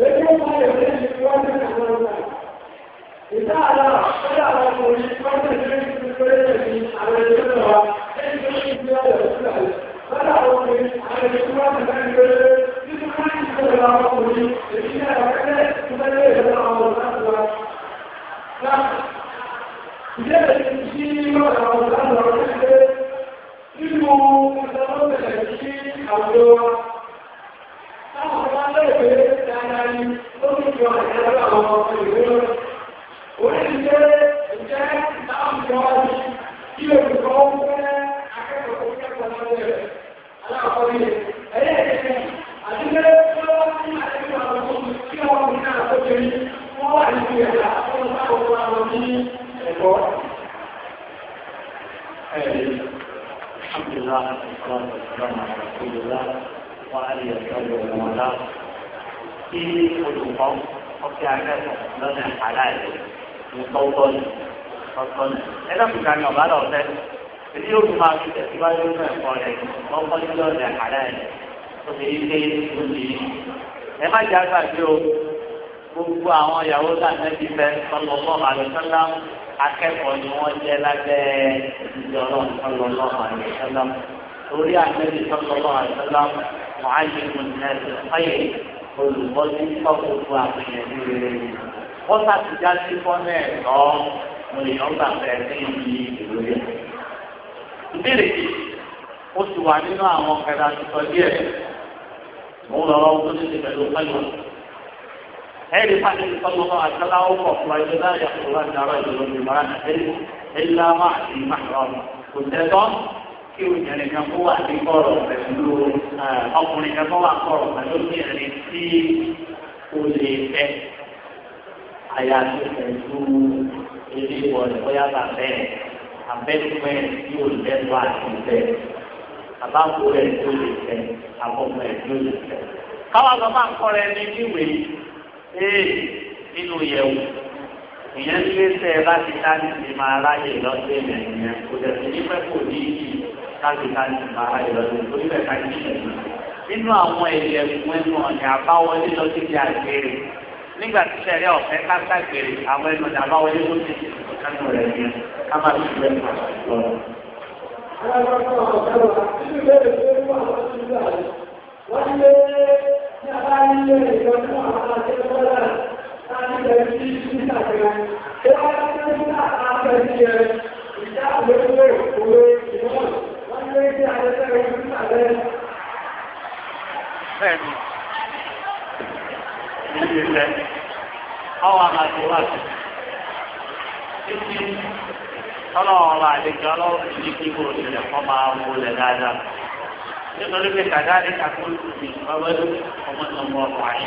لكن ما يبين الوزن الوزن إذا على إذا على الوزن الوزن على الجبهة فلا أقول على الإسلام أن يكون لا أقول إن أكلت فليس الأمر أكبر نعم إذا الإنسان يرى الأمر أكبر إنه متوقع الشيء أو táwọn ọba lóye pé dáadáa ni ó ní ìjọ àìsàn àwọn ọmọ ìwé lọ. Orí ṣe ìjẹ́ ìdáhùn ìjọ ọdún kí olùkọ́ ń fẹ́ akẹ́kọ̀ọ́ tó kẹ́kọ̀ọ́ lọ́wọ́ rẹ̀. Aláàkọ́ ni ẹ̀yẹ́ ìṣẹ́ àdúgbò tó wá sí àdúgbò àwọn ọmọ kí wọ́n mú náà tó kéré wọ́n wà nínú ẹ̀dá tó ń bá ọkọ̀ àwọn ní ẹ̀kọ́. Ẹ̀yẹ́ الحمد لله والصلاة والسلام على رسول الله wà á lè sọ ìwọ̀n wọn lọ. kí olùkọ́ ọ̀kẹ́ akẹ́kọ̀ọ́ lọ́nà àdáyé ní tọ́tọ́nì tọ́tọ́nì. ẹ lọ́kùn kan ní ọ̀bá lọ fẹ́. èyí yóò tún máa fi tẹ̀síwájú ní ẹ̀kọ́ rẹ̀ tọ́tọ́nì lọ́nà àdáyé tó fi ilé lónìí. ẹ má jẹ́ àgbàdo gbogbo àwọn ìyàwó sàmẹ́bí fẹ́ sọlọ́mọ́ àlùsọ́lá akẹ́kọ̀ọ́ ni wọ́n jẹ́ lábẹ́ ìjọ náà sọlọ́mọ́ àlùsọ́lá torí àtẹ́lẹ̀ sọ́kọ̀ọ́ àìsọ́lá mọ̀áyé mọ̀nẹ́sì ọ̀yẹ́ olùwọ́sí sọ́kòtò àpèyẹ̀dì rẹ̀. wọ́n sàtìjà sí fọ́nà ẹ̀tọ́ mo lè yọ̀ǹgbà bẹ̀rẹ̀ sí ibi ìlú rẹ̀. ìbéèrè yìí ó ti wà nínú àwọn kẹta tuntun díẹ̀ mo ń lọ́wọ́ tó ti ti pẹ̀lú pẹ̀lú. ẹ̀rí pàdé sọ́kòtò àìsọ́lá ó pọ̀ fún ẹgbẹ́ láyà kó kí obìnrin kan kó wà ní kọ̀rọ̀ pẹ̀lú ọkùnrin kan kó wà kọ̀rọ̀ pẹ̀lú obìnrin tí o lè fẹ́ àyàfi pẹ̀lú ilé ìwọ̀lẹ̀ bóyá bàbẹ́ abẹ́fẹ́ tí o lè lọ àti fẹ́ àbáko rẹ̀ tí o lè fẹ́ àbọ̀mọ rẹ̀ tí o lè fẹ́. káwọn lọ máa kọ́ rẹ ní níwèé ee nínú yẹ̀wò ìyẹn ní lẹ́sẹ̀ láti dání ti máa ráyè lọ́sẹ̀ ìyẹn kò dẹ̀ sí ní pẹ́kù ní ìyí láti dání ti máa ráyè lọ́sẹ̀ tó níbẹ̀ ká ní ìyẹn. nínú àwọn ẹ̀yẹ fún ẹnu ọ̀nà àbáwọlé lọ sí ti àgbèrè nígbà tí sẹ́rí ọ̀fẹ́ ká sàgbèrè àwọn ẹnu ọ̀nà àbáwọlé ló ti kánú rẹ̀ yẹn ká má Bẹ́ẹ̀ni, ìdílé ilẹ̀, ọwọ́ àmàtí wà sí. Títí ọlọ́wọ́ wa àlejò ọlọ́wọ́ ti di kíkó ìṣẹ̀lẹ̀ kọ́ máa ń wọlé dáadáa. Nítorí pé kàdáàdé kàkó ìṣòwò ìṣòwò ọmọ ọmọ ọmọ àyè.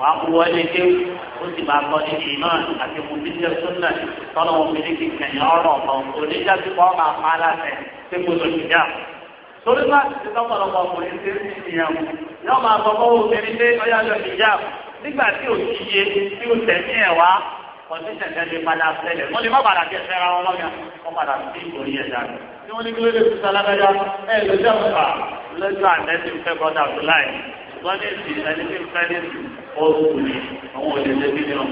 wàá kú wọlé dé ó sì máa kọ́ ní ìmọ̀ àti mùsùlùmí súnà tọ́lọ́ wọn fi ní kí kẹ̀yìn ọ̀rọ̀ kan oníjà tí wọ́n máa pa aláṣẹ pé mo lò ní ìjà. torí bá ti tọ́pọ̀lọpọ̀ ọkùnrin ti rí ìyàwó yóò máa sọ fọ́ obìnrin pé ọyá lọ ní ìjà nígbà tí ò ti yé tí ó tẹ̀mí ẹ̀ wá kọ̀ǹtíṣẹ̀ tẹ́lẹ̀ padà tẹ́lẹ̀ wọ́n lè má padà bí ẹ̀fẹ́ ra wọn lọ́yà wọ́n padà sí ìtòrí ẹ̀dá tí wọ́n ní kí ló lè fi sálágájá ẹ̀ lọ́jọ́ àbúrò lọ́jọ́ àtẹ́sí fẹ́ bọ́dà tó láì wọ́n ní ìsìn ẹni tí ń fẹ́ ní ìsìn oṣù àwọn òṣèlú ẹbí àwọn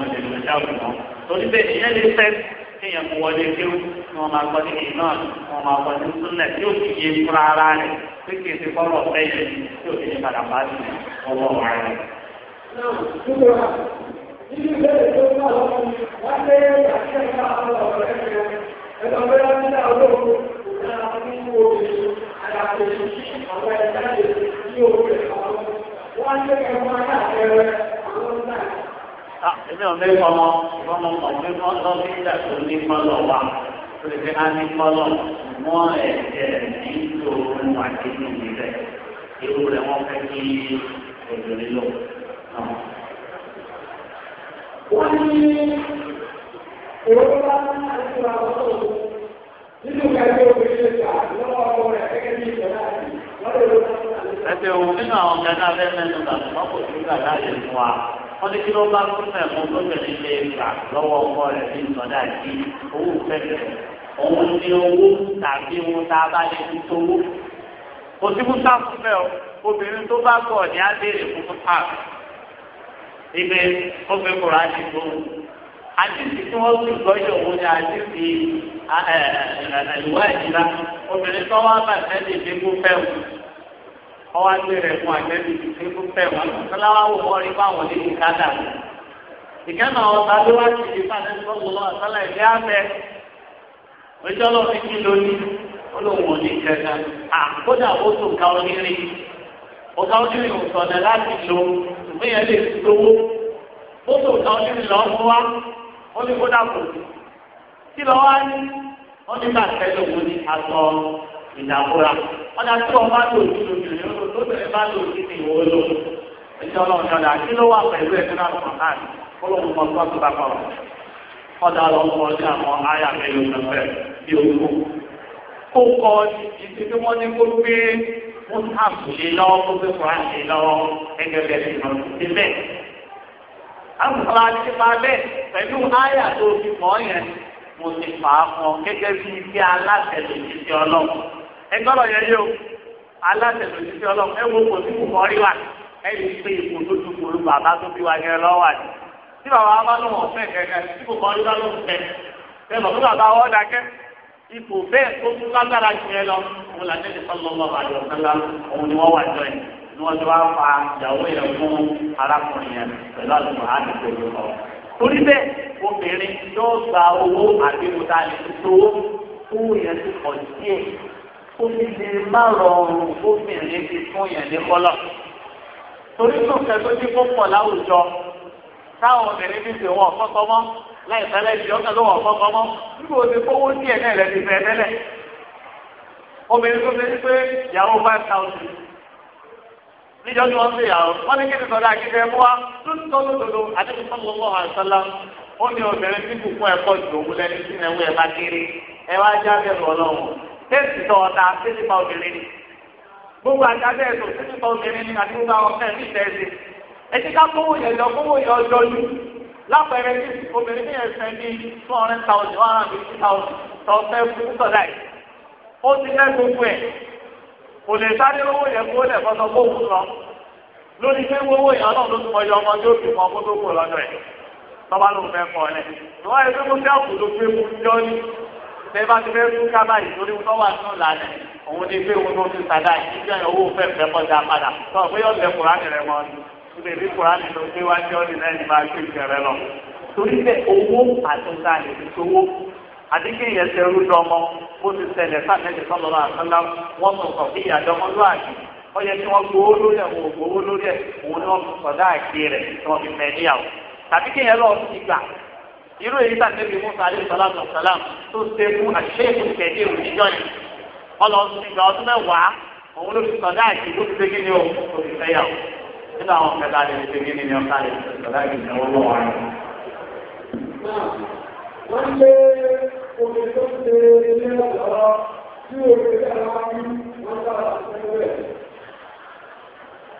òṣèlú ẹjá òkú torí bẹ́ẹ̀ ìyẹn lè fẹ́ kéèyàn mú wọlé kéwù kí wọ́n máa gbọ́ ní ìyìn náà wọ́n máa gbọ́ ní súnlẹ̀ tí ó fi yé fúnra ara rẹ̀ pé kì í ti kọ́ lọ fẹ́ yẹn tí ò fi ní padà bá sí ọwọ́ wa rẹ̀. Ibi ìbéèrè tó ń bá lọ́wọ́ ni wọ́n lé àti ẹ̀ka àwọn ọ̀rọ̀ ẹ̀ka ẹ̀ka bẹ́ẹ̀ ní àwọn olóògùn ní àwọn onímọ̀ òbí àyàfẹ́ àwọn ẹ̀ka lè ní òbí àwọn ọmọ Ah, èmi wọ́n ní èrò bá ń ṣe àwọn nínú kẹfẹ́ obìnrin lè gbà lọ́wọ́ ọmọ rẹ̀ gẹ́gẹ́ bí ìṣẹ̀lá yìí lọ́dọ̀ ló bá tó ẹsẹ̀ òun nínú àwọn ọ̀gáná fẹ́ẹ́ nígbà tó bá kò sí gbà láàyè fún wa wọ́n ní kí ló bá tún fẹ́ fún lóbìnrin lè gbà lọ́wọ́ ọkọ rẹ̀ bí ìsọdá sí owó fẹ́fẹ́ òun ní owó tàbí ohun tá a bá lè fi tówó. kò sí fún sáfù o obìnrin tó bá kọ̀ ní á àdìsí tí wọ́n sì gbọ́ yọ̀ wọ́n ní àdìsí àlùwá ìjìlá obìnrin tó wá bá sẹ́ni ìdínkù fẹ́wù ọwọ́ àti rẹ̀ fún àgbẹ̀bí ìdínkù fẹ́wù aláwọ̀ wọ́n rí báwọn ní ìkádà ìkẹ́nà ọ̀tá ló wá sí ìdí fàdé tó lọ́wọ́ àtàlà ìdí abẹ́ ojú ọlọ́run kí lóní olóhùn òní kẹta àkódà ó tó ga onírin ọ̀gá onírin òsọ̀nà láti lo ìgbéyàwó lówó ó tó ga onírin lọ́wọ́ wá ó ní kó dàpọ̀ kí lọ́ wá ní wọ́n ní ká tẹ́lẹ̀ wọ́n ní aṣọ ìdàbọ̀ra wọ́n dá tí wọ́n bá lò sí lójú rẹ̀ tó bẹ̀rẹ̀ bá lò sí ní ìwọ lò ẹjọ́ náà ní ọ̀dà kí ló wà pẹ̀lú ẹ̀kọ́ náà kàn án kó ló ń kọ́ tó bá pa wọn. ọ̀dà lọ kó kọ́ ìdí tí wọ́n ní kó gbé mọ́tàkùn lọ́wọ́ kó gbé kùrán lé lọ́wọ́ ẹgbẹ́ bẹ́ẹ̀ àmùfà nípa bẹ́ẹ̀ pẹ̀lú àyà tó fi mọ́ yẹn mo ti fà á fún ọ gẹ́gẹ́ bí ilé alátẹ̀lẹ̀ títí ọlọ́run ẹgbẹ́ ọ̀rọ̀ yẹn yóò alátẹ̀lẹ̀ títí ọlọ́run ẹ wo kò sí kò mọ́ rí wa ẹ lè pe ipò tó tún kò lù bàbá tó bí wa yẹn lọ́wọ́ àti tí bàbá wa bá lọ́wọ́ fẹ́ kẹ̀kẹ́ tí kò mọ́ rí wa ló ń fẹ́ ẹ mọ̀ fún bàbá wọn dákẹ́ ipò bẹ́ẹ̀ tó tún lágbára jù yẹn lọ mo là ni wọ́n ti wá fa ìyàwó yẹn fún arákùnrin yẹn pẹ̀lú àlùkò àdìgbò lọ. torí bẹ́ẹ̀ obìnrin yóò gba owó àdéhùn tá a lè fi tó owó yẹn ti pọ̀ díẹ̀ omi lè má rọrùn obìnrin ti fún yẹn ní kọ́lọ̀. torí tó kẹ́tọ́ tí kò pọ̀ láwùjọ táwọn obìnrin ti fi wọ́n kọ́kọ́ mọ́ láì fẹ́lẹ́ di ọ̀kan ló wọ́n kọ́kọ́ mọ́ nígbà wo ti kówó díẹ̀ náà rẹ̀ ti fẹ́ tẹ́lẹ̀ obìnrin tó fi ń pé ìyàwó five thousand níjọ́ ni wọ́n ń ṣèyàwó wọ́n ní kí ni sọ̀rọ̀ àkíkẹ́ mú wa lóòótọ́ lódodo àdéhùn sọ́kùn mọ́ àṣálá ó ní obìnrin tí kò fún ẹ̀kọ́ ìdòwú lẹ́ni tí ẹ̀ wú ẹ̀ bá kéré ẹ wá já bẹ̀rù ọlọ́run téèsì tọ̀ ọ̀tà sínípa obìnrin ni gbogbo àjábẹ̀ ètò sínípa obìnrin ni àti gbogbo àwọn fẹ́ẹ̀ níta ẹ̀sìn ẹ ti ká gbówó yẹn lọ gbówó yẹn ọjọ́ ju lápẹẹrẹ tí obìnrin ní ẹsẹ̀ ní two hundred thousand one hundred fifty thousand tọ́ fẹ́ fún sọ̀dá yìí ó ti fẹ́ gbogbo ẹ̀ kò lè sáré owó yẹn kó lẹ̀ fọ́sọ fóun lọ lórí pé owó yẹn ọlọ́run ló tún mọ iye ọmọ yóò fi mọ kó tó kù lọ́dọ̀ ẹ̀ tọ́ba ló fẹ́ kọ́ ẹ lọ́wọ́ ẹ pé mo fẹ́ kù ló fẹ́ kú jọ ní bẹ́ẹ̀ bá ti fẹ́ kú kábà yìí torí wọn wà nínú lànà òun ni pé wọn tó ti sàdá yìí nígbà yẹn owó fẹ́ fẹ́ kọjá padà tọ́ pé yọ̀ lẹ́ kùránì mọ́ ibè àdéhùn yẹn ṣe rú dọmọ ó ti ṣẹlẹ̀ sáfẹ́tì sọ́lọ́ àtọ́lá wọ́n tún sọ fún ìyàdọ́mọ lóàjì ó yẹ kí wọ́n gbowó lórí ẹ̀ wọ́n gbowó lórí ẹ̀ òun ni wọ́n tún sọ̀dá àgbè rẹ̀ tí wọ́n fi fẹ́ níyàwó tàbí kí yẹn lọ́ọ́ ti gbà irú èyí sàtẹ́bí musa alẹ́ sàlámù sàlámù tó ṣe fún àṣẹ́kù kẹ̀dé òníjọ́ yẹn ọlọ́run ti gba ọdún mẹ́wàá òun ló fi sọ̀dá àti ló fi ṣégin ní o nínú fi ṣégin ní ọ̀ká lè fi sọ̀dá omi tó ṣe ilé ọ̀rọ̀ tí omi dára ní wọ́n dára sílẹ̀.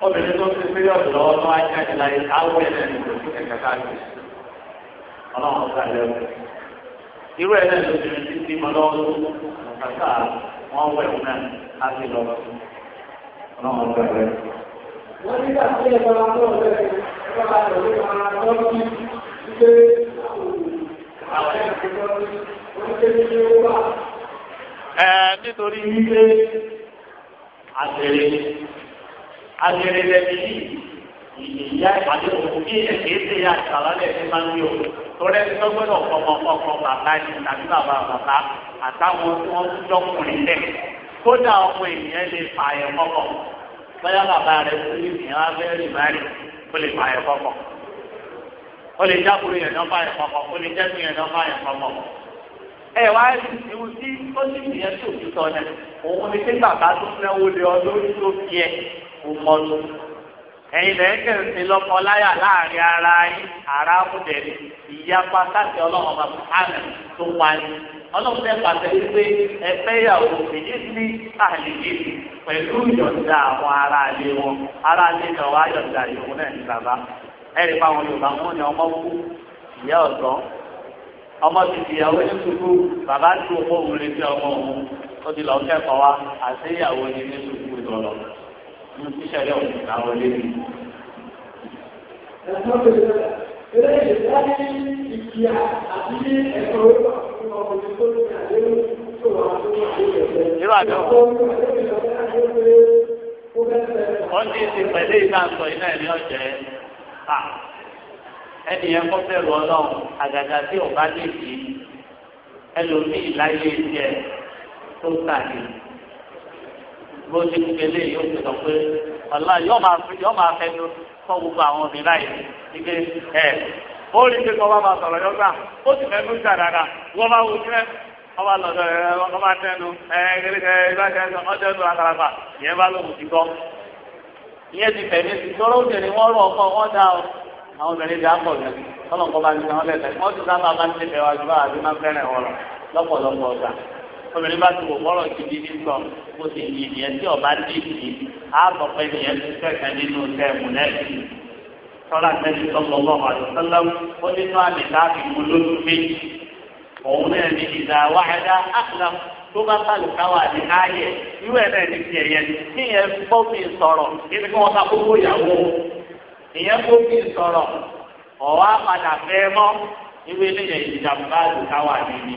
obìnrin tó ṣe ilé ọ̀rọ̀ lọ́wọ́ tó wáyé jáde láyé áwọ̀ ẹ̀ lẹ́nu kò sí kẹ̀kẹ́ káàkiri ọlọ́run ọ̀gá lẹ́wọ̀. irú ẹ̀ lẹ́nu obìnrin ti ti mọ lọ́wọ́ tó kàkà wọ́n wẹ̀ wọn náà á sì lọ ọlọ́run ọ̀gá lẹ́wọ̀. wọ́n ní ká sí ẹ̀ka ọlọ́run ọ̀gá lẹ́wọ̀ ẹ̀ka ọlọ́run ọ̀gá lẹ́wọ̀ ẹ nítorí wípé àtẹrẹ àtẹrẹ lẹbi ìyá ìpàdé òkú bí ẹkẹ ṣe yà ìsàlálẹ ní máa ń yọ tọrẹ ní gbọ́dọ̀ ọmọ ọmọ bàbá ni tàbí bàbá bàbá àtàwọn tí wọn tún jọkùnrin lẹ kódà ọmọ ènìyàn lè pààyàn kọkọ bóyá bàbá rẹ fún ìsìn abẹ́rẹ́ ìbárẹ̀ ó lè pààyàn kọkọ ó lè jákòó yẹn lọ́pàá yẹn kọkọ ó lè jẹ́kùn ẹ wá ìwú tí ó sì yẹ tó fi sọ yẹn òun ni pé bàbá tó náwó lé ọ tó fi ẹ kò mọ lọ ẹyin lẹ ń kẹrìntì láyà láàrin ara yín ara kúndẹ ìyapa káàkiri Ọlọ́run ọba àmì tó pa ni Ọlọ́run pàṣẹ ìyàwó èyí sí àlejò pẹ̀lú ìyọ̀ǹda àwọn wọn náà wá yọ̀ǹda ọmọ ti ìyàwó ní sùkú bàbá tí kó wuli sí ọmọ òun ó ti lọ kẹ́kọ̀ọ́ wa àti ìyàwó ní ní sùkú lọ́lọ́ ní ìṣẹ̀lẹ̀ òun làwọn lé mi. Irú àjọ wọ́n ti ti pẹ̀lú ìgbà sọ iná ẹ̀mí ọ̀jẹ̀ ẹnìyẹn kọ́ bẹ̀rù ọlọ́run àgàgà tí ò bá lè fi ẹlòmíì láyé tiẹ̀ tó kà ní. bó ti kú kele yóò fi sọ pé ọ̀la yóò máa fẹnu kọ́ gbogbo àwọn obìnrin láyé ike ẹ̀ ó rí pé kọ́ bá máa sọ̀rọ̀ yọ ó sì fẹ́nu jà dáadáa wọ́n máa wù kí ọba lọ́dọ̀ ẹ ọba tẹnu ẹ kékeré ẹ bá kẹ ọdẹnu àkàràkà ìyẹn bá lóhùn ti gbọ́ ìyẹn ti fẹmí ti tọrọ àwọn obìnrin bí akọ̀ yẹn tọ́lọ̀ bá ní sàn lẹ́sẹ̀ wọ́n ti sábà máa ń ṣe bẹ̀rẹ̀ wájú báwa bí máa wọn lọ lọ́pọ̀lọpọ̀ ọ̀gbà obìnrin bá ti wò bọ́rọ̀ gidi ní sọ bó ti yí ìyẹn tí ọba dé ìdí àbọ̀ pé ìyẹn ti nínú tẹ̀mù lẹ́sìn tọ́lá tẹ́lẹ̀ tọ́lọ́lọ́ àdùsọ́lọ́ ó nínú àmì láàbì mú lójú méjì òun náà ní ìdá wáyádá àkùnà tó bá sàlùkà wà ní ààyè irú ẹ̀ náà ní tiẹ̀ yẹn kí yẹn gbọ́ mi sọ̀rọ̀ kí ni kí wọ́n ká gbogbo ìyàwó ìyẹn kó kí n sọ̀rọ̀ ọ̀wá padà fẹ́ mọ́ irú eléyìí ìjàmbá àdùkáwà ni ni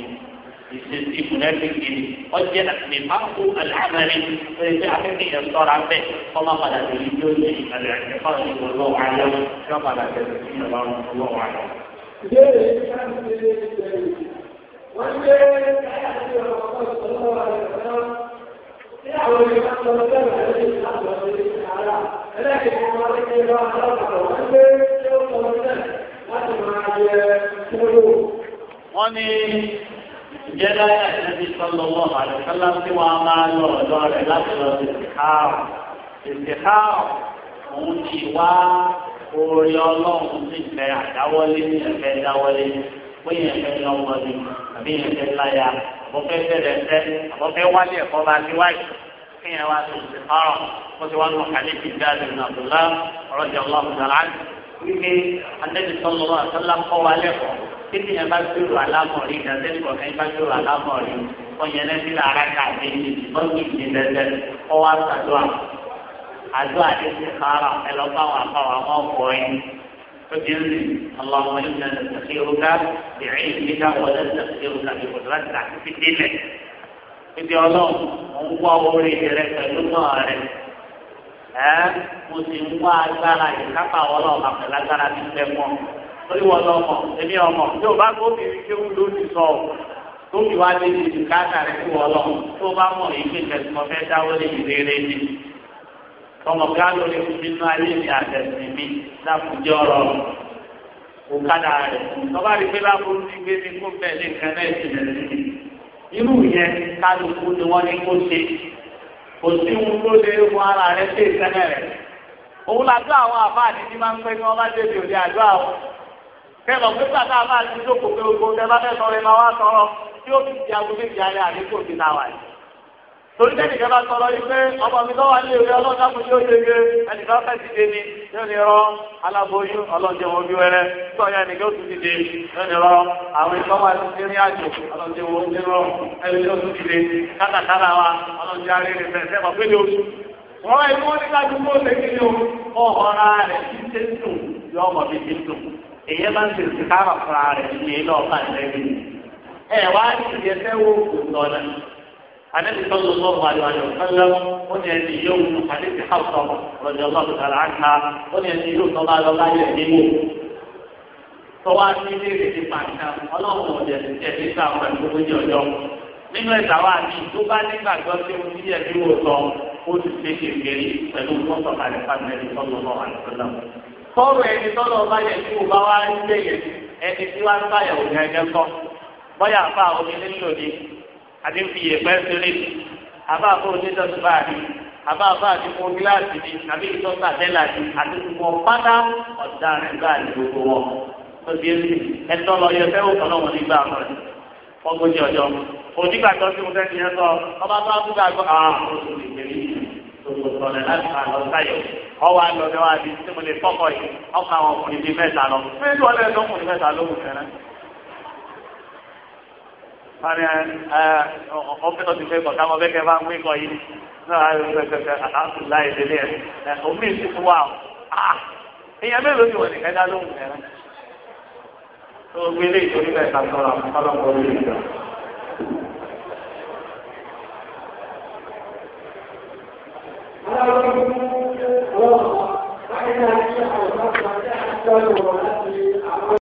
ìṣesí ìmúlẹ́sìkì ọjẹ́ àti ìmáàkú àlàmẹ́rin lórí pé akéde yẹn sọ̀rọ̀ abẹ́ ọmọ padà lórí bí ó lè ìgbàlẹ̀ ẹ̀fọ́ ìwọ lọ́wọ́ ayé tí wọ́n padà tẹ̀lé sí ìjọba lọ́wọ́ ayé. ìbéèrè káàkiri àwọn ìgbà tó lọ bẹ́ẹ̀ rẹ̀ lẹ́yìn láti ọ̀dọ̀ ilé ara ẹlẹ́yìn tó máa ń gbé lọ alábàtà wọ́n gbé tí ó sọ bẹ́ẹ̀ láti máa yẹ kúrò. wọ́n ní ìjẹ́lá ẹ̀ẹ́dẹ́gbẹ́ sọ́lọ́ wọn àdìsọ́lá tí wọ́n á máa lọ ọ̀dọ́ rẹ̀ láti lọ sí ìkáàrọ̀ ìkáàrọ̀ òun ti wá orí ọlọ́run sí ìfẹ́ àdáwọlé ní ẹ̀fẹ́ dáwọlé ní bóyá ẹ̀fẹ́ ní ọmọ ni àbí ẹ̀fẹ́ láyà àbọ̀fẹ́ fẹ́rẹ̀ ẹ̀fẹ́ àbọ̀fẹ́ wálé ẹ̀kọ́ bá ti wáyé kéèyàn wá sí ti ọ̀rọ̀ kó ti wá lọ kàlẹ́ ti dá lè nà bùlá ọ̀rọ̀ jẹ ọlọ́mù sàlá wípé anẹ́bí sọ́mọ́ wa sọ́lá kọ́ wa lẹ́kọ̀ọ́ kéèyàn bá gbèrò alámọ̀rí ìdásẹ́kọ̀ọ́ kẹ́yìn bá ti ti kára فبيعني اللهم انا نستخيرك بعلمك ولا نستخيرك بقدرتك في دينك ìdí ọlọ́run mo ń wá orí rẹ pẹ̀lú náà rẹ ẹ mo sì ń wá agbára ìkápá ọlọ́run àpẹ̀lẹ́ agbára ti tẹ̀ mọ́ orí wọn lọ́mọ èmi ọmọ tí o bá gómìn ṣé ń lò ní sọ tó fi wá lé ní ìdíkàtà rẹ sí wọn lọ tó bá mọ̀ èyí pé tẹ̀sán fẹ́ dáwọ́ lé ìrere ni ọmọ ká lórí nínú ayé mi àtẹ̀sìn mi lákùnjẹ́ ọ̀rọ̀ òkàdà rẹ̀ lọ́ba rí pé láburú ti gbé mi kó bẹ́ẹ̀ lé nǹkan náà ti bẹ̀rẹ̀ sí irú yẹn kálukú ni wọ́n ní kó ṣe kò sí ohun tó lè wọ ara rẹ̀ sí ìsẹ́nẹ̀ rẹ̀ òun la dún àwọn àbá àti ní máa ń pẹ́ ní wọ́n bá débi òde àdúrà wọn kẹlọ pé pàtó àbá àti ní tó kò pé gbogbo ọdẹ bá fẹ́ sọ̀rọ̀ ẹ máa wá sọ̀rọ̀ torí tẹ́lẹ̀ na bá sọ̀rọ̀ yìí pé ọmọ mi lọ́wọ́ ilé ìwé ọlọ́dún àmúṣe òṣèlú ẹnìkan fẹ́ ti dé ni yóò ní rọ aláboyún ọlọ́dún wọn bí wẹ́rẹ́ tó ya ẹnìkan tún ti dé yóò ní rọ àwọn ìtọ́ wa ti rí àjò rọ tún ti dé kátàkárà wa fẹ́ fẹ́ oṣù. wọ́n rẹ̀ ní kájú kó lè kí ni o rẹ̀ ti النبي صلى الله عليه وسلم قل يدي يوم حديث حفصة رضي الله تعالى عنها قل يدي يوم صلى الله عليه وسلم tọwaasi léèrè ti pàṣẹ ọlọ́run ọ̀dẹ̀ ti tẹ̀ ní sáà pẹ̀lú ogójì ọjọ́ nínú ẹ̀dá wa tó bá nígbàgbọ́ tí mo ti yẹ wò sọ ó ti ṣe kékeré pẹ̀lú mọ́tò àlẹ́fàmẹ́lì tọ́lọ́ lọ́wọ́ àlẹ́fàlà. tọ́rọ ẹni tọ́lọ́ ọba yẹ kí o bá wá ń lẹ́yẹ ẹni tí wàá ń báyẹ̀wò ní ẹgbẹ́ kọ́ bọ́yà fà omi nílò ni àti ń fi ìyẹ̀pẹ̀ ṣeré ni àbá àbá onídọ̀tí bá a ní àbá àbá àti fún gíláàsì ni àbí ìtọ́sà tẹ́lá ni àti fún ọ̀pátá ọ̀daràn bá a ní gbogbo wọn. lóbi ẹni ẹtọ́ lọ yẹ fẹ́wọ́ kan lọ́wọ́ nígbà wọn ọgbọ́njẹ ọjọ́ òdìgbà tó fi wọn fẹ́ẹ́ sọ ọba tó àbúrò àgbọ̀ àwọn àwọn ọkùnrin bíi mẹ́ta lọ fẹ́ẹ́ tó ọlẹ́ẹ̀dọ́kùnrin mẹ́ta ló kù wọn ọfẹ ọtí fẹ kọta wọn bẹkẹ bá ń wí kọ yìí náà ayọ kẹkẹkẹ àtúntà ìdílé ẹ omi ti fún wa ọ ìyẹn mélòó ni wọn nìkan dá lóhùn ẹ tó gbélé ìtòrí bẹ́ẹ̀ ká sọ̀rọ̀ àwọn ọlọ́pàá orí ìjọ.